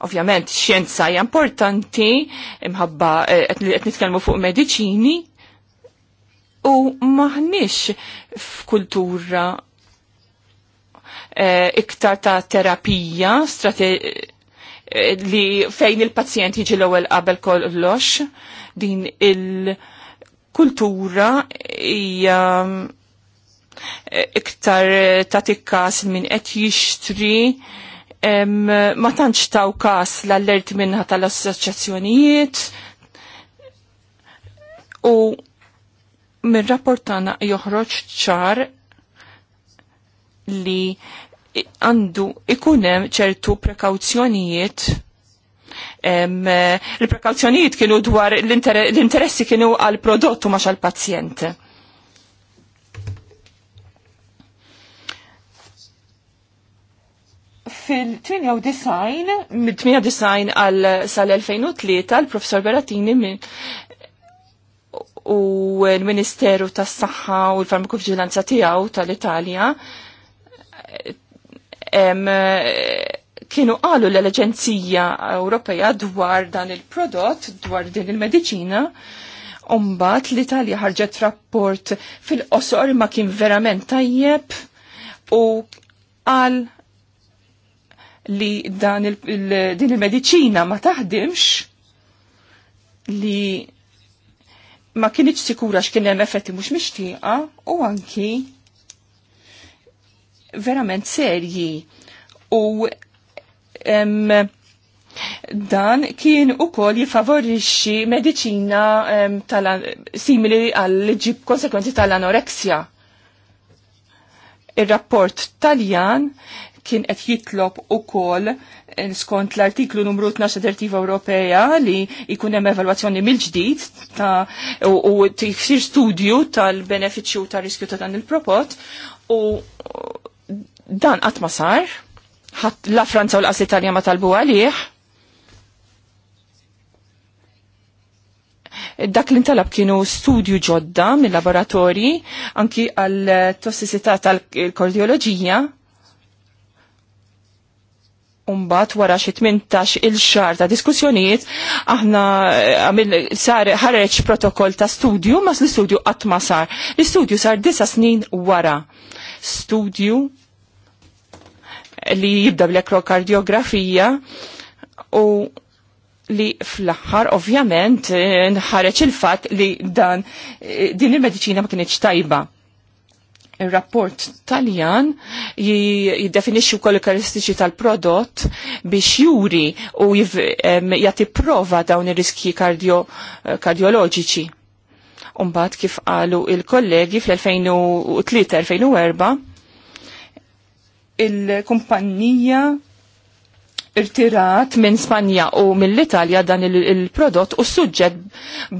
Ovvjament, xjenza hija importanti, imħabba eh, qed nitkellmu fuq mediċini, u maħniex f'kultura e, iktar ta' terapija strate, e, li fejn il-pazjent jiġi l-ewwel qabel kollox din il-kultura hija mm, iktar ta' tikkas minn qed jixtri ma tantx taw kas l-allert minnha tal-assoċjazzjonijiet u minn rapportana joħroġ ċar li għandu ikunem ċertu prekawzjonijiet il-prekawzjonijiet eh, kienu dwar l-interessi kienu għal prodott u mhux għal pazjent. Fil-98, mid għal sal-2003, l-professor Beratini u l-Ministeru tas saħħa u l-Farmakovigilanza tiegħu tal-Italja kienu qalu l-Aġenzija Ewropea dwar dan il-prodott, dwar din il-medicina, Umbat l-Italja ħarġet rapport fil-qosor ma kien verament tajjeb u għal li dan il, il din il-medicina ma taħdimx li ma kienieċ sikura x'kien hemm effetti mhux mixtieqa u anki verament serji u dan kien u kol jifavorixi medicina simili għall-ġib konsekwenzi tal-anoreksja. Il-rapport taljan kien qed jitlob ukoll eh, skont l-artiklu numru 12 Dertiva Ewropea li jkun hemm evalwazzjoni mill-ġdid ta' u, u studju tal-benefiċċju tar riskju ta' dan il-propot u dan qatt ma sar la Franza u l-qas Italja ma talbu għalih. Dak li intalab kienu studju ġodda mill-laboratori anki għal tossisità tal-kordjoloġija. Umbat wara xi 18 il-xar ta' diskussjonijiet aħna eh, għamil sar ħareġ protokoll ta' studju mas l-istudju qatt ma sar. L-istudju sar disa snin wara. Studju li jibda bl-ekrokardiografija u li fl-aħħar ovvjament eh, nħareċ il-fat li dan eh, din il-medicina ma kienieċ tajba. Il-rapport taljan jiddefinixxi wkoll il-karistiċi tal-prodott biex juri u jati prova dawn ir-riskji eh, kardioloġiċi. Umbat kif qalu il-kollegi fl-2003-2004 il-kumpanija irtirat minn Spanja u mill-Italja dan il-prodott u s-suġġett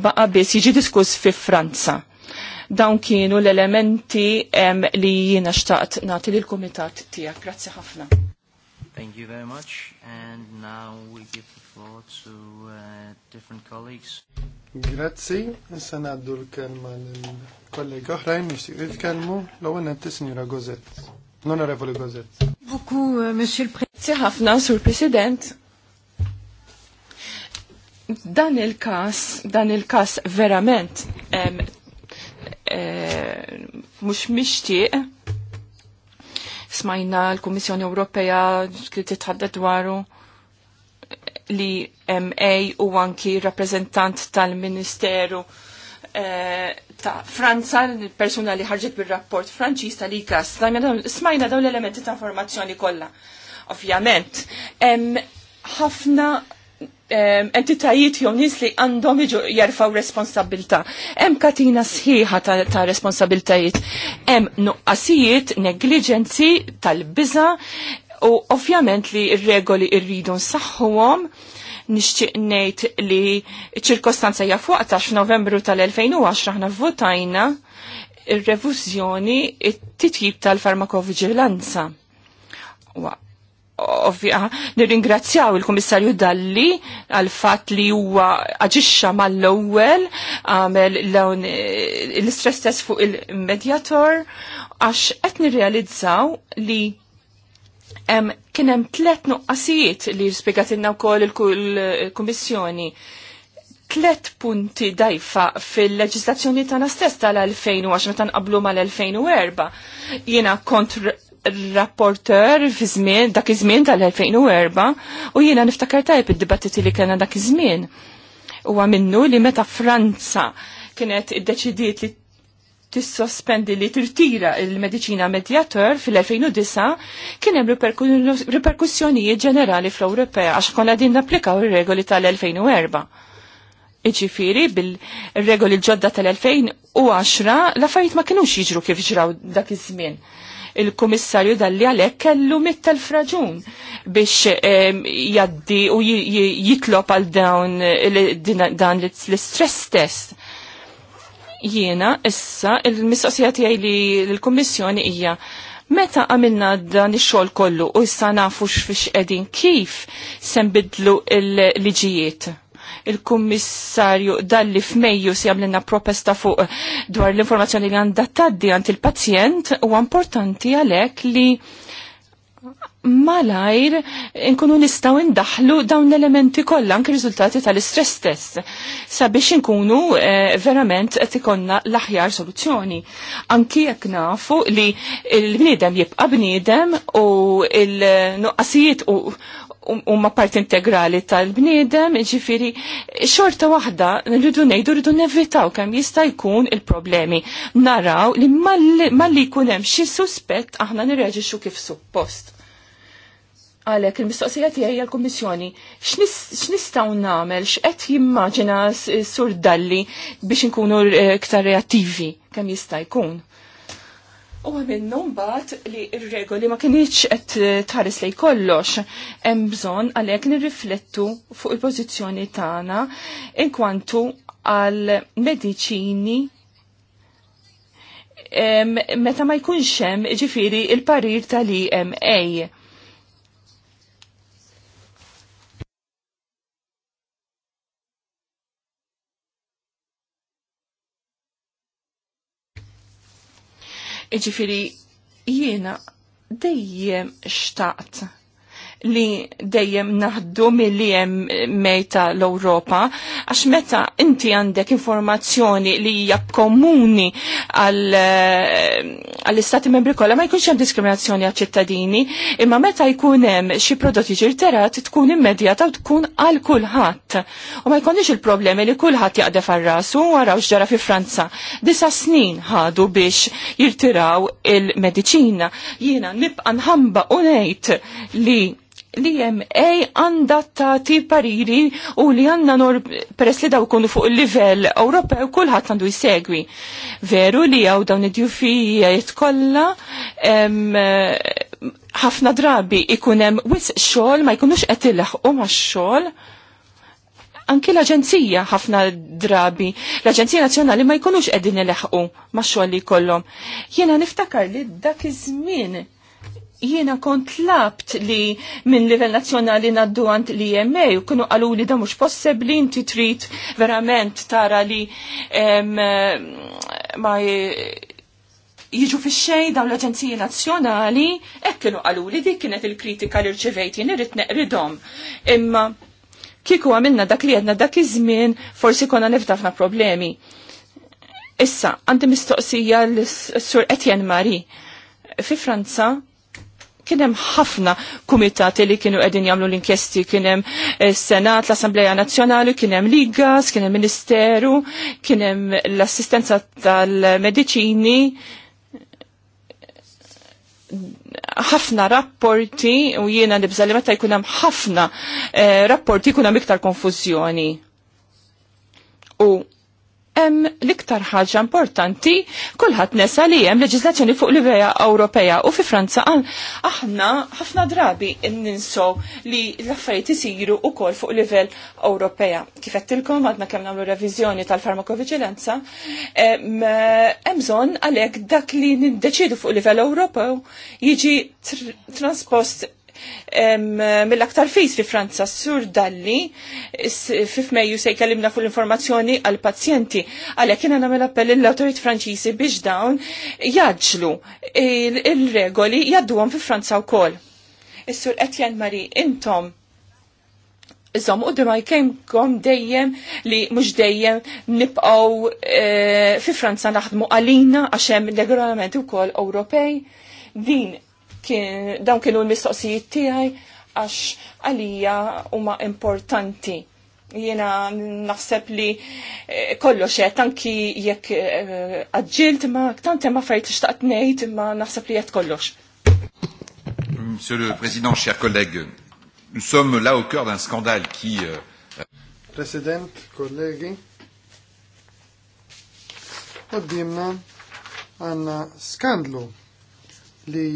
baqa biss jiġi diskuss fi Franza. Dawn kienu l-elementi li jiena xtaqt nagħti lill kumitat tiegħek. Grazzi ħafna. Thank you very much and now we give the floor to uh, different colleagues. Grazzi, nisa naddu l-kelma l-kollega oħrajn nixtieq kelmu l-ewwel Sinjura Gozett. L-Onorevoli Gozet. Buku, euh, Monsieur prezzi ħafna, Sur President. Dan il-kas, dan il-kas verament mux mixtieq smajna l-Kummissjoni kriti tħaddet dwaru li MA u anki rappresentant tal-Ministeru Eh, ta' Franza, il-persuna li ħarġet bil-rapport Franċis tal ikas smajna daw l-elementi ta' formazzjoni kollha. Ovvjament, ħafna entitajiet jew nies li għandhom iġu jarfaw responsabilta. Hemm katina sħiħa ta', responsabiltajiet. Hemm nuqqasijiet, negliġenzi tal-biża u ovvjament li r-regoli rridu nsaħħuhom nixtieq ngħid li ċirkostanza hija fuq ta' f'Novembru tal-2010 aħna votajna ir-revużjoni it-titjib tal-farmakovigilanza. Ovvja, nirringrazzjaw il-Komissarju Dalli għal fatt li huwa aġixxa mal-ewwel għamel l-istress test fuq il-medjator għax qed nirrealizzaw li hemm Kien hemm tliet nuqqasijiet li u wkoll il-Kummissjoni. Tlet punti dajfa fil-leġislazzjoni tagħna stess tal-2010 meta qablu mal-2004. Jiena kont rapporter fi żmien dak iż-żmien tal-2004 u jiena niftakar tajb id-dibattiti li kellna dak iż U Huwa minnu li meta Franza kienet iddeċidiet li tissospendi li tirtira il-medicina mediator fil-2009 kien hemm riperkussjonijiet ġenerali fl-Ewropea għax konna din napplikaw ir-regoli tal-2004. Iġifiri bil-regoli ġodda tal-2010 l-affarijiet ma kienux jiġru kif ġraw dak iż-żmien il-komissarju dalli għalek kellu mittel fraġun biex ehm, jaddi u jitlop għal dawn l-stress test jiena issa il-mistoqsija tiegħi li l-Kummissjoni hija meta għamilna dan ix-xogħol kollu u issa nafu x'fix qegħdin kif se nbidlu l-liġijiet il-kummissarju dalli f'Mejju si għamlinna propesta fuq dwar l-informazzjoni li għandha taddi għand il-pazjent u importanti għalhekk li malajr nkunu nistaw indaħlu dawn l-elementi kollha anke riżultati tal-istress test sabiex inkunu eh, verament qed ikonna l-aħjar soluzzjoni. Anki jekk nafu li l-bniedem jibqa' bniedem u l-nuqqasijiet u huma parti integrali tal-bniedem, ġifiri, xorta waħda rridu ngħidu rridu nevitaw kemm jista' jkun il-problemi. Naraw li malli jkun hemm xi suspett aħna nirreġixxu kif suppost. Għalek, il-mistoqsija tiegħi għal-Kummissjoni, x'nistgħu nagħmel, x'qed jimmaġina sur Dalli biex inkunu eh, iktar reattivi kemm jista' jkun. U minnhom mbagħad li r-regoli ma kienx qed eh, tħares lej kollox. Hemm bżonn għalhekk nirriflettu fuq il-pożizzjoni tagħna inkwantu għal mediċini eh, meta ma jkunx hemm ġifieri il-parir tal-EMA Iġifiri jiena dejjem xtaqt li dejjem naħdu mill-li mejta l-Europa, għax meta inti għandek informazzjoni li hija komuni eh, għall-istati membri kollha ma jkunx hemm diskriminazzjoni għal ċittadini, imma meta jkun hemm xi prodotti ġirterat tkun immedjata u tkun għal kulħadd. U ma jkunx il-problemi li kulħadd jaqdef għal rasu waraw x'ġara fi Franza. Disa snin ħadu biex jirtiraw il-mediċina. Jiena nibqa' nħamba u ngħid li l-IMA għanda tati pariri u li għanna nor peress li daw kunu fuq il-livell Ewropew kullħat għandu jisegwi. Veru li għaw dawn id-jufijiet kolla ħafna drabi ikunem wis xol ma jkunux qed u ma xol anki l-Aġenzija ħafna drabi, l-Aġenzija Nazzjonali ma jkunux qegħdin ileħqu ma' xogħol li jkollhom. Jiena niftakar li dak iż-żmien jiena kont labt li minn livell nazzjonali naddu għant li jemme, u kienu għalu li da mux possibli inti trid verament tara li em, ma jiġu fi xej dawn l-Aġenziji Nazzjonali, hekk kienu għalu li dik kienet il-kritika li rċevejt jien irrid neqridhom. Imma kieku għamilna dak li għedna dak iż-żmien forsi konna niftafna problemi. Issa, għandi mistoqsija l-Sur Etienne Mari. Fi Franza, kienem ħafna kumitati li kienu edin jamlu l-inkjesti, kienem eh, Senat, l-Assembleja Nazjonali, kienem Ligas, kienem Ministeru, kienem l-assistenza tal-medicini, ħafna rapporti u jiena nibżali meta jkun hemm ħafna eh, rapporti jkun hemm iktar konfużjoni. U hemm l-iktar ħaġa importanti, kulħadd nesa li hemm leġislazzjoni fuq livea Ewropea u fi Franza għal aħna ħafna drabi ninsow li l-affarijiet isiru wkoll fuq livell Ewropea. Kif qed ilkom għadna kemm nagħmlu reviżjoni tal-farmakoviġilanza, hemm bżonn għalhekk dak li niddeċidu fuq livell Ewropew jiġi transpost mill-aktar fejs fi Franza sur dalli fif meju se jkellimna fu l-informazzjoni għal pazjenti għalhekk jiena nagħmel appell l autorit Franċiżi biex dawn jaġlu il-regoli jadduhom fi Franza wkoll. Is-sur Etienne Mari, intom Iżom, u d-dimaj kemkom dejjem li mux dejjem nipqaw e, fi Franza naħdmu għalina għaxem regolamenti u kol Ewropej. Din kien dawn kienu l-mistoqsijiet tiegħi għax għalija huma importanti. Jiena naħseb li eh, kollox qed anki jekk eh, għadġilt ma tant hemm affarijiet tixtaqt ngħid imma naħseb li qed kollox. Monsieur le Président, chers collègues, nous sommes là au cœur d'un scandale qui... Euh, President, kollegi, għoddimna għanna skandlu li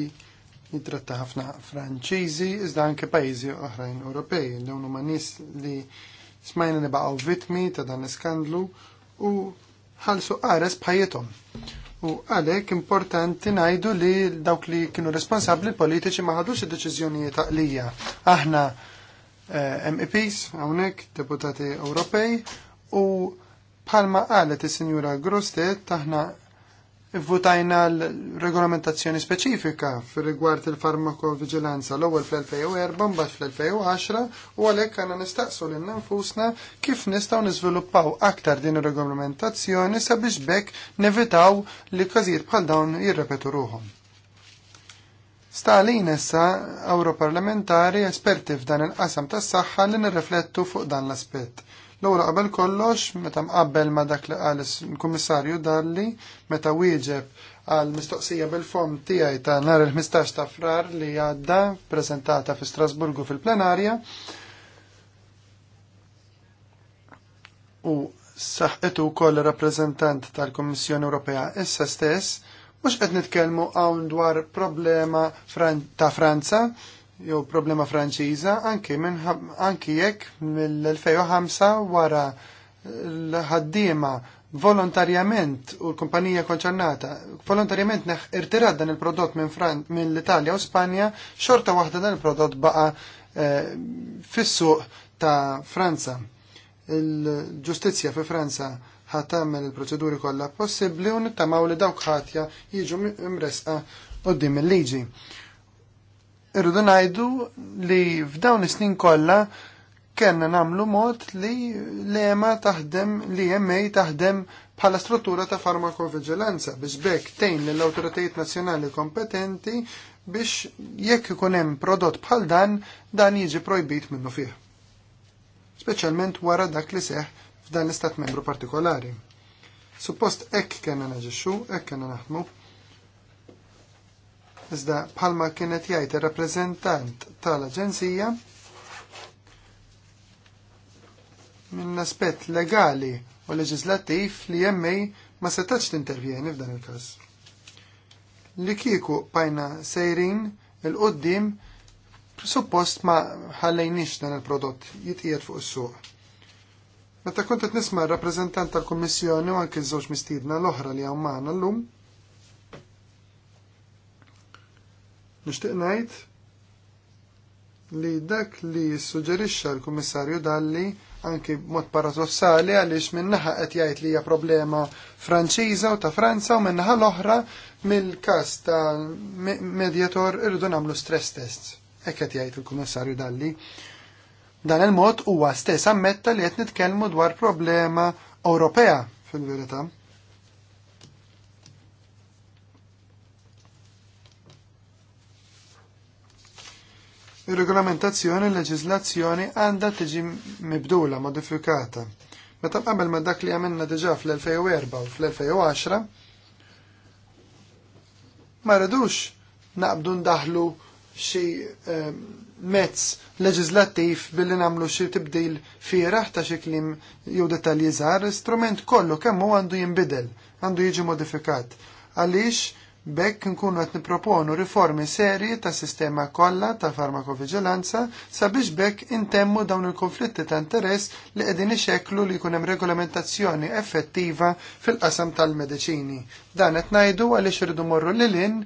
jitratta ħafna Franċiżi, iżda anke pajjiżi oħrajn Ewropej. Dawn huma nies li smajna nibaqgħu vitmi ta' dan l-iskandlu u ħalsu qares bħajjithom. U għalhekk importanti ngħidu li dawk li kienu responsabbli politiċi ma ħadux id-deċiżjonijiet taqlija. Aħna eh, MEPs hawnhekk deputati Ewropej u bħalma qalet is-Sinjura Grostet aħna votajna l-regolamentazzjoni speċifika fir rigward il-farmakovigilanza l-ewwel fl-2004 mbagħad fl-2010 u għalhekk għandna nistaqsu lil nfusna kif nistgħu niżviluppaw aktar din ir-regolamentazzjoni sabiex bekk nevitaw li każijiet bħal dawn jirrepetu ruhom. Stalin issa Europarlamentari, esperti f'dan il-qasam tas-saħħa li nirriflettu fuq dan l-aspett l qabel kollox meta mqabbel ma dak li qal il-Kummissarju Dalli meta wieġeb għal mistoqsija bil-fom tiegħi ta' nhar il-15 ta' frar li għadda ppreżentata fi Strasburgu fil-plenarja u saħqetu wkoll rappreżentant tal-Kummissjoni Ewropea issa stess mhux qed nitkellmu hawn dwar problema ta' Franza jew problema Franċiża anki minn anki jekk mill-2005 wara l-ħaddiema volontarjament u l-kumpanija konċernata volontarjament irtirat dan il-prodott minn minn l-Italja u Spanja xorta waħda dan il-prodott baqa eh, fis-suq ta' Franza. Il-ġustizzja fi Franza ħatamel il-proċeduri kollha possibbli u nittamaw li dawk ħatja jiġu mresqa qoddim il-liġi irridu ngħidu li f'dawn is-snin kollha kellna nagħmlu mod li l-EMA taħdem, li EMA taħdem bħala struttura ta' farmakovigilanza biex bekk tejn lill-Awtoritajiet nazzjonali kompetenti biex jekk ikun hemm prodott bħal dan dan jiġi projbit minnu fih. Speċjalment wara dak li seħ f'dan l-istat membru partikolari. Suppost hekk kellna naġixxu, hekk kellna naħdmu. Iżda bħalma kienet jgħid ir-rappreżentant tal-Aġenzija minn aspett legali u leġislattiv li jemmej ma setax tintervjeni f'dan il-każ. Li kiku bajna sejrin il-qoddim suppost ma ħallejniex dan il-prodott jitqiet fuq is-suq. Meta kontet nisma' r-rappreżentant tal-Kummissjoni u anke ż-żewġ mistiedna l-oħra li hawn l llum, Nixtieq ngħid li dak li suġġerixxa l-Kummissarju Dalli anki mod paradossali għaliex minnaħa qed jgħid li hija problema Franċiża u ta' Franza u minnaħa l-oħra mill-każ ta' medjator irridu nagħmlu stress tests. Hekk qed jgħid il-Kummissarju Dalli. Dan il-mod huwa stess ammetta li qed nitkellmu dwar problema Ewropea fil-verità. Ir-regolamentazzjoni l leġizlazzjoni għandha tiġi mibdula, modifikata. Meta qabel ma dak li għamilna diġà fl-2004 u fl-2010, ma rridux naqbdu ndaħlu xi ehm, mezz leġislattiv billi namlu xi tibdil fieraħ ta' xi kliem jew dettalji żgħar, l-istrument kollu kemm hu għandu jinbidel, għandu jiġi modifikat. Għaliex Bekk nkunu qed niproponu riformi serji ta' sistema kollha ta' farmakovigilanza sabiex bekk intemmu dawn il-konflitti ta' interess li qegħdin ixekklu li jkun hemm regolamentazzjoni effettiva fil-qasam tal-mediċini. Dan qed ngħidu għaliex irridu morru lil in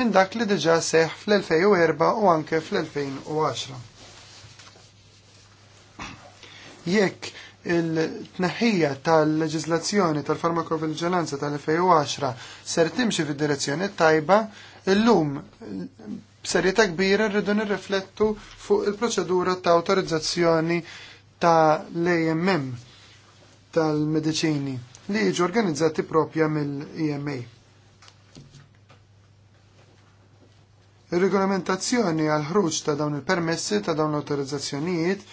minn dak li diġà seħħ fl-2004 u anke fl-2010. Jekk il-tneħħija tal-leġizlazzjoni tal-farmakovigilanza tal-2010 ser timxi fil direzzjoni tajba, illum serjeta kbira rridu nirriflettu fuq il-proċedura ta' autorizzazzjoni ta' l-AMM tal-medicini li jiġu organizzati propja mill-EMA. Ir-regolamentazzjoni għal ħruġ ta' dawn il-permessi ta' dawn l-autorizzazzjonijiet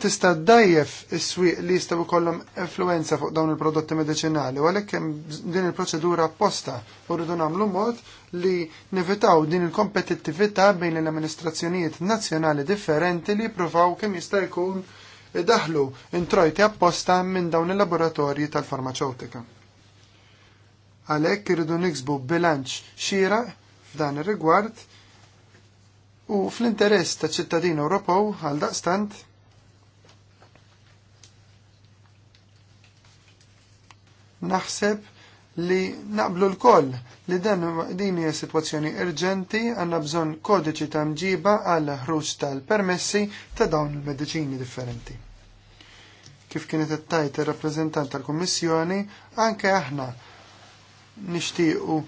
tista' dajjef is-swieq li jistgħu jkollhom influenza fuq dawn il-prodotti mediċinali u għalhekk din il-proċedura apposta u rridu nagħmlu mod li nevitaw din il-kompetittività bejn l-amministrazzjonijiet nazzjonali differenti li provaw kemm jista' jkun idaħlu introjti apposta minn dawn il-laboratorji tal-farmaceutika. Għalhekk irridu niksbu bilanċ xieraq f'dan ir-rigward u fl-interess ta' ċittadin Ewropew għal daqstant Naħseb li naqblu l-koll li dan din hija sitwazzjoni urġenti għandna bżonn kodiċi ta' mġiba għal ħruġ tal-permessi ta' dawn il-mediċini differenti. Kif kienet tajt ir-rappreżentant tal-Kummissjoni, anke aħna nixtiequ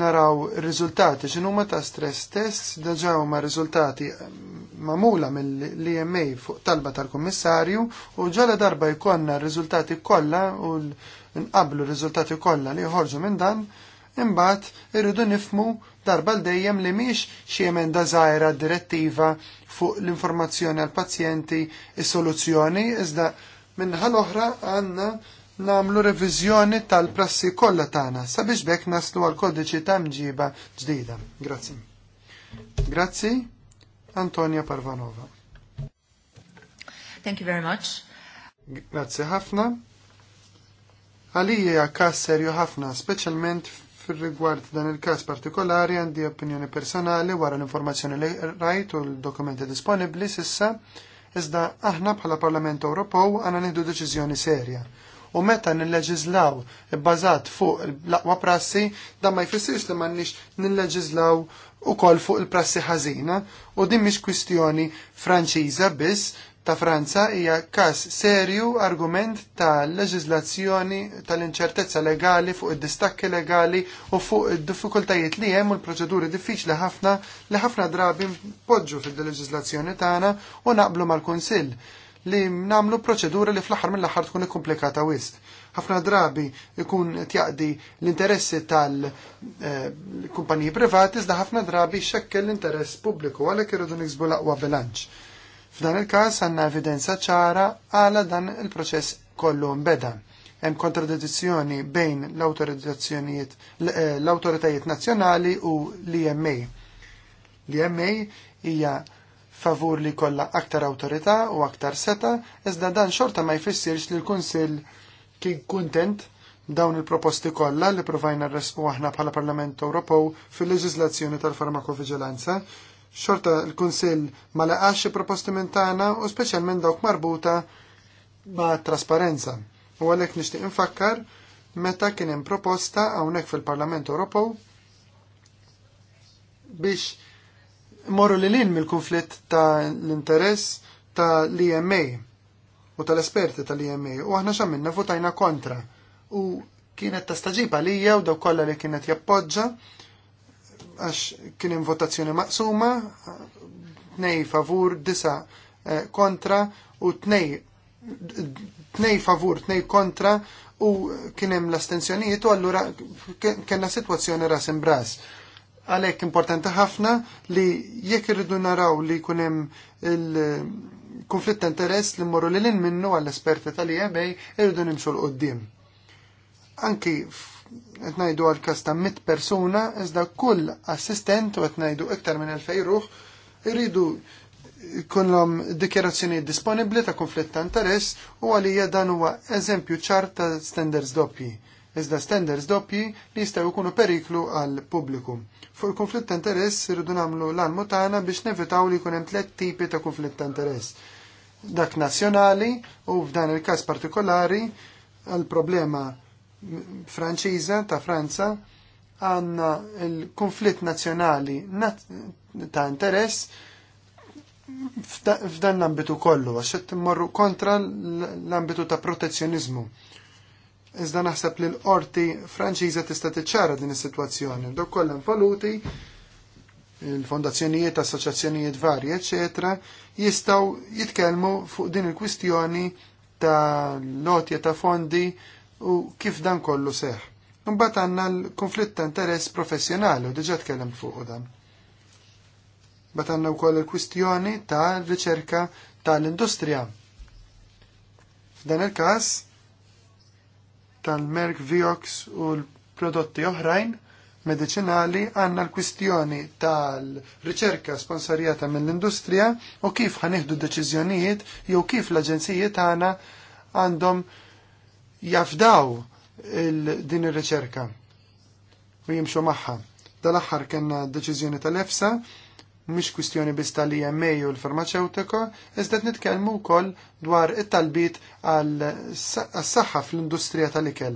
naraw riżultati x'inhuma ta' stress tests daġaw ma' riżultati mamula mill-EMA fuq talba tal-Kummissarju u ġala darba jkollna r-riżultati kollha u nqablu r-riżultati kollha li jħorġu minn dan, imbagħad irridu nifmu darba l-dejjem li miex xi emenda żgħira direttiva fuq l-informazzjoni għal pazjenti is-soluzzjoni iżda ħal oħra għandna nagħmlu reviżjoni tal-prassi kollha tagħna sabiex bekk naslu għal kodiċi ta' mġiba ġdida. Grazzi. Grazzi, Antonia Parvanova. Thank you very much. Grazzi ħafna. Għalija kas serju ħafna, speċjalment fil-rigward dan il-kas partikolari għandi opinjoni personali wara l-informazzjoni li rajt u l-dokumenti disponibli sissa, iżda aħna bħala Parlament Ewropew għana nieħdu deċiżjoni serja u meta nilleġizlaw bbażat fuq l-aqwa prassi, dan ma jfissirx li m'għandniex nilleġizlaw ukoll fuq il-prassi ħażina u din mhix kwistjoni Franċiża biss, ta' Franza hija każ serju argument ta' leġiżlazzjoni tal-inċertezza legali fuq id-distakki legali u fuq id-diffikultajiet li hemm u l-proċeduri diffiċli ħafna li ħafna drabi poġġu fil-leġiżlazzjoni tagħna u naqblu mal-Kunsill li namlu proċedura li fl-aħħar mill-aħħar tkun ikkumplikata wisq. Ħafna drabi ikun tjaqdi l-interessi tal-kumpaniji eh, privati iżda ħafna drabi xekkel l-interess pubbliku għalhekk irridu niksbu l-aqwa bilanċ. F'dan il-każ għandna evidenza ċara għala dan il-proċess kollu mbeda. Hemm kontradizzjoni bejn l-awtorizzazzjonijiet eh, l-awtoritajiet nazzjonali u l-IMA. L-IMA e hija favur li kollha aktar awtorità u aktar seta, iżda dan xorta ma jfissirx li l-Kunsill kien kuntent dawn il-proposti kollha li provajna rresqu aħna bħala Parlament Ewropew fil-leġiżlazzjoni tal-farmakovigilanza Xorta l-Kunsill ma laqax proposti minn tagħna u speċjalment dawk marbuta ma' trasparenza. U għalhekk nixtieq infakkar meta kien hemm proposta hawnhekk fil-Parlament Ewropew biex morru li lin mill-konflitt ta' l-interess ta' l-EMA u tal-esperti tal-EMA u aħna xamminna votajna kontra u kienet ta' staġiba lija u daw kollha li kienet jappoġġa għax kien hemm votazzjoni maqsuma, tnej favur, disa eh, kontra u tnej tnej favur, tnej kontra u kien hemm l-astenzjonijiet u allura kellna sitwazzjoni ras imbras. Għalhekk importanti ħafna li jekk irridu naraw li jkun hemm il-konflitt interess li mmorru in minnu għall-esperti tal-EMA irridu nimxu l-qoddim. Anki qed ngħidu għal każ ta' mit persuna iżda kull assistent u qed ngħidu iktar minn elfej ruħ iridu jkunlhom dikjerazzjoni disponibbli ta' konflitt ta' interess u għalija dan huwa eżempju ċar ta' standards doppji. Iżda standards doppji li jistaw jkunu periklu għal pubbliku. Fuq il-konflitt ta' interess irridu nagħmlu l mutana biex nevitaw li jkun hemm tliet tipi ta' konflitt ta' interess. Dak nazzjonali u f'dan il-każ partikolari għal problema Franċiża ta' Franza għanna l-konflitt nazzjonali ta' interess f'dan l-ambitu kollu, għax morru kontra l-ambitu ta' protezzjonizmu. Iżda naħseb li l-qorti franċiża tista' tiċċara din is-sitwazzjoni. Dok kollha involuti il-fondazzjonijiet, assoċjazzjonijiet varji, eċetera, jistgħu jitkellmu fuq din il-kwistjoni ta' lotja ta' fondi u kif dan kollu seħ. Mbagħad għandna l-konflitt ta' interess professjonali u diġà tkellem fuq dan. Mbagħad għandna wkoll il-kwistjoni ta' riċerka tal-industrija. F'dan il-każ tal-merk Viox u l-prodotti oħrajn medicinali għanna l-kwistjoni tal-riċerka sponsorjata mill-industrija u kif ħaniħdu deċiżjonijiet jew kif l-aġenzijiet għana għandhom jafdaw din ir-riċerka u jimxu maħħa. Dal-aħħar kena deċiżjoni tal-EFSA mhix kwistjoni biss tal-EMA u l-farmaceutiko, iżda qed nitkellmu wkoll dwar it-talbit għal saħħa fl-industrija tal-ikel.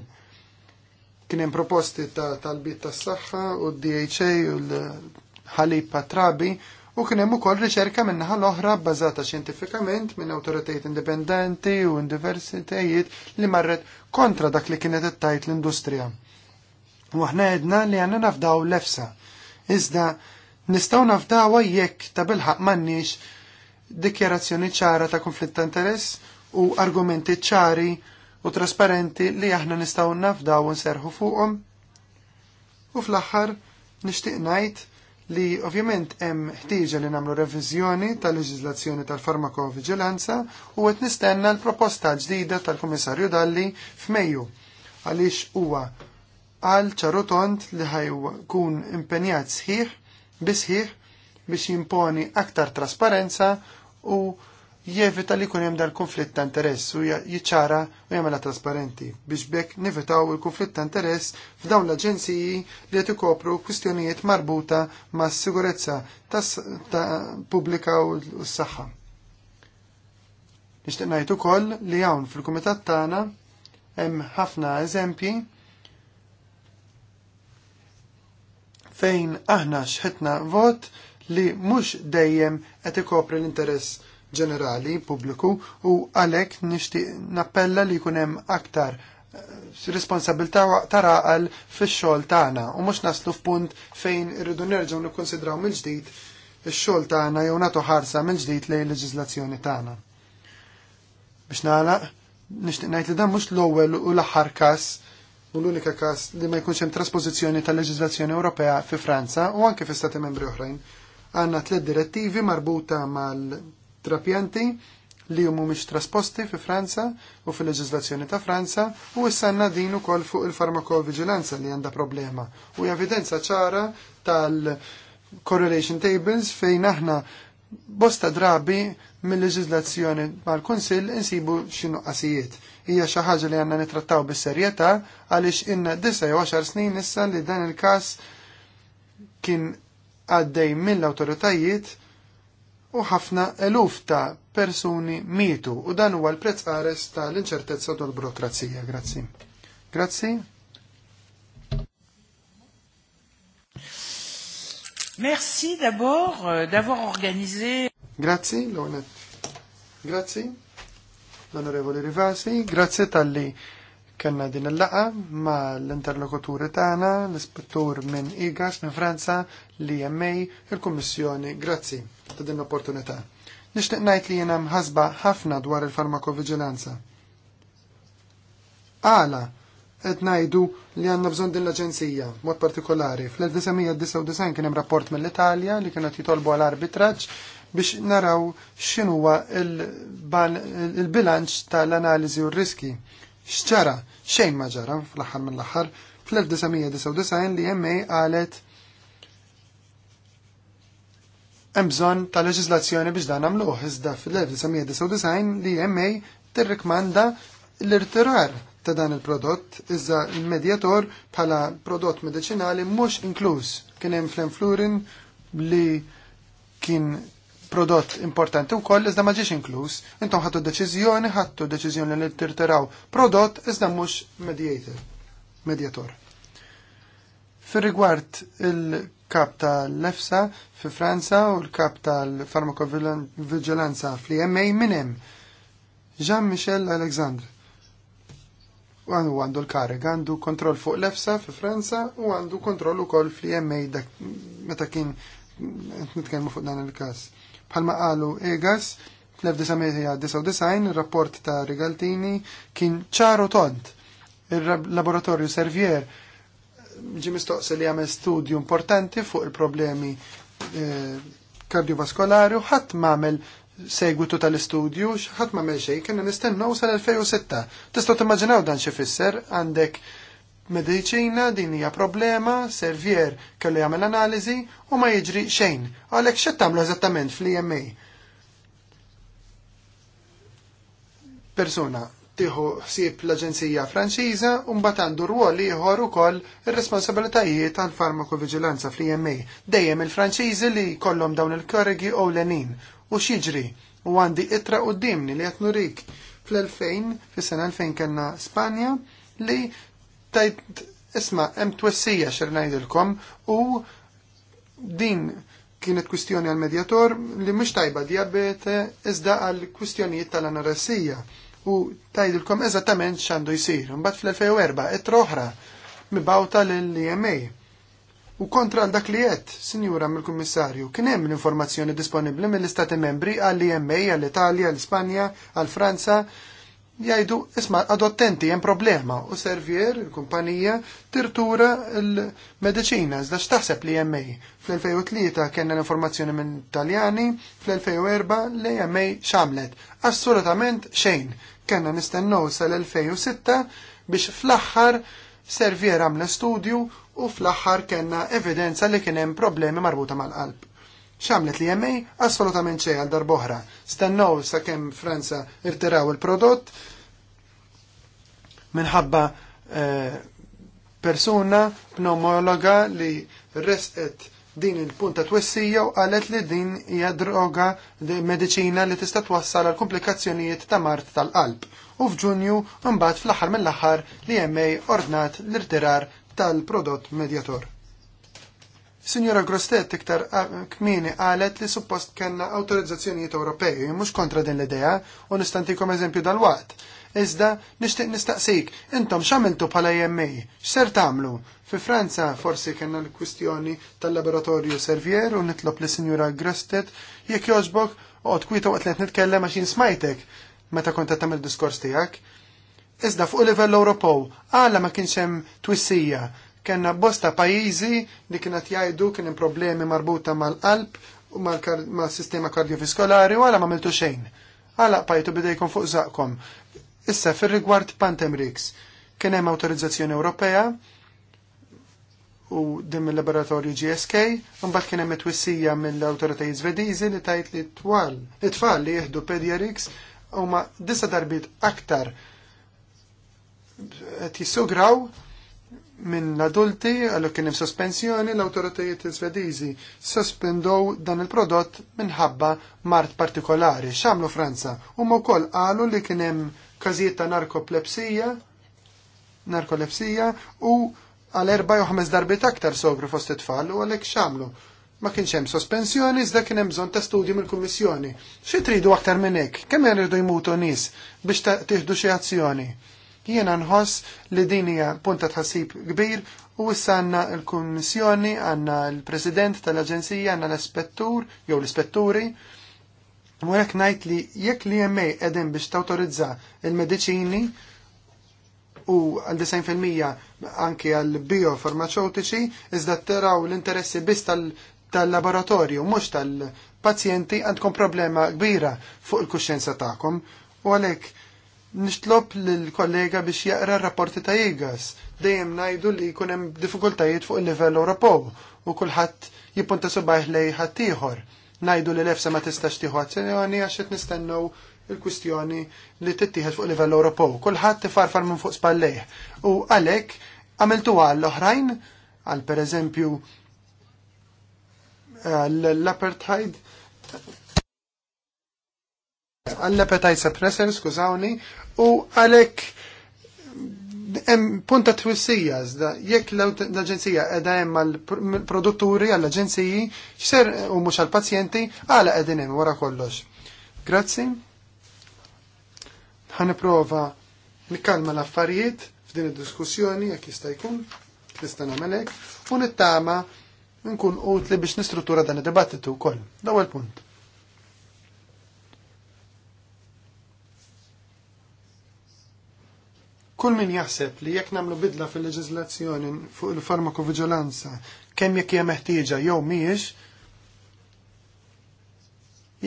Kien hemm proposti ta' talbit tas-saħħa u d-DHA u l-ħalib patrabi U kien hemm ukoll riċerka min-naħa l-oħra bbażata xjentifikament minn awtoritajiet indipendenti u universitajiet li marret kontra dak li kienet ittajt l-industrija. U aħna għedna li għandna nafdaw l-efsa. Iżda nistgħu nafdawha jekk ta' bilħaq m'għandniex dikjarazzjoni ċara ta' konflitt ta' interess u argumenti ċari u trasparenti li aħna nistgħu nafdaw u nserħu fuqhom. U fl-aħħar nixtieq ngħid li ovvjament hemm ħtieġa li nagħmlu reviżjoni tal-leġiżlazzjoni tal-farmakovigilanza u qed nistenna l-proposta ġdida tal-Kummissarju Dalli f'Mejju għaliex huwa għal ċarutont li ħajkun impenjat sħiħ bisħiħ biex jimponi aktar trasparenza u jevita li kun hemm dal-konflitt ta' interess u jiċċara u jemela trasparenti biex bekk nivitaw il-konflitt ta' interess f'dawn l-aġenziji li qed kopru kwistjonijiet marbuta mas sigurezza ta' pubblika u s-saħħa. Nixtieq ngħid ukoll li hawn fil-kumitat tagħna hemm ħafna eżempji fejn aħna xħetna vot li mhux dejjem qed ikopri l-interess ġenerali pubbliku u għalhekk nixtieq nappella li jkun hemm aktar eh, responsabilta għal fix-xogħol tagħna u mhux naslu f'punt fejn irridu nerġgħu nikkonsidraw mill-ġdid il xogħol tagħna jew nagħtu ħarsa mill-ġdid lejn leġizlazzjoni tagħna. Biex nagħlaq nixtieq ngħid li dan mhux l-ewwel u l-aħħar każ u l-unika każ li ma jkunx hemm trasposizzjoni tal-leġiżlazzjoni Ewropea fi Franza u anke fi stati membri oħrajn. Għandna tliet direttivi marbuta mal trapjanti li jumu mux trasposti fi Franza u fil leġizlazzjoni ta' Franza u s-sanna din ukoll fuq il-farmakovigilanza li għanda problema u evidenza ċara tal-correlation tables fejn aħna bosta drabi mill-leġizlazzjoni mal-Kunsill insibu xinu qasijiet. Hija xi ħaġa li għandna nitrattaw bis-serjetà għaliex inna 20 snin issa li dan il-każ kien għaddej mill-awtoritajiet u ħafna eluf ta' persuni mietu u dan huwa l-prezz qares tal-inċertezza u l-burokrazija. Grazzi. Grazzi. Merci d'abord euh, d'avoir organisé. Grazzi, Lonet. Grazzi, l'onorevole Rivasi, grazie tal-li Kenna din il-laqa ma l-interlokuturi tagħna, l-ispettur minn IGAS minn Franza, l ima il-Kummissjoni. Grazzi ta' din l-opportunità. Nixtieq ngħid li jiena ħasba ħafna dwar il-farmakovigilanza. Għala, qed ngħidu li għandna bżonn din l-aġenzija, mod partikolari. Fl-1999 kien hemm rapport mill-Italja li kienet jitolbu għal arbitraġġ biex naraw x'inhuwa il-bilanċ tal-analiżi u r-riski xċara xejn ma ġara fl-aħħar mill-aħħar fl-1999 li MA qalet hemm bżonn ta' leġiżlazzjoni biex dan nagħmluh iżda fl 1999 li MA tirrikmanda l-irtirar ta' dan il-prodott iżda il-medjator bħala prodott medicinali mhux inkluż kien hemm flemflurin li kien prodott importanti u koll, iżda ma inkluż, intom ħattu deċizjoni, ħattu deċizjoni li t tirtiraw prodott iżda mux mediator. Mediator. Fir-rigward il-kap tal-EFSA fi Franza u l-kap tal-farmakovigilanza fli ema minn Jean-Michel Alexandre għandu għandu l-kareg, għandu kontroll fuq l-EFSA fi Franza u għandu kontroll ukoll fl-EMA dak meta kien nitkellmu fuq dan il kas Bħalma qalu Egas fl-1999 ir-rapport ta' Rigaltini kien ċaru tont. Il-laboratorju Servier ġi mistoqsi li għamil studju importanti fuq il-problemi eh, kardiovaskolari u ħadd m'għamel segwitu tal-istudju, ħadd m'għamel xejn, kena nistennu sal-2006. Tistgħu timmaġinaw dan xi fisser għandek mediċina din hija problema, servier kellu jagħmel analiżi u ma jiġri xejn. Għalhekk x'qed tagħmlu eżattament fl-EMA? Persuna tieħu ħsieb l-Aġenzija Franċiża u mbagħad għandu rwol ieħor ukoll ir-responsabilitajiet tal farmakoviġilanza fl-EMA. Dejjem il-Franċiżi li jkollhom dawn il-korrigi u lenin u x'jiġri u għandi itra qudiemni li qed nurik fl-2000 fis-sena 2000 kellna Spanja li tajt isma hemm twessija xer ngħidilkom u din kienet kwistjoni għal medjator li mhux tajba diabete iżda għal kwistjonijiet tal-anoressija u tajdilkom eżattament x'għandu jsir. Mbagħad fl-2004 qed oħra mibawta lill-EMA. U kontra għal dak li qed, sinjura mill-Kummissarju, kien hemm l-informazzjoni disponibbli mill-Istati Membri għall-EMA, għall-Italja, għall-Ispanja, għall-Franza, għall italja għall għall italja għall ispanja għall franza jgħidu, isma, adottenti, jem problema, u servier, il-kumpanija, tirtura il-medicina, zda xtaħseb li jemmej. Fl-2003 kena l-informazzjoni minn Italjani, fl-2004 li jemmej xamlet. Assolutament xejn, kena nistennow sal-2006 biex fl-axħar servier għamle studju u fl-axħar kena evidenza li kienem problemi marbuta mal-qalb xamlet li jemmej assolutament xej għal darboħra. Stennow sa' kem Franza irtiraw il-prodott minħabba eh, persuna pneumologa li resqet din il-punta twessija u qalet li din hija droga medicina li tista' twassal għal komplikazzjonijiet ta' mart tal-qalb. U f'Ġunju mbagħad fl-aħħar mill-aħħar li jemmej ordnat l-irtirar tal-prodott medjator. Signora Grostet iktar kmini qalet li suppost kenna awtorizzazzjonijiet Ewropej, mhux kontra din l-idea, u nistantikom eżempju dal wat Iżda nixtieq nistaqsik, intom x'amiltu bħala EMA? X'ser tagħmlu? Fi Franza forsi kellna l-kwistjoni tal-laboratorju Servier u nitlob li Sinjura Grostet jekk jogħġbok oqgħod kwita waqt let nitkellem għax smajtek meta kont tamil tagħmel diskors tiegħek. Iżda fuq livell Ewropew, għala ma kienx hemm twissija kena bosta pajizi li kienet tjajdu kien problemi marbuta mal-qalb u mal-sistema kardiofiskolari u għala ma miltu xejn. Għala pajtu bidejkom fuq zaqkom. Issa fil-rigward Pantemrix, kien hemm autorizzazzjoni Ewropea u dim il-laboratorju GSK, mbagħad kien hemm it-twissija mill-awtoritajiet Svediżi li tajt li twal. It-tfal li jieħdu Pediarix huma disa darbit aktar qed jissugraw minn adulti għallu kien hemm sospensjoni l-awtoritajiet svedizi sospendow dan il-prodott minħabba mart partikolari x'għamlu Franza. Huma wkoll qalu li kien hemm każijiet ta' narkolepsija narkolepsija u għal erba' jew ħames darbit aktar sogru fost it-tfal u għalhekk x'għamlu ma kienx hemm sospensjoni iżda kien hemm bżonn ta' studju mill-Kummissjoni. Xi tridu aktar minn hekk? Kemm jridu jmutu nies biex tieħdu xi azzjoni? Jiena nħoss li din hija punta tħassib kbir u issa għandna l-Kummissjoni, għandna l-President tal-Aġenzija, għandna l-Ispettur jew l-Ispetturi. U hekk ngħid li jekk li EMA qegħdin biex tawtorizza il-mediċini u għal 90% anki għal biofarmaceutiċi, iżda teraw l-interessi biss tal-laboratorju, mhux tal-pazjenti għandkom problema kbira fuq il kuxxenza tagħkom. U għalhekk nixtlob l-kollega biex jaqra r-rapporti ta' Jigas. Dejjem najdu li jkun hemm diffikultajiet fuq il-livell Ewropew u kulħadd jippunta subaħ lej ħadd ieħor. Najdu li l-efsa ma tistax tieħu azzjoni għax qed nistennew il-kwistjoni li tittieħed fuq livell Ewropew. Kulħadd tifarfar minn fuq spallejh. U għalhekk għamiltu għal oħrajn għal pereżempju eh, l-apartheid għall-appetite suppressor, skużawni, u għalek punta twissija, jekk l-agenzija edha hemm mal produtturi għall-agenziji, xser u mux għall-pazjenti, għala edin hemm wara kollox. Grazzi. prova nikkalma l-affarijiet f'din id-diskussjoni jekk jista' jkun, tista' nagħmelek, u nittama nkun utli biex nistruttura dan id-dibattitu wkoll. L-ewwel punt. Kull min jaħseb li jekk nagħmlu bidla fil-leġiżlazzjoni fuq il-farmakovigilanza kemm jekk hija meħtieġa jew mhijiex,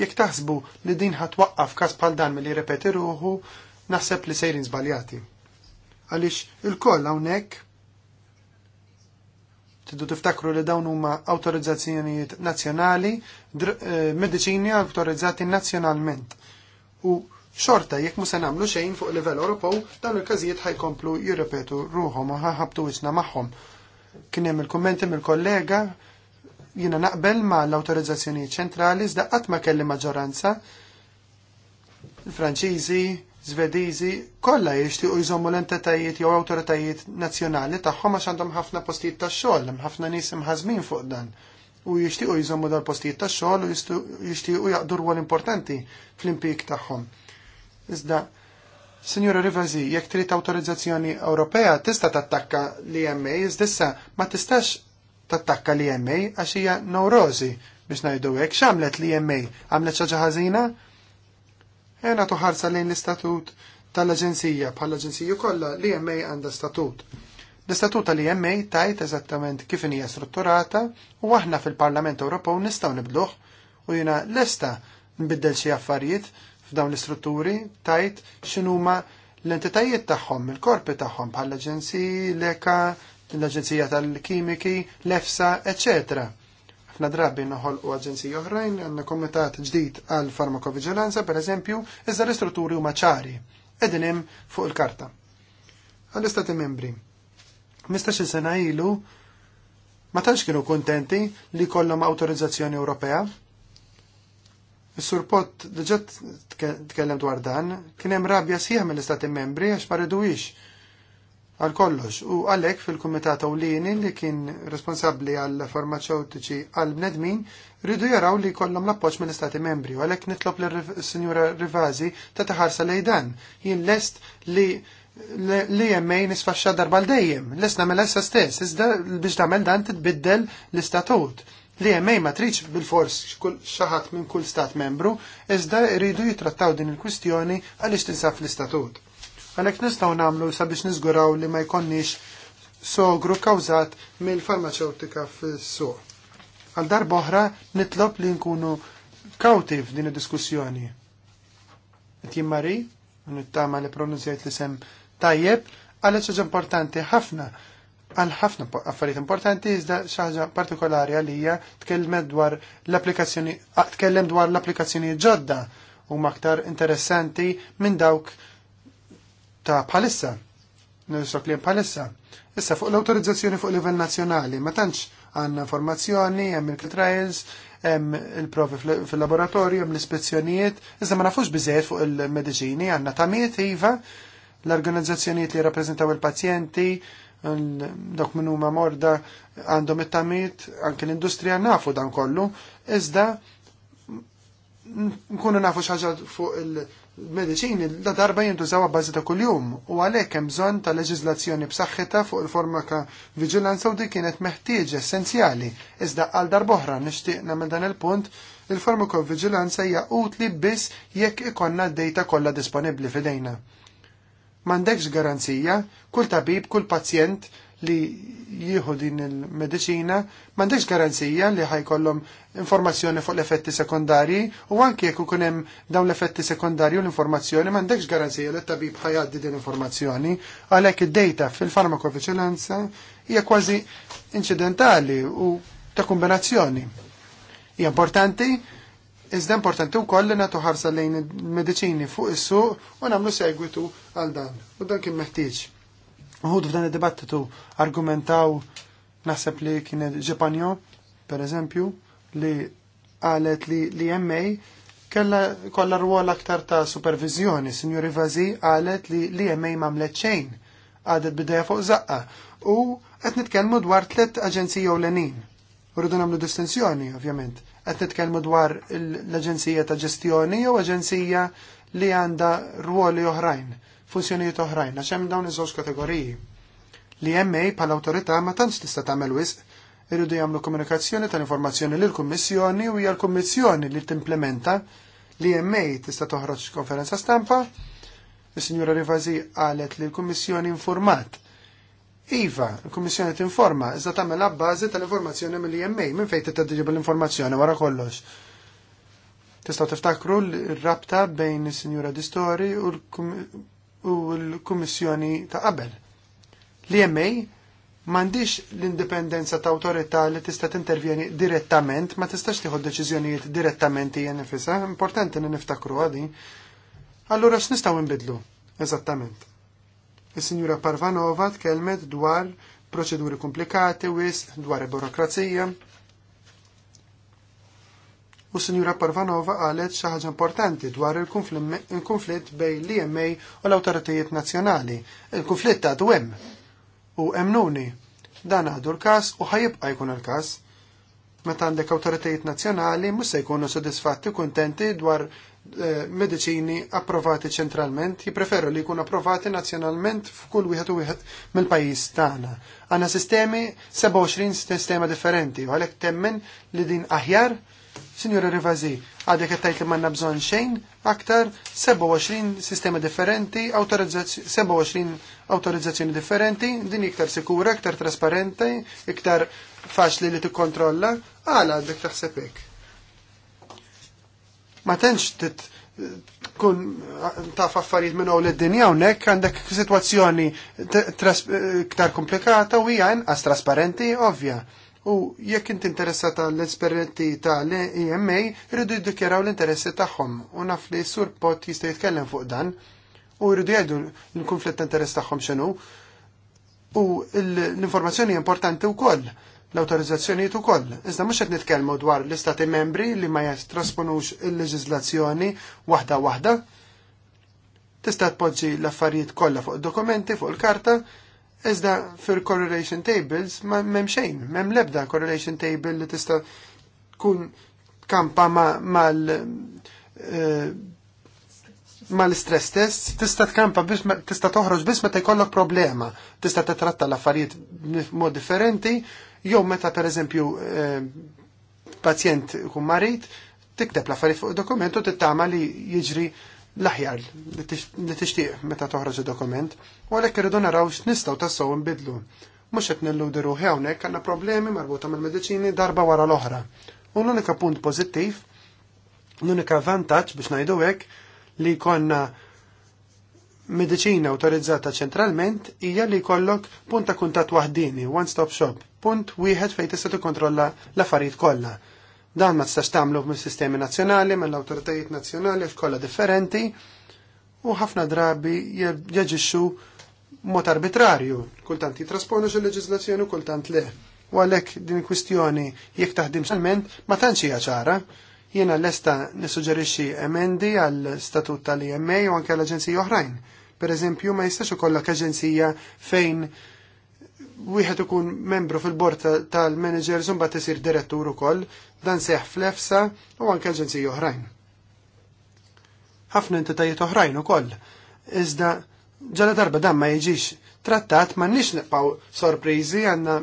jekk taħsbu li din ħatwaqqaf każ bħal dan milli repeti ruħu, naħseb li sejrin żbaljati. Għaliex il-koll hawnhekk tiddu tiftakru li dawn huma awtorizzazzjonijiet nazzjonali, eh, mediċini awtorizzati nazzjonalment. U Xorta, jekk musa namlu xejn fuq livell Ewropew, dan il-każijiet ħajkomplu jirrepetu ruhom u ħabtu wiċna magħhom. Kien hemm il-kummenti mill-kollega jiena naqbel ma l-autorizzazzjoni ċentrali żdaqqat ma kelli maġġoranza il-Franċiżi, Zvediżi, kollha jixtiequ jżommu l-entitajiet jew awtoritajiet nazzjonali tagħhom għax għandhom ħafna postijiet tax-xogħol, hemm ħafna nies imħażmin fuq dan u jixtiequ jżommu dal-postijiet tax-xogħol u jixtiequ jaqdu rwol importanti fl impik tagħhom. Iżda, Signora Rivazi, jekk trid awtorizzazzjoni Ewropea tista' tattakka l-EMA, iżdissa ma tistax tattakka l-EMA għax hija neurosi biex ngħidu hekk. X'għamlet l-EMA? Għamlet xi ħaġa ħażina? Ena tuħarsa lejn l-istatut tal-Aġenzija bħall-Aġenzija kollha l-EMA għandha statut. L-istatut tal-EMA tajt eżattament kif hija strutturata u aħna fil-Parlament Ewropew nistgħu nibduh. u jiena lesta nbiddel xi affarijiet f'dawn l-istrutturi tajt x'inhuma l-entitajiet tagħhom, il-korpi tagħhom bħal l-Aġenziji, l-Eka, l-Aġenzija tal-Kimiki, l-EFSA, etc. F'na drabi u aġenziji oħrajn għandna komitat ġdid għal farmakovigilanza pereżempju, iżda l-istrutturi huma ċari qegħdin hemm fuq il-karta. Għall-Istati Membri. Mistax il-sena ilu ma tantx kienu kuntenti li kollom awtorizzazzjoni Ewropea Is-Sur Pott diġà tkellem dwar dan, kien hemm rabja sieħ mill-Istati Membri għax ma ridwix għal kollox u għalhekk fil-Kumitat Ewlieni li kien responsabbli għal farmaceutiċi għal bnedmin rridu jaraw li kollom l appoċ mill-Istati Membri u għalhekk nitlob l sinjura Rivazi ta' taħarsa lejn dan. Jien lest li li jemmej nisfaxxa darba l-dejjem, lesna mela essa stess, iżda biex tagħmel dan titbiddel l-istatut. Li għemej ma bil-fors xaħat minn kull stat membru, iżda rridu jitrattaw din il-kwistjoni għalix tinsaf l-istatut. Għalek nistaw namlu sabiex nizguraw li ma jkonniex sogru kawzat mill-farmaceutika fis-suq. Għal darboħra nitlob li nkunu kawti f'din id-diskussjoni. Tim Mari, nittama li pronunzjajt li sem tajjeb, għalek ċaġa importanti ħafna għal ħafna affarijiet importanti iżda xi ħaġa partikolari għalija tkellmet dwar l-applikazzjoni tkellem dwar l-applikazzjoni ġodda huma aktar interessanti minn dawk ta' bħalissa. Nisok li bħalissa. Issa fuq l-autorizzazzjoni fuq livell nazzjonali ma tantx għandna informazzjoni, hemm il-trials, hemm il-provi fil-laboratorju, hemm l-ispezzjonijiet, iżda ma nafux biżejjed fuq il-mediċini, għandna tamiet iva, l-organizzazzjonijiet li rappreżentaw il-pazjenti, dawk minn huma morda għandhom it-tamit, anke l-industrija nafu dan kollu, iżda nkunu nafu xaġa fuq il-medicini da darba zawa bazi ta' kuljum u għalhekk hemm bżonn ta' leġizlazzjoni b'saħħitha fuq il-formaka viġilanza u dik kienet meħtieġ essenzjali. Iżda għal darboħra nixtieq nagħmel dan il-punt il-farmakovigilanza hija utli biss jekk ikonna d dejta kollha disponibbli fidejna m'għandekx garanzija, kull tabib, kull pazjent li jieħu din il-medicina, m'għandekx garanzija li ħajkollhom informazzjoni fuq l-effetti sekondarji u anke jekk ikun hemm dawn l-effetti sekondarji u l-informazzjoni m'għandekx garanzija li tabib ħajaddi din informazzjoni għalhekk id-data fil-farmakoviċilanza hija kważi inċidentali u ta' kombinazzjoni. Hija importanti Iżda importanti wkoll li nagħtu ħarsa lejn il-mediċini fuq is-suq u nagħmlu segwitu għal dan. U dan kien meħtieġ. Uħud f'dan id-dibattitu argumentaw naħseb li kien Ġepanjo, per eżempju, li qalet li li MA kella kolla rwol aktar ta' supervizjoni. Signori Vazi qalet li li MA mamlet xejn, għadet bideja fuq zaqqa. U qed nitkellmu dwar tliet aġenziji ewlenin. Urridu nagħmlu distinzjoni, ovvjament. Qed nitkellmu dwar l-Aġenzija ta' Ġestjoni jew Aġenzija li għandha ruoli oħrajn, funzjonijiet oħrajn, għax hemm dawn iż-żewġ kategoriji. Li MA bħala awtorità ma tantx tista' tagħmel wisq, irridu jagħmlu komunikazzjoni tal-informazzjoni lil kummissjoni u hija l-Kummissjoni li timplementa li MA tista' toħroġ konferenza stampa. Is-Sinjura Rivazi qalet li l-Kummissjoni informat Iva, il-Kummissjoni tinforma, iżda tagħmel bazi tal-informazzjoni mill ima minn fejn titgħidġib l-informazzjoni wara kollox. Tistgħu tiftakru l-rabta bejn is-Sinjura Distori u l-Kummissjoni ta' qabel. l ima e m'għandix l-indipendenza ta' autorita li tista' tintervjeni direttament, ma tistax tieħu deċiżjonijiet direttament hija nifisha, importanti li niftakru għadi. Allura x'nistgħu nbidlu? Eżattament il sinjura Parvanova tkellmet dwar proċeduri komplikati wis dwar burokrazija. U Sinjura Parvanova qalet xi ħaġa importanti dwar il-konflitt bejn l ima u l-awtoritajiet nazzjonali. Il-konflitt għadu hemm. U emnuni, dan għadu l-każ u ħajibqa' jkun il-każ. Meta għandek awtoritajiet nazzjonali mhux se jkunu sodisfatti kuntenti dwar Eh, medicini approvati ċentralment, jipreferu li jkun approvati nazzjonalment f'kull wieħed u wieħed mill-pajjiż tagħna. Għandna sistemi 27 sistema differenti u għalhekk temmen li din aħjar Signora Rivazi, għadek għattajt li manna bżon xejn, aktar 27 sistema differenti, 27 autorizzazzjoni differenti, din iktar sikura, iktar trasparenti, iktar faċli li tikkontrolla, għala għadek taħsebek ma tantx tkun eh, taf affarijiet minn hawn id-dinja hawnhekk għandek sitwazzjoni iktar komplikata u hija inqas trasparenti ovvja. U jekk inti interessata l esperienti ta' l-EMA, rridu jiddikjaraw l-interessi tagħhom u naf li sur pot jista' jitkellem fuq dan u rridu jgħidu l-konflitt ta' interess tagħhom x'inhu. U l-informazzjoni importanti wkoll l-autorizzazzjonijiet ukoll. Iżda mhux qed nitkellmu dwar l-istati membri li ma jastrasponux il-leġiżlazzjoni waħda waħda. Tista' tpoġġi l-affarijiet kollha fuq dokumenti fuq il-karta, iżda fil-correlation tables ma m'hemm xejn, m'hemm l-ebda correlation table li tista' tkun kampa mal eh, mal-stress test tista' tkampa biex tista' toħroġ biss meta jkollok problema. Tista' titratta l-affarijiet mod differenti jew meta pereżempju eh, pazjent kum marit, tikteb la affarijiet fuq dokument u tittama li jiġri l-aħjar li tixtieq meta toħroġ dokument u għalhekk irridu naraw x'nistgħu tassew nbidlu. Mhux qed nillu diru hawnhekk għandna problemi marbuta mal-mediċini darba wara l-oħra. U l-unika punt pożittiv, l-unika vantaġġ biex ngħidu hekk li konna mediċina autorizzata ċentralment hija li jkollok punt ta' kuntat waħdini, one stop shop, punt wieħed fejn tista' tikkontrolla l-affarijiet kollha. Dan ma tistax tagħmlu mis-sistemi nazzjonali, mill-awtoritajiet nazzjonali f'kollha differenti u ħafna drabi jaġixxu mod arbitrarju, kultant jitrasponu xi leġiżlazzjoni u kultant le. U għalhekk din kwistjoni jekk taħdim xalment ma tantx hija ċara. Jiena lesta nissuġġerixxi emendi għal statut tal-IMA u anke l-aġenziji oħrajn Per eżempju, ma jistax ikollok aġenzija fejn wieħed ikun membru fil-bord tal-managers u mbagħad isir direttur ukoll, dan seħ flefsa u anke aġenziji oħrajn. Ħafna entitajiet oħrajn ukoll. Iżda ġala darba dan ma jiġix trattat ma nix neqpaw sorpriżi għandna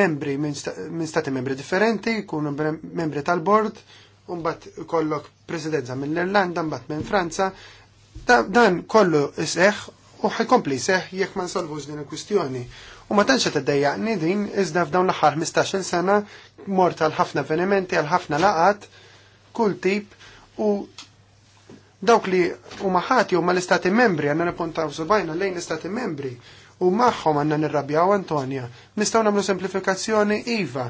membri minn stati membri differenti, jkunu membri tal-bord, un bat kollok presidenza mill-Irlanda, un bat minn Franza, Dan kollu isseħ u ħajkompli seħ jekk ma nsolvux din il-kwistjoni. U ma tantx tiddejjaqni din iżda f'dawn l-aħħar 15-il sena mort għal ħafna avvenimenti għal ħafna laqat kull tip u dawk li huma ħati huma l-istati membri għandna nippuntaw subajna lejn l-istati membri u magħhom għandna nirrabjaw Antonja. Nistgħu nagħmlu semplifikazzjoni iva.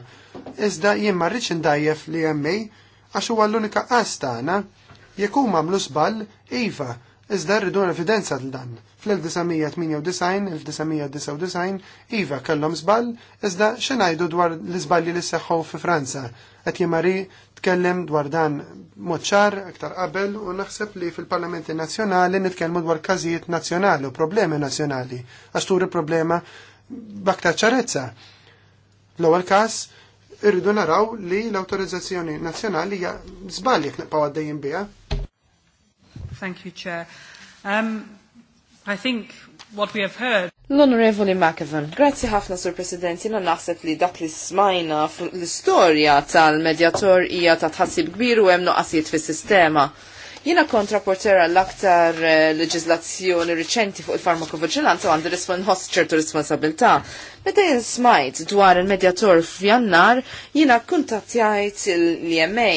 Iżda jien ma rridx indajjef li hemm għax huwa l-unika qas tagħna jekk huma għamlu iva Iżda rridu evidenza l dan. Fl-1998-1999 Iva kellhom żball, iżda ngħidu dwar l iżbalji li seħħu fi Franza. Qed jimari tkellem dwar dan mod ċar aktar qabel u naħseb li fil-Parlamenti Nazzjonali nitkellmu dwar każijiet nazzjonali u problemi nazzjonali għax turi problema b'aktar ċarezza. L-ewwel każ irridu naraw li l-autorizzazzjoni nazzjonali hija żball jekk nibqgħu għaddejjin biha. Thank you, Chair. Um, I think what we have heard L-Onorevoli McEvan, grazzi ħafna Sur President, jina naħseb li dak li smajna l istoria tal-medjator ija ta' tħassib kbir u hemm noqasijiet fi sistema Jina kontraportera l-aktar eh, leġizlazzjoni riċenti fuq il-farmakovigilanza għandi nħoss ċertu responsabilità. Meta jien smajt dwar il-medjator f'jannar, jina kuntattjajt l-EMA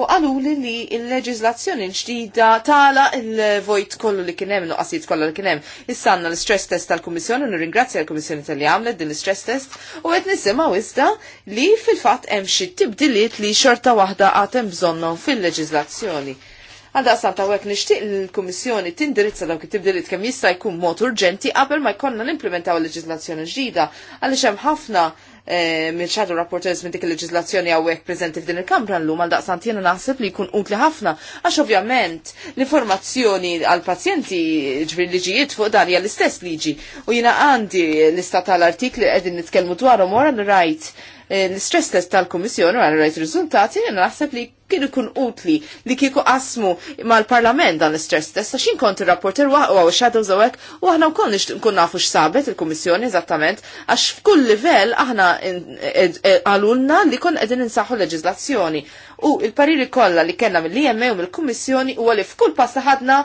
u għaluli li il-leġizlazzjoni ġdida tala il-vojt kollu li kienem, l-qasid kollu li kienem. Issanna l-stress test tal-Komissjoni, nirringrazzja l-Komissjoni tal-li għamlet din l-stress test, u għed nisimaw iżda li fil-fat hemm xi tibdiliet li xorta waħda għatem bżonnom fil-leġizlazzjoni. Għadda għasam ta' għek nishtiq l-Komissjoni tindirizza dawk it-tibdiliet kemm jista' jkun mod urġenti qabel ma jkollna l-implementaw l-leġizlazzjoni ġdida, għaliex hemm ħafna Eh, minn xadu rapporters minn dik il-leġizlazzjoni għawek prezenti f'din il-kamra l-lum għal daqsant jena naħseb li jkun utli ħafna, għax ovvjament l-informazzjoni għal pazjenti ġbir liġijiet fuq dan hija l-istess liġi. U jina għandi l-istat tal-artikli qegħdin nitkellmu dwarhom wara rajt l-stress eh, test tal-Komissjoni għal rajt riżultati naħseb li kienu kun utli li kieku qasmu mal-Parlament dan l-stress test għax kont ir-rapporter u għaw shadows zawek u aħna wkoll nkun nafu x'sabet il-Kummissjoni eżattament għax f'kull livell aħna għalulna li kon qegħdin insaħħu leġizlazzjoni. U il-pariri kollha li kena mill-IMA u mill-Kummissjoni huwa li f'kull pass ħadna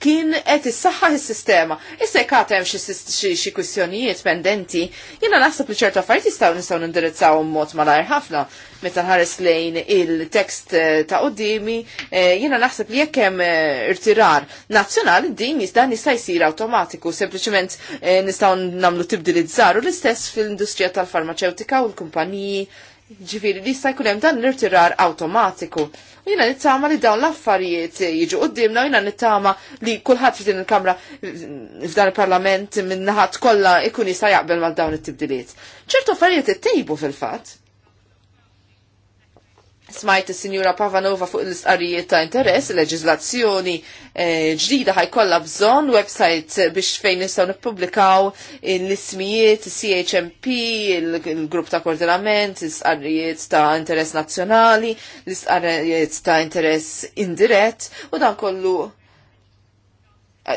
kien qed issaħħaħ is-sistema. Issa jekk għad hemm xi kwistjonijiet pendenti, jiena naħseb li ċertu affarijiet jistgħu nistgħu nindirizzaw mod malajr ħafna meta nħares lejn il-tekst eh, ta' qudiemi, eh, jiena naħseb li jekk hemm eh, irtirar nazzjonali din dan jista' jsir awtomatiku, sempliċement nistgħu nagħmlu tibdilizzar u l-istess fil-industrija tal-farmaceutika u l-kumpaniji ġifiri li jista' jkun hemm dan l-irtirar awtomatiku. U jiena nittama li dawn l-affarijiet jiġu qudiemna u jiena nittama li kulħadd f'din il-Kamra f'dan il-Parlament minn naħat kollha ikun jista' jaqbel mal dawn it-tibdiliet. ċertu affarijiet ittejbu fil-fatt smajt il-Sinjura Pavanova fuq l-istqarijiet ta' interess, leġizlazzjoni eh, ġdida ħajkolla bżon, website biex fejn nistgħu nippubblikaw l-ismijiet, CHMP, il-grupp ta' koordinament, l-istqarijiet ta' interess nazzjonali, l-istqarijiet ta' interess indirett, u dan kollu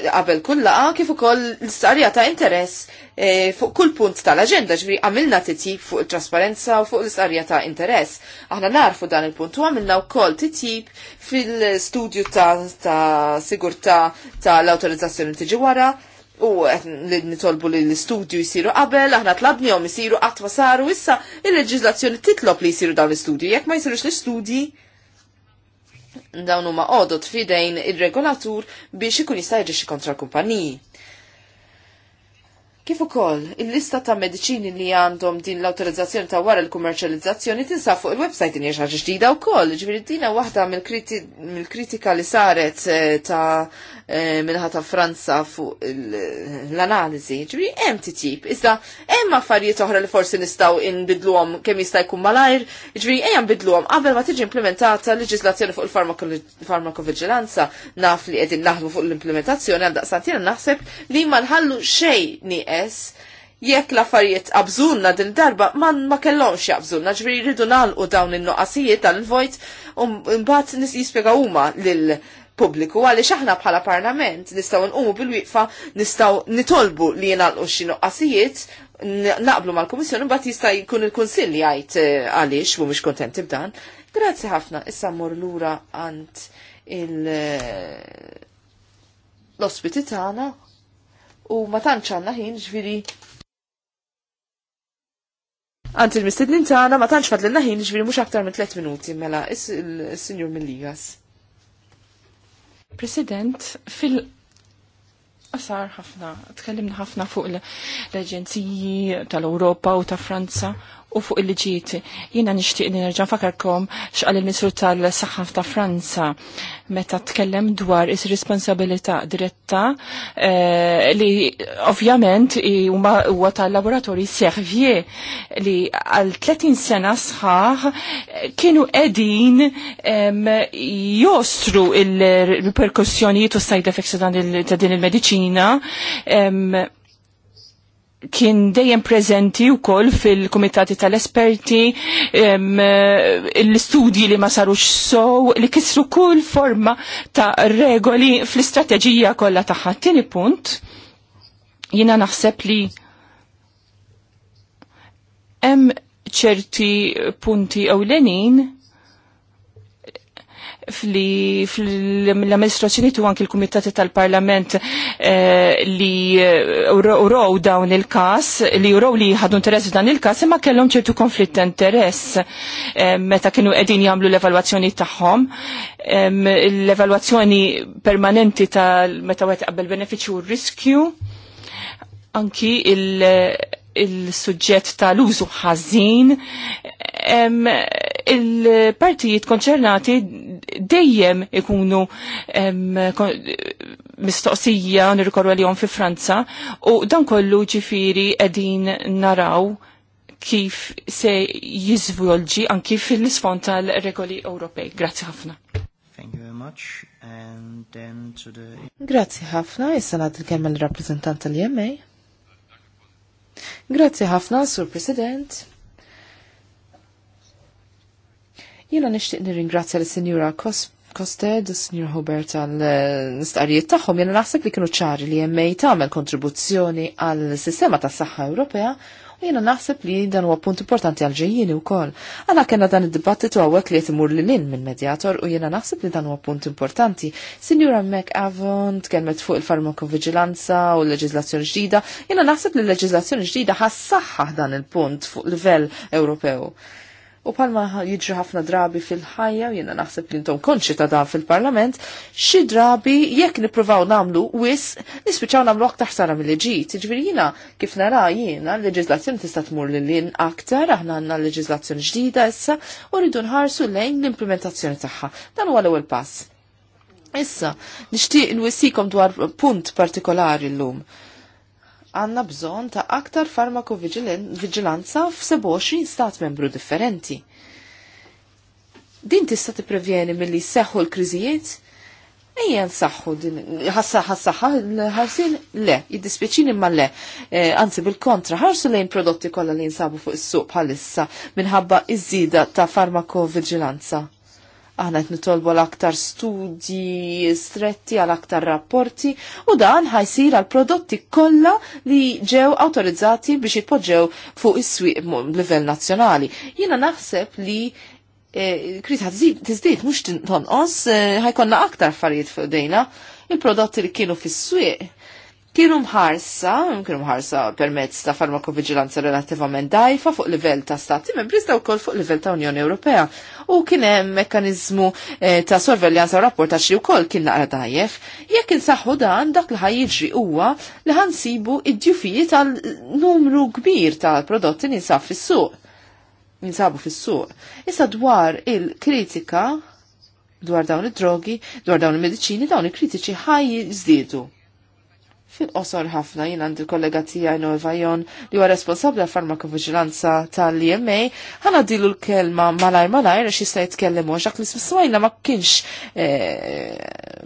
qabel kull laqa kif ukoll l-istqarrija ta' interess eh, fuq kull punt tal-aġenda ġviri għamilna titi fuq il-trasparenza u fuq l-istqarrija ta' interess. Aħna narfu dan il-punt u għamilna wkoll titjib fil-studju ta', ta sigurtà tal-awtorizzazzjoni tiġi wara u li nitolbu li l-istudju jisiru qabel, aħna tlabnihom jisiru qatt ma saru issa il-leġiżlazzjoni titlob li jisiru dawn l-istudju, jek ma jisirux l-istudji dawn huma għodot fidejn ir-regolatur biex ikun jista' xi kontra l-kumpaniji. Kif ukoll, il-lista ta' mediċini li għandhom din l-autorizzazzjoni ta' wara l-kummerċializzazzjoni tinsa fuq il-website inhi ħaġa ġdida wkoll. Ġifieri dina waħda mill-kritika li saret eh, ta' eh, minħa ta' Franza fuq l-analiżi. Ġifieri hemm titjib, iżda hemm affarijiet oħra li forsi nistgħu inbidluhom kemm jista' jkun malajr, ġifieri ejja nbidluhom qabel ma tiġi implementata leġislazzjoni fuq il-farmakovigilanza naf li qegħdin naħdmu fuq l-implementazzjoni għal daqsantina naħseb li ma nħallu xejn l jekk l-affarijiet qabżulna din darba man ma kellhomx jaqbżulna ġri rridu nagħlqu dawn il noqasijiet tal-vojt u mbagħad nis jispjega huma lil pubbliku għaliex aħna bħala parlament nistgħu nqumu bil-wieqfa nistgħu nitolbu li jingħalqu xi noqqasijiet naqblu mal-Kummissjoni mbagħad jista' jkun il-Kunsill jgħid eh, għaliex mhumiex kontenti b'dan. Grazzi ħafna, issa mmur lura għand il- eh, l-ospiti tagħna u ma tantx għandna ħin ġviri Għant il-mistednin tagħna ma tantx fadlilna ħin ġviri mhux aktar minn 3 minuti mela is-Sinjur Milligas. President, fil- Asar ħafna, tkellimna ħafna fuq l-Aġenziji tal-Europa u ta' Franza u fuq il ġit Jiena nishtiq li nerġa' fakarkom x'qal il-Ministru tal saxaf ta' Franza meta tkellem dwar is-responsabilità diretta eh, li ovvjament huwa tal-laboratorji Servier li għal 30 sena sħaħ eh, kienu qegħdin jostru il-reperkussjonijiet u side effects ta' din il-mediċina kien dejjem preżenti wkoll fil-kumitati tal-esperti, eh, l-istudji li ma sarux sow, li kisru kull forma ta' regoli fl-istrateġija kollha tagħha. Tieni punt, jiena naħseb li hemm ċerti punti ewlenin fl-amministrazzjoni tu anki l-Kumitati tal-Parlament eh, li eh, uraw dawn il-kas, li uraw li ħadu interess dan il-kas, imma kellhom ċertu konflitt ta' interess eh, meta kienu qegħdin jagħmlu l-evalwazzjoni tagħhom. l-evalwazzjoni permanenti tal meta wieħed qabel benefiċċju u riskju anki il- il-sujġett tal-użu ħażin, il-partijiet konċernati dejjem ikunu mistoqsija nirkorru għalihom fi Franza u dan kollu ġifiri edin naraw kif se jizvolġi anki fil-isfond tal-regoli Ewropej. Grazzi ħafna. Thank you very much. And then to the... Grazzi ħafna, jissa nad il kemmel rappresentant tal-JMA. Grazzi ħafna, Sur President. Jiena nixtieq nirringrazzja l sinjura Kosted u Sinjur Hubert għal nistqarijiet eh, tagħhom Jena naħseb li kienu ċari li hemm tagħmel kontribuzzjoni għal sistema tas-saħħa Ewropea Jiena naħseb li dan huwa punt importanti għal ġejjini wkoll. Għana kellna dan id-dibattitu għawek li qed imur lil in minn medjator u jiena naħseb li dan huwa punt importanti. Sinjura McAvon tkellmet fuq il-farmakovigilanza u l leġizlazzjoni ġdida, jiena naħseb li l leġizlazzjoni ġdida ħassaħħaħ dan il-punt fuq livell Ewropew. U palma jiġri ħafna drabi fil-ħajja, jena naħseb li ntom konċi ta' dan fil-parlament, xi drabi jekk nippruvaw namlu wis, nispiċaw namlu aktar sara mill-leġit. Ġviri jiġifieri jina, kif nara jena, l-leġizlazzjoni tista' tmur l lin aktar, aħna għandna leġizlazzjoni ġdida issa, u rridu nħarsu lejn l-implementazzjoni tagħha. Dan huwa l-ewwel pass. Issa, nixtieq inwissikom dwar punt partikolari llum. lum għanna bżon ta' aktar farmakovigilanza f-27 stat membru differenti. Din tista' tipprevjeni milli seħħu l-kriżijiet? Ejja nsaħħu din, ħassa ħassaħħa ħarsin Le, jiddispieċin imma le, e, anzi bil-kontra, ħarsu lejn prodotti kollha li jinsabu fuq is-suq bħalissa minħabba iż-żida ta' farmakovigilanza. Aħna qed nitolbu l-aktar studji stretti għal aktar rapporti u dan ħajsir għal prodotti kollha li ġew awtorizzati biex jitpoġġew fuq is-swieq livell nazzjonali. Jiena naħseb li krita eh, tiżdied mhux tonqos eh, ħajkonna aktar affarijiet fuq dejna il-prodotti li kienu fis-swieq kienu mħarsa, kienu mħarsa permezz ta' farmakovigilanza relattivament dajfa fuq livell ta' stati membri iżda wkoll fuq livell ta' Unjoni Ewropea. U kien hemm mekkaniżmu eh, ta' sorveljanza u rapportax li wkoll kien naqra dajjef, jekk insaħħu dan dak li ħajjiġri huwa li ħansibu id-djufijiet għal numru kbir ta' prodotti ninsab fis-suq. Ninsabu fis-suq. Issa dwar il-kritika dwar dawn id-drogi, dwar dawn il-medicini, dawn il-kritiċi ħaj jizdidu. Fil-qosor ħafna jien għandi kollega tijaj Noel Vajon li huwa responsabbli farmakovigilanza tal ima ħana dilu l-kelma malaj malaj rex jista' jitkellem u li smisswajna ma kienx eh,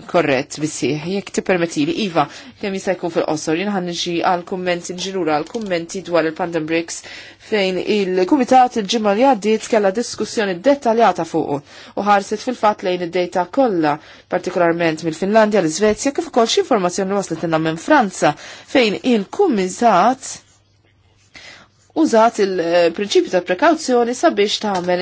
korrett bisih. Jekk tippermettili, Iva, kemm jista' jkun fil-qosor jien ħanniġi għal kummenti ġirura għal kummenti dwar il-Pandem Breaks fejn il-Kumitat il-ġimma li għaddiet kella diskussjoni dettaljata fuqu u ħarset fil-fat lejn id-dejta kollha, partikolarment mill-Finlandja, l-Svezja, kif ukoll xi informazzjoni waslet minn Franza fejn il-Kumitat użat il-prinċipju ta' prekawzjoni sabiex tagħmel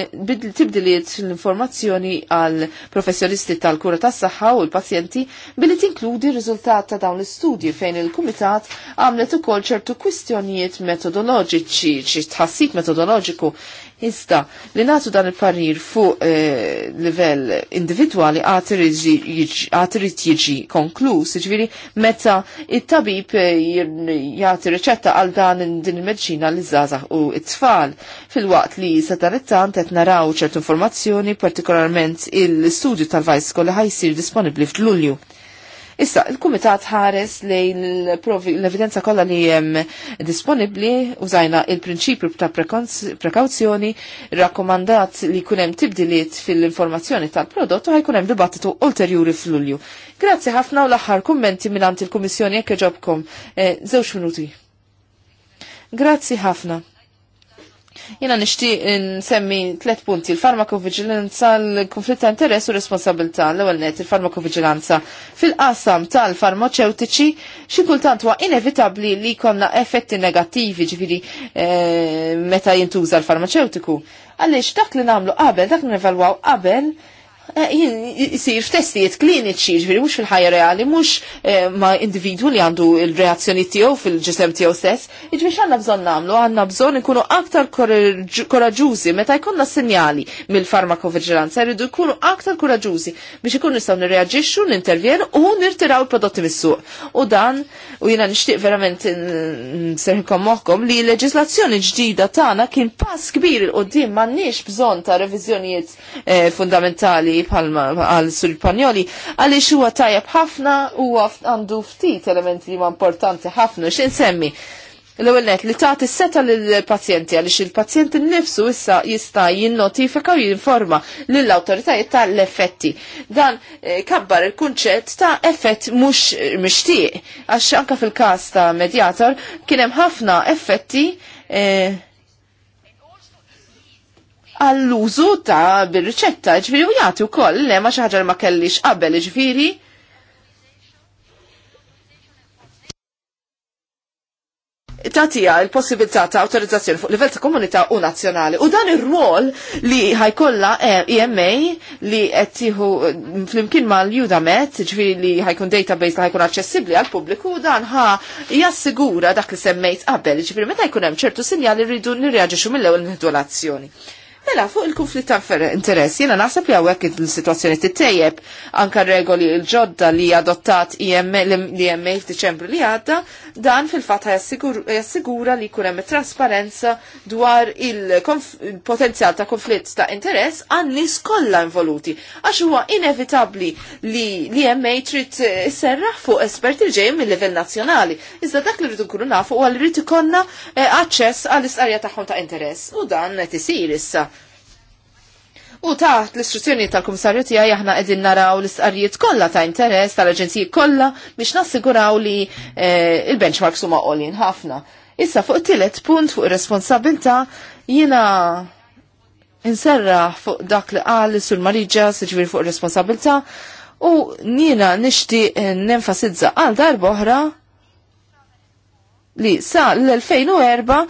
tibdiliet l-informazzjoni għal professjonisti tal-kura tas-saħħa u l-pazjenti billi tinkludi r-riżultat ta' dawn l-istudji fejn il-kumitat għamlet ukoll ċertu kwistjonijiet metodoloġiċi, xi tħassib metodoloġiku Iżda, li natu dan il-parir fuq eh, livell individuali għat irid jiġi konkluż, ġviri jiġifieri, meta il tabib eh, jagħti riċetta għal dan din il-medċina li zazax u it-tfal. Fil-waqt li se dan it-tant qed naraw ċertu informazzjoni, partikolarment il-studju tal-vajskola ħajsir disponibbli f'Lulju. Issa, il-Kumitat ħares lejn l-evidenza kollha li hemm disponibbli użajna il-prinċipju ta' prekawzjoni rakkomandat li jkun hemm tibdiliet fil-informazzjoni tal-prodott u ħajkun hemm dibattitu ulterjuri fl-Ulju. Grazzi ħafna u l-aħħar kummenti mingħand il-Kummissjoni jekk ġobkom. Eh, żewġ minuti. Grazzi ħafna. Jena nishtiq nsemmi tlet punti, il-farmakovigilanza, l-konflitt ta' interess u responsabilità, l ewwel net, il-farmakovigilanza. Fil-qasam tal-farmaceutiċi, xikultant huwa inevitabli li konna effetti negativi ġifiri eh, meta jintuża l-farmaceutiku. Għalix dak li namlu qabel, dak li nevalwaw qabel, jien jisir f'testijiet kliniċi, ġviri mux fil-ħajja reali, mux ma' individu li għandu il-reazzjoni tiegħu fil-ġisem tiegħu stess, ġviri xanna bżonn nagħmlu, għandna bżonn nkunu aktar koraġużi meta jkollna sinjali mill-farmakovigilanza, jridu jkunu aktar koraġużi biex ikunu nistgħu nirreaġixxu, nintervjenu u nirtiraw il-prodotti mis-suq. U dan u jiena nixtieq verament nserħilkom moħħkom li l-leġislazzjoni ġdida tagħna kien pass kbir il-qudiem m'għandniex bżonn ta' reviżjonijiet fundamentali palma għal sur Panjoli għaliex huwa tajjeb ħafna u għandu ftit elementi li ma importanti ħafna x'insemmi. L-ewwel net li tagħti seta lill-pazjenti għaliex il pazjenti nifsu issa jista' jinnotifika u jinforma lill-awtoritajiet l effetti Dan eh, kabbar il-kunċett ta' effett mhux mixtieq għax anke fil-każ ta' medjator kien hemm ħafna effetti eh, għall-użu ta' bil-riċetta, ġviri u jagħti wkoll le ma xi ħaġa ma kellix qabel ġviri. tatija il-possibilità ta' autorizzazzjoni fuq livell ta' komunità u nazzjonali. U dan ir-rwol li ħajkolla EMA eh, e li qed tieħu eh, flimkien mal judamet ġifieri li ħajkun database li ħajkun aċċessibbli għal pubbliku u dan ħa jassigura dak li semmejt qabel, ġifieri meta jkun hemm ċertu sinjali rridu nirreaġixxu mill-ewwel nħidu l-azzjoni. Mela, fuq il-konflitt ta' interess, jena naħseb li għawek il-situazzjoni t-tejjeb, anka regoli il-ġodda li adottat l-IMA e f'Diċembru li għadda, dan fil-fat jassigura li kunem trasparenza dwar il-potenzjal ta' konflitt ta' interess għan nis kollha involuti. Għax huwa inevitabli li l-IMA e trid serra fuq esperti ġej mill-livell nazzjonali. Iżda dak li rridu nkunu nafu huwa li rrid ikollna eh, aċċess għall-istqarja tagħhom ta' interess. U dan qed isir issa U taħt l-istruzzjoni tal-Komissarju tiegħi aħna qegħdin naraw l-istqarrijiet kollha ta' interess tal-aġenziji kollha biex nassiguraw li eh, il-benchmarks huma qolin ħafna. Issa fuq tielet punt fuq ir-responsabilità jiena inserra fuq dak li qal sur Mariġa siġbir fuq ir-responsabilità u jiena nixti nenfasizza għal darba oħra li sa l-2004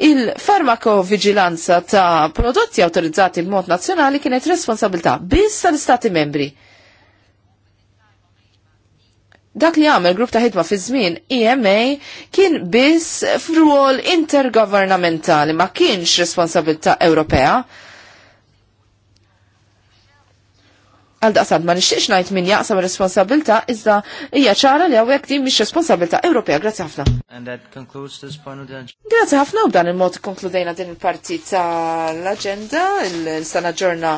il-farmakovigilanza ta' prodotti autorizzati b'mod nazzjonali kienet responsabilità biss tal-Istati membri. Dak li għamel grupp ta' ħidma fi żmien EMA kien biss f'ruol intergovernamentali ma kienx responsabilità Ewropea għal daqsad ma nixtiex ngħid min jaqsam responsabilta iżda hija ċara li hawnhekk din mhix responsabilta Ewropea. Grazzi ħafna. Grazzi ħafna u dan il-mod konkludejna din il-parti tal-aġenda il-sena ġorna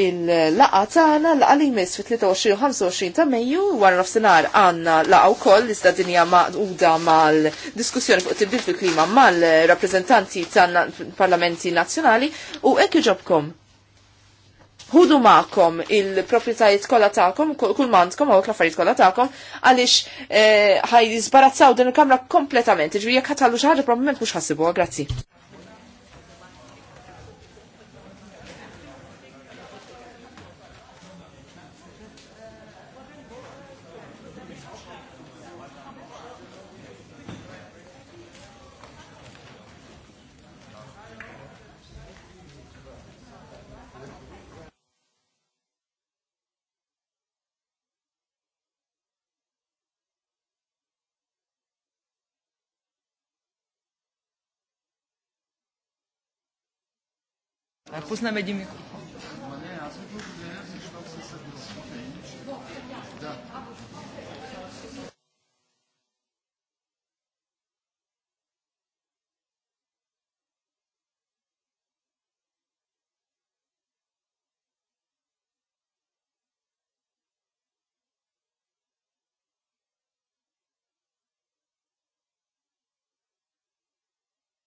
il-laqa tagħna laqa li jmiss fit-23 u 25 ta' Mejju wara nofsinhar għandna laqa wkoll iżda din hija maquda mal-diskussjoni fuq tibdil fil-klima mal-rappreżentanti tal-parlamenti nazzjonali u hekk iġobkom ħudu ma'kom il-proprietajiet kollha tagħkom, kull mandkom hawnhekk l-affarijiet kollha tagħkom għaliex eh, ħaj din il-kamra kompletament. Ġri jekk ħatallu xi ħaġa probabbilment mhux ħassibuha, grazzi. Pus namedi mikro.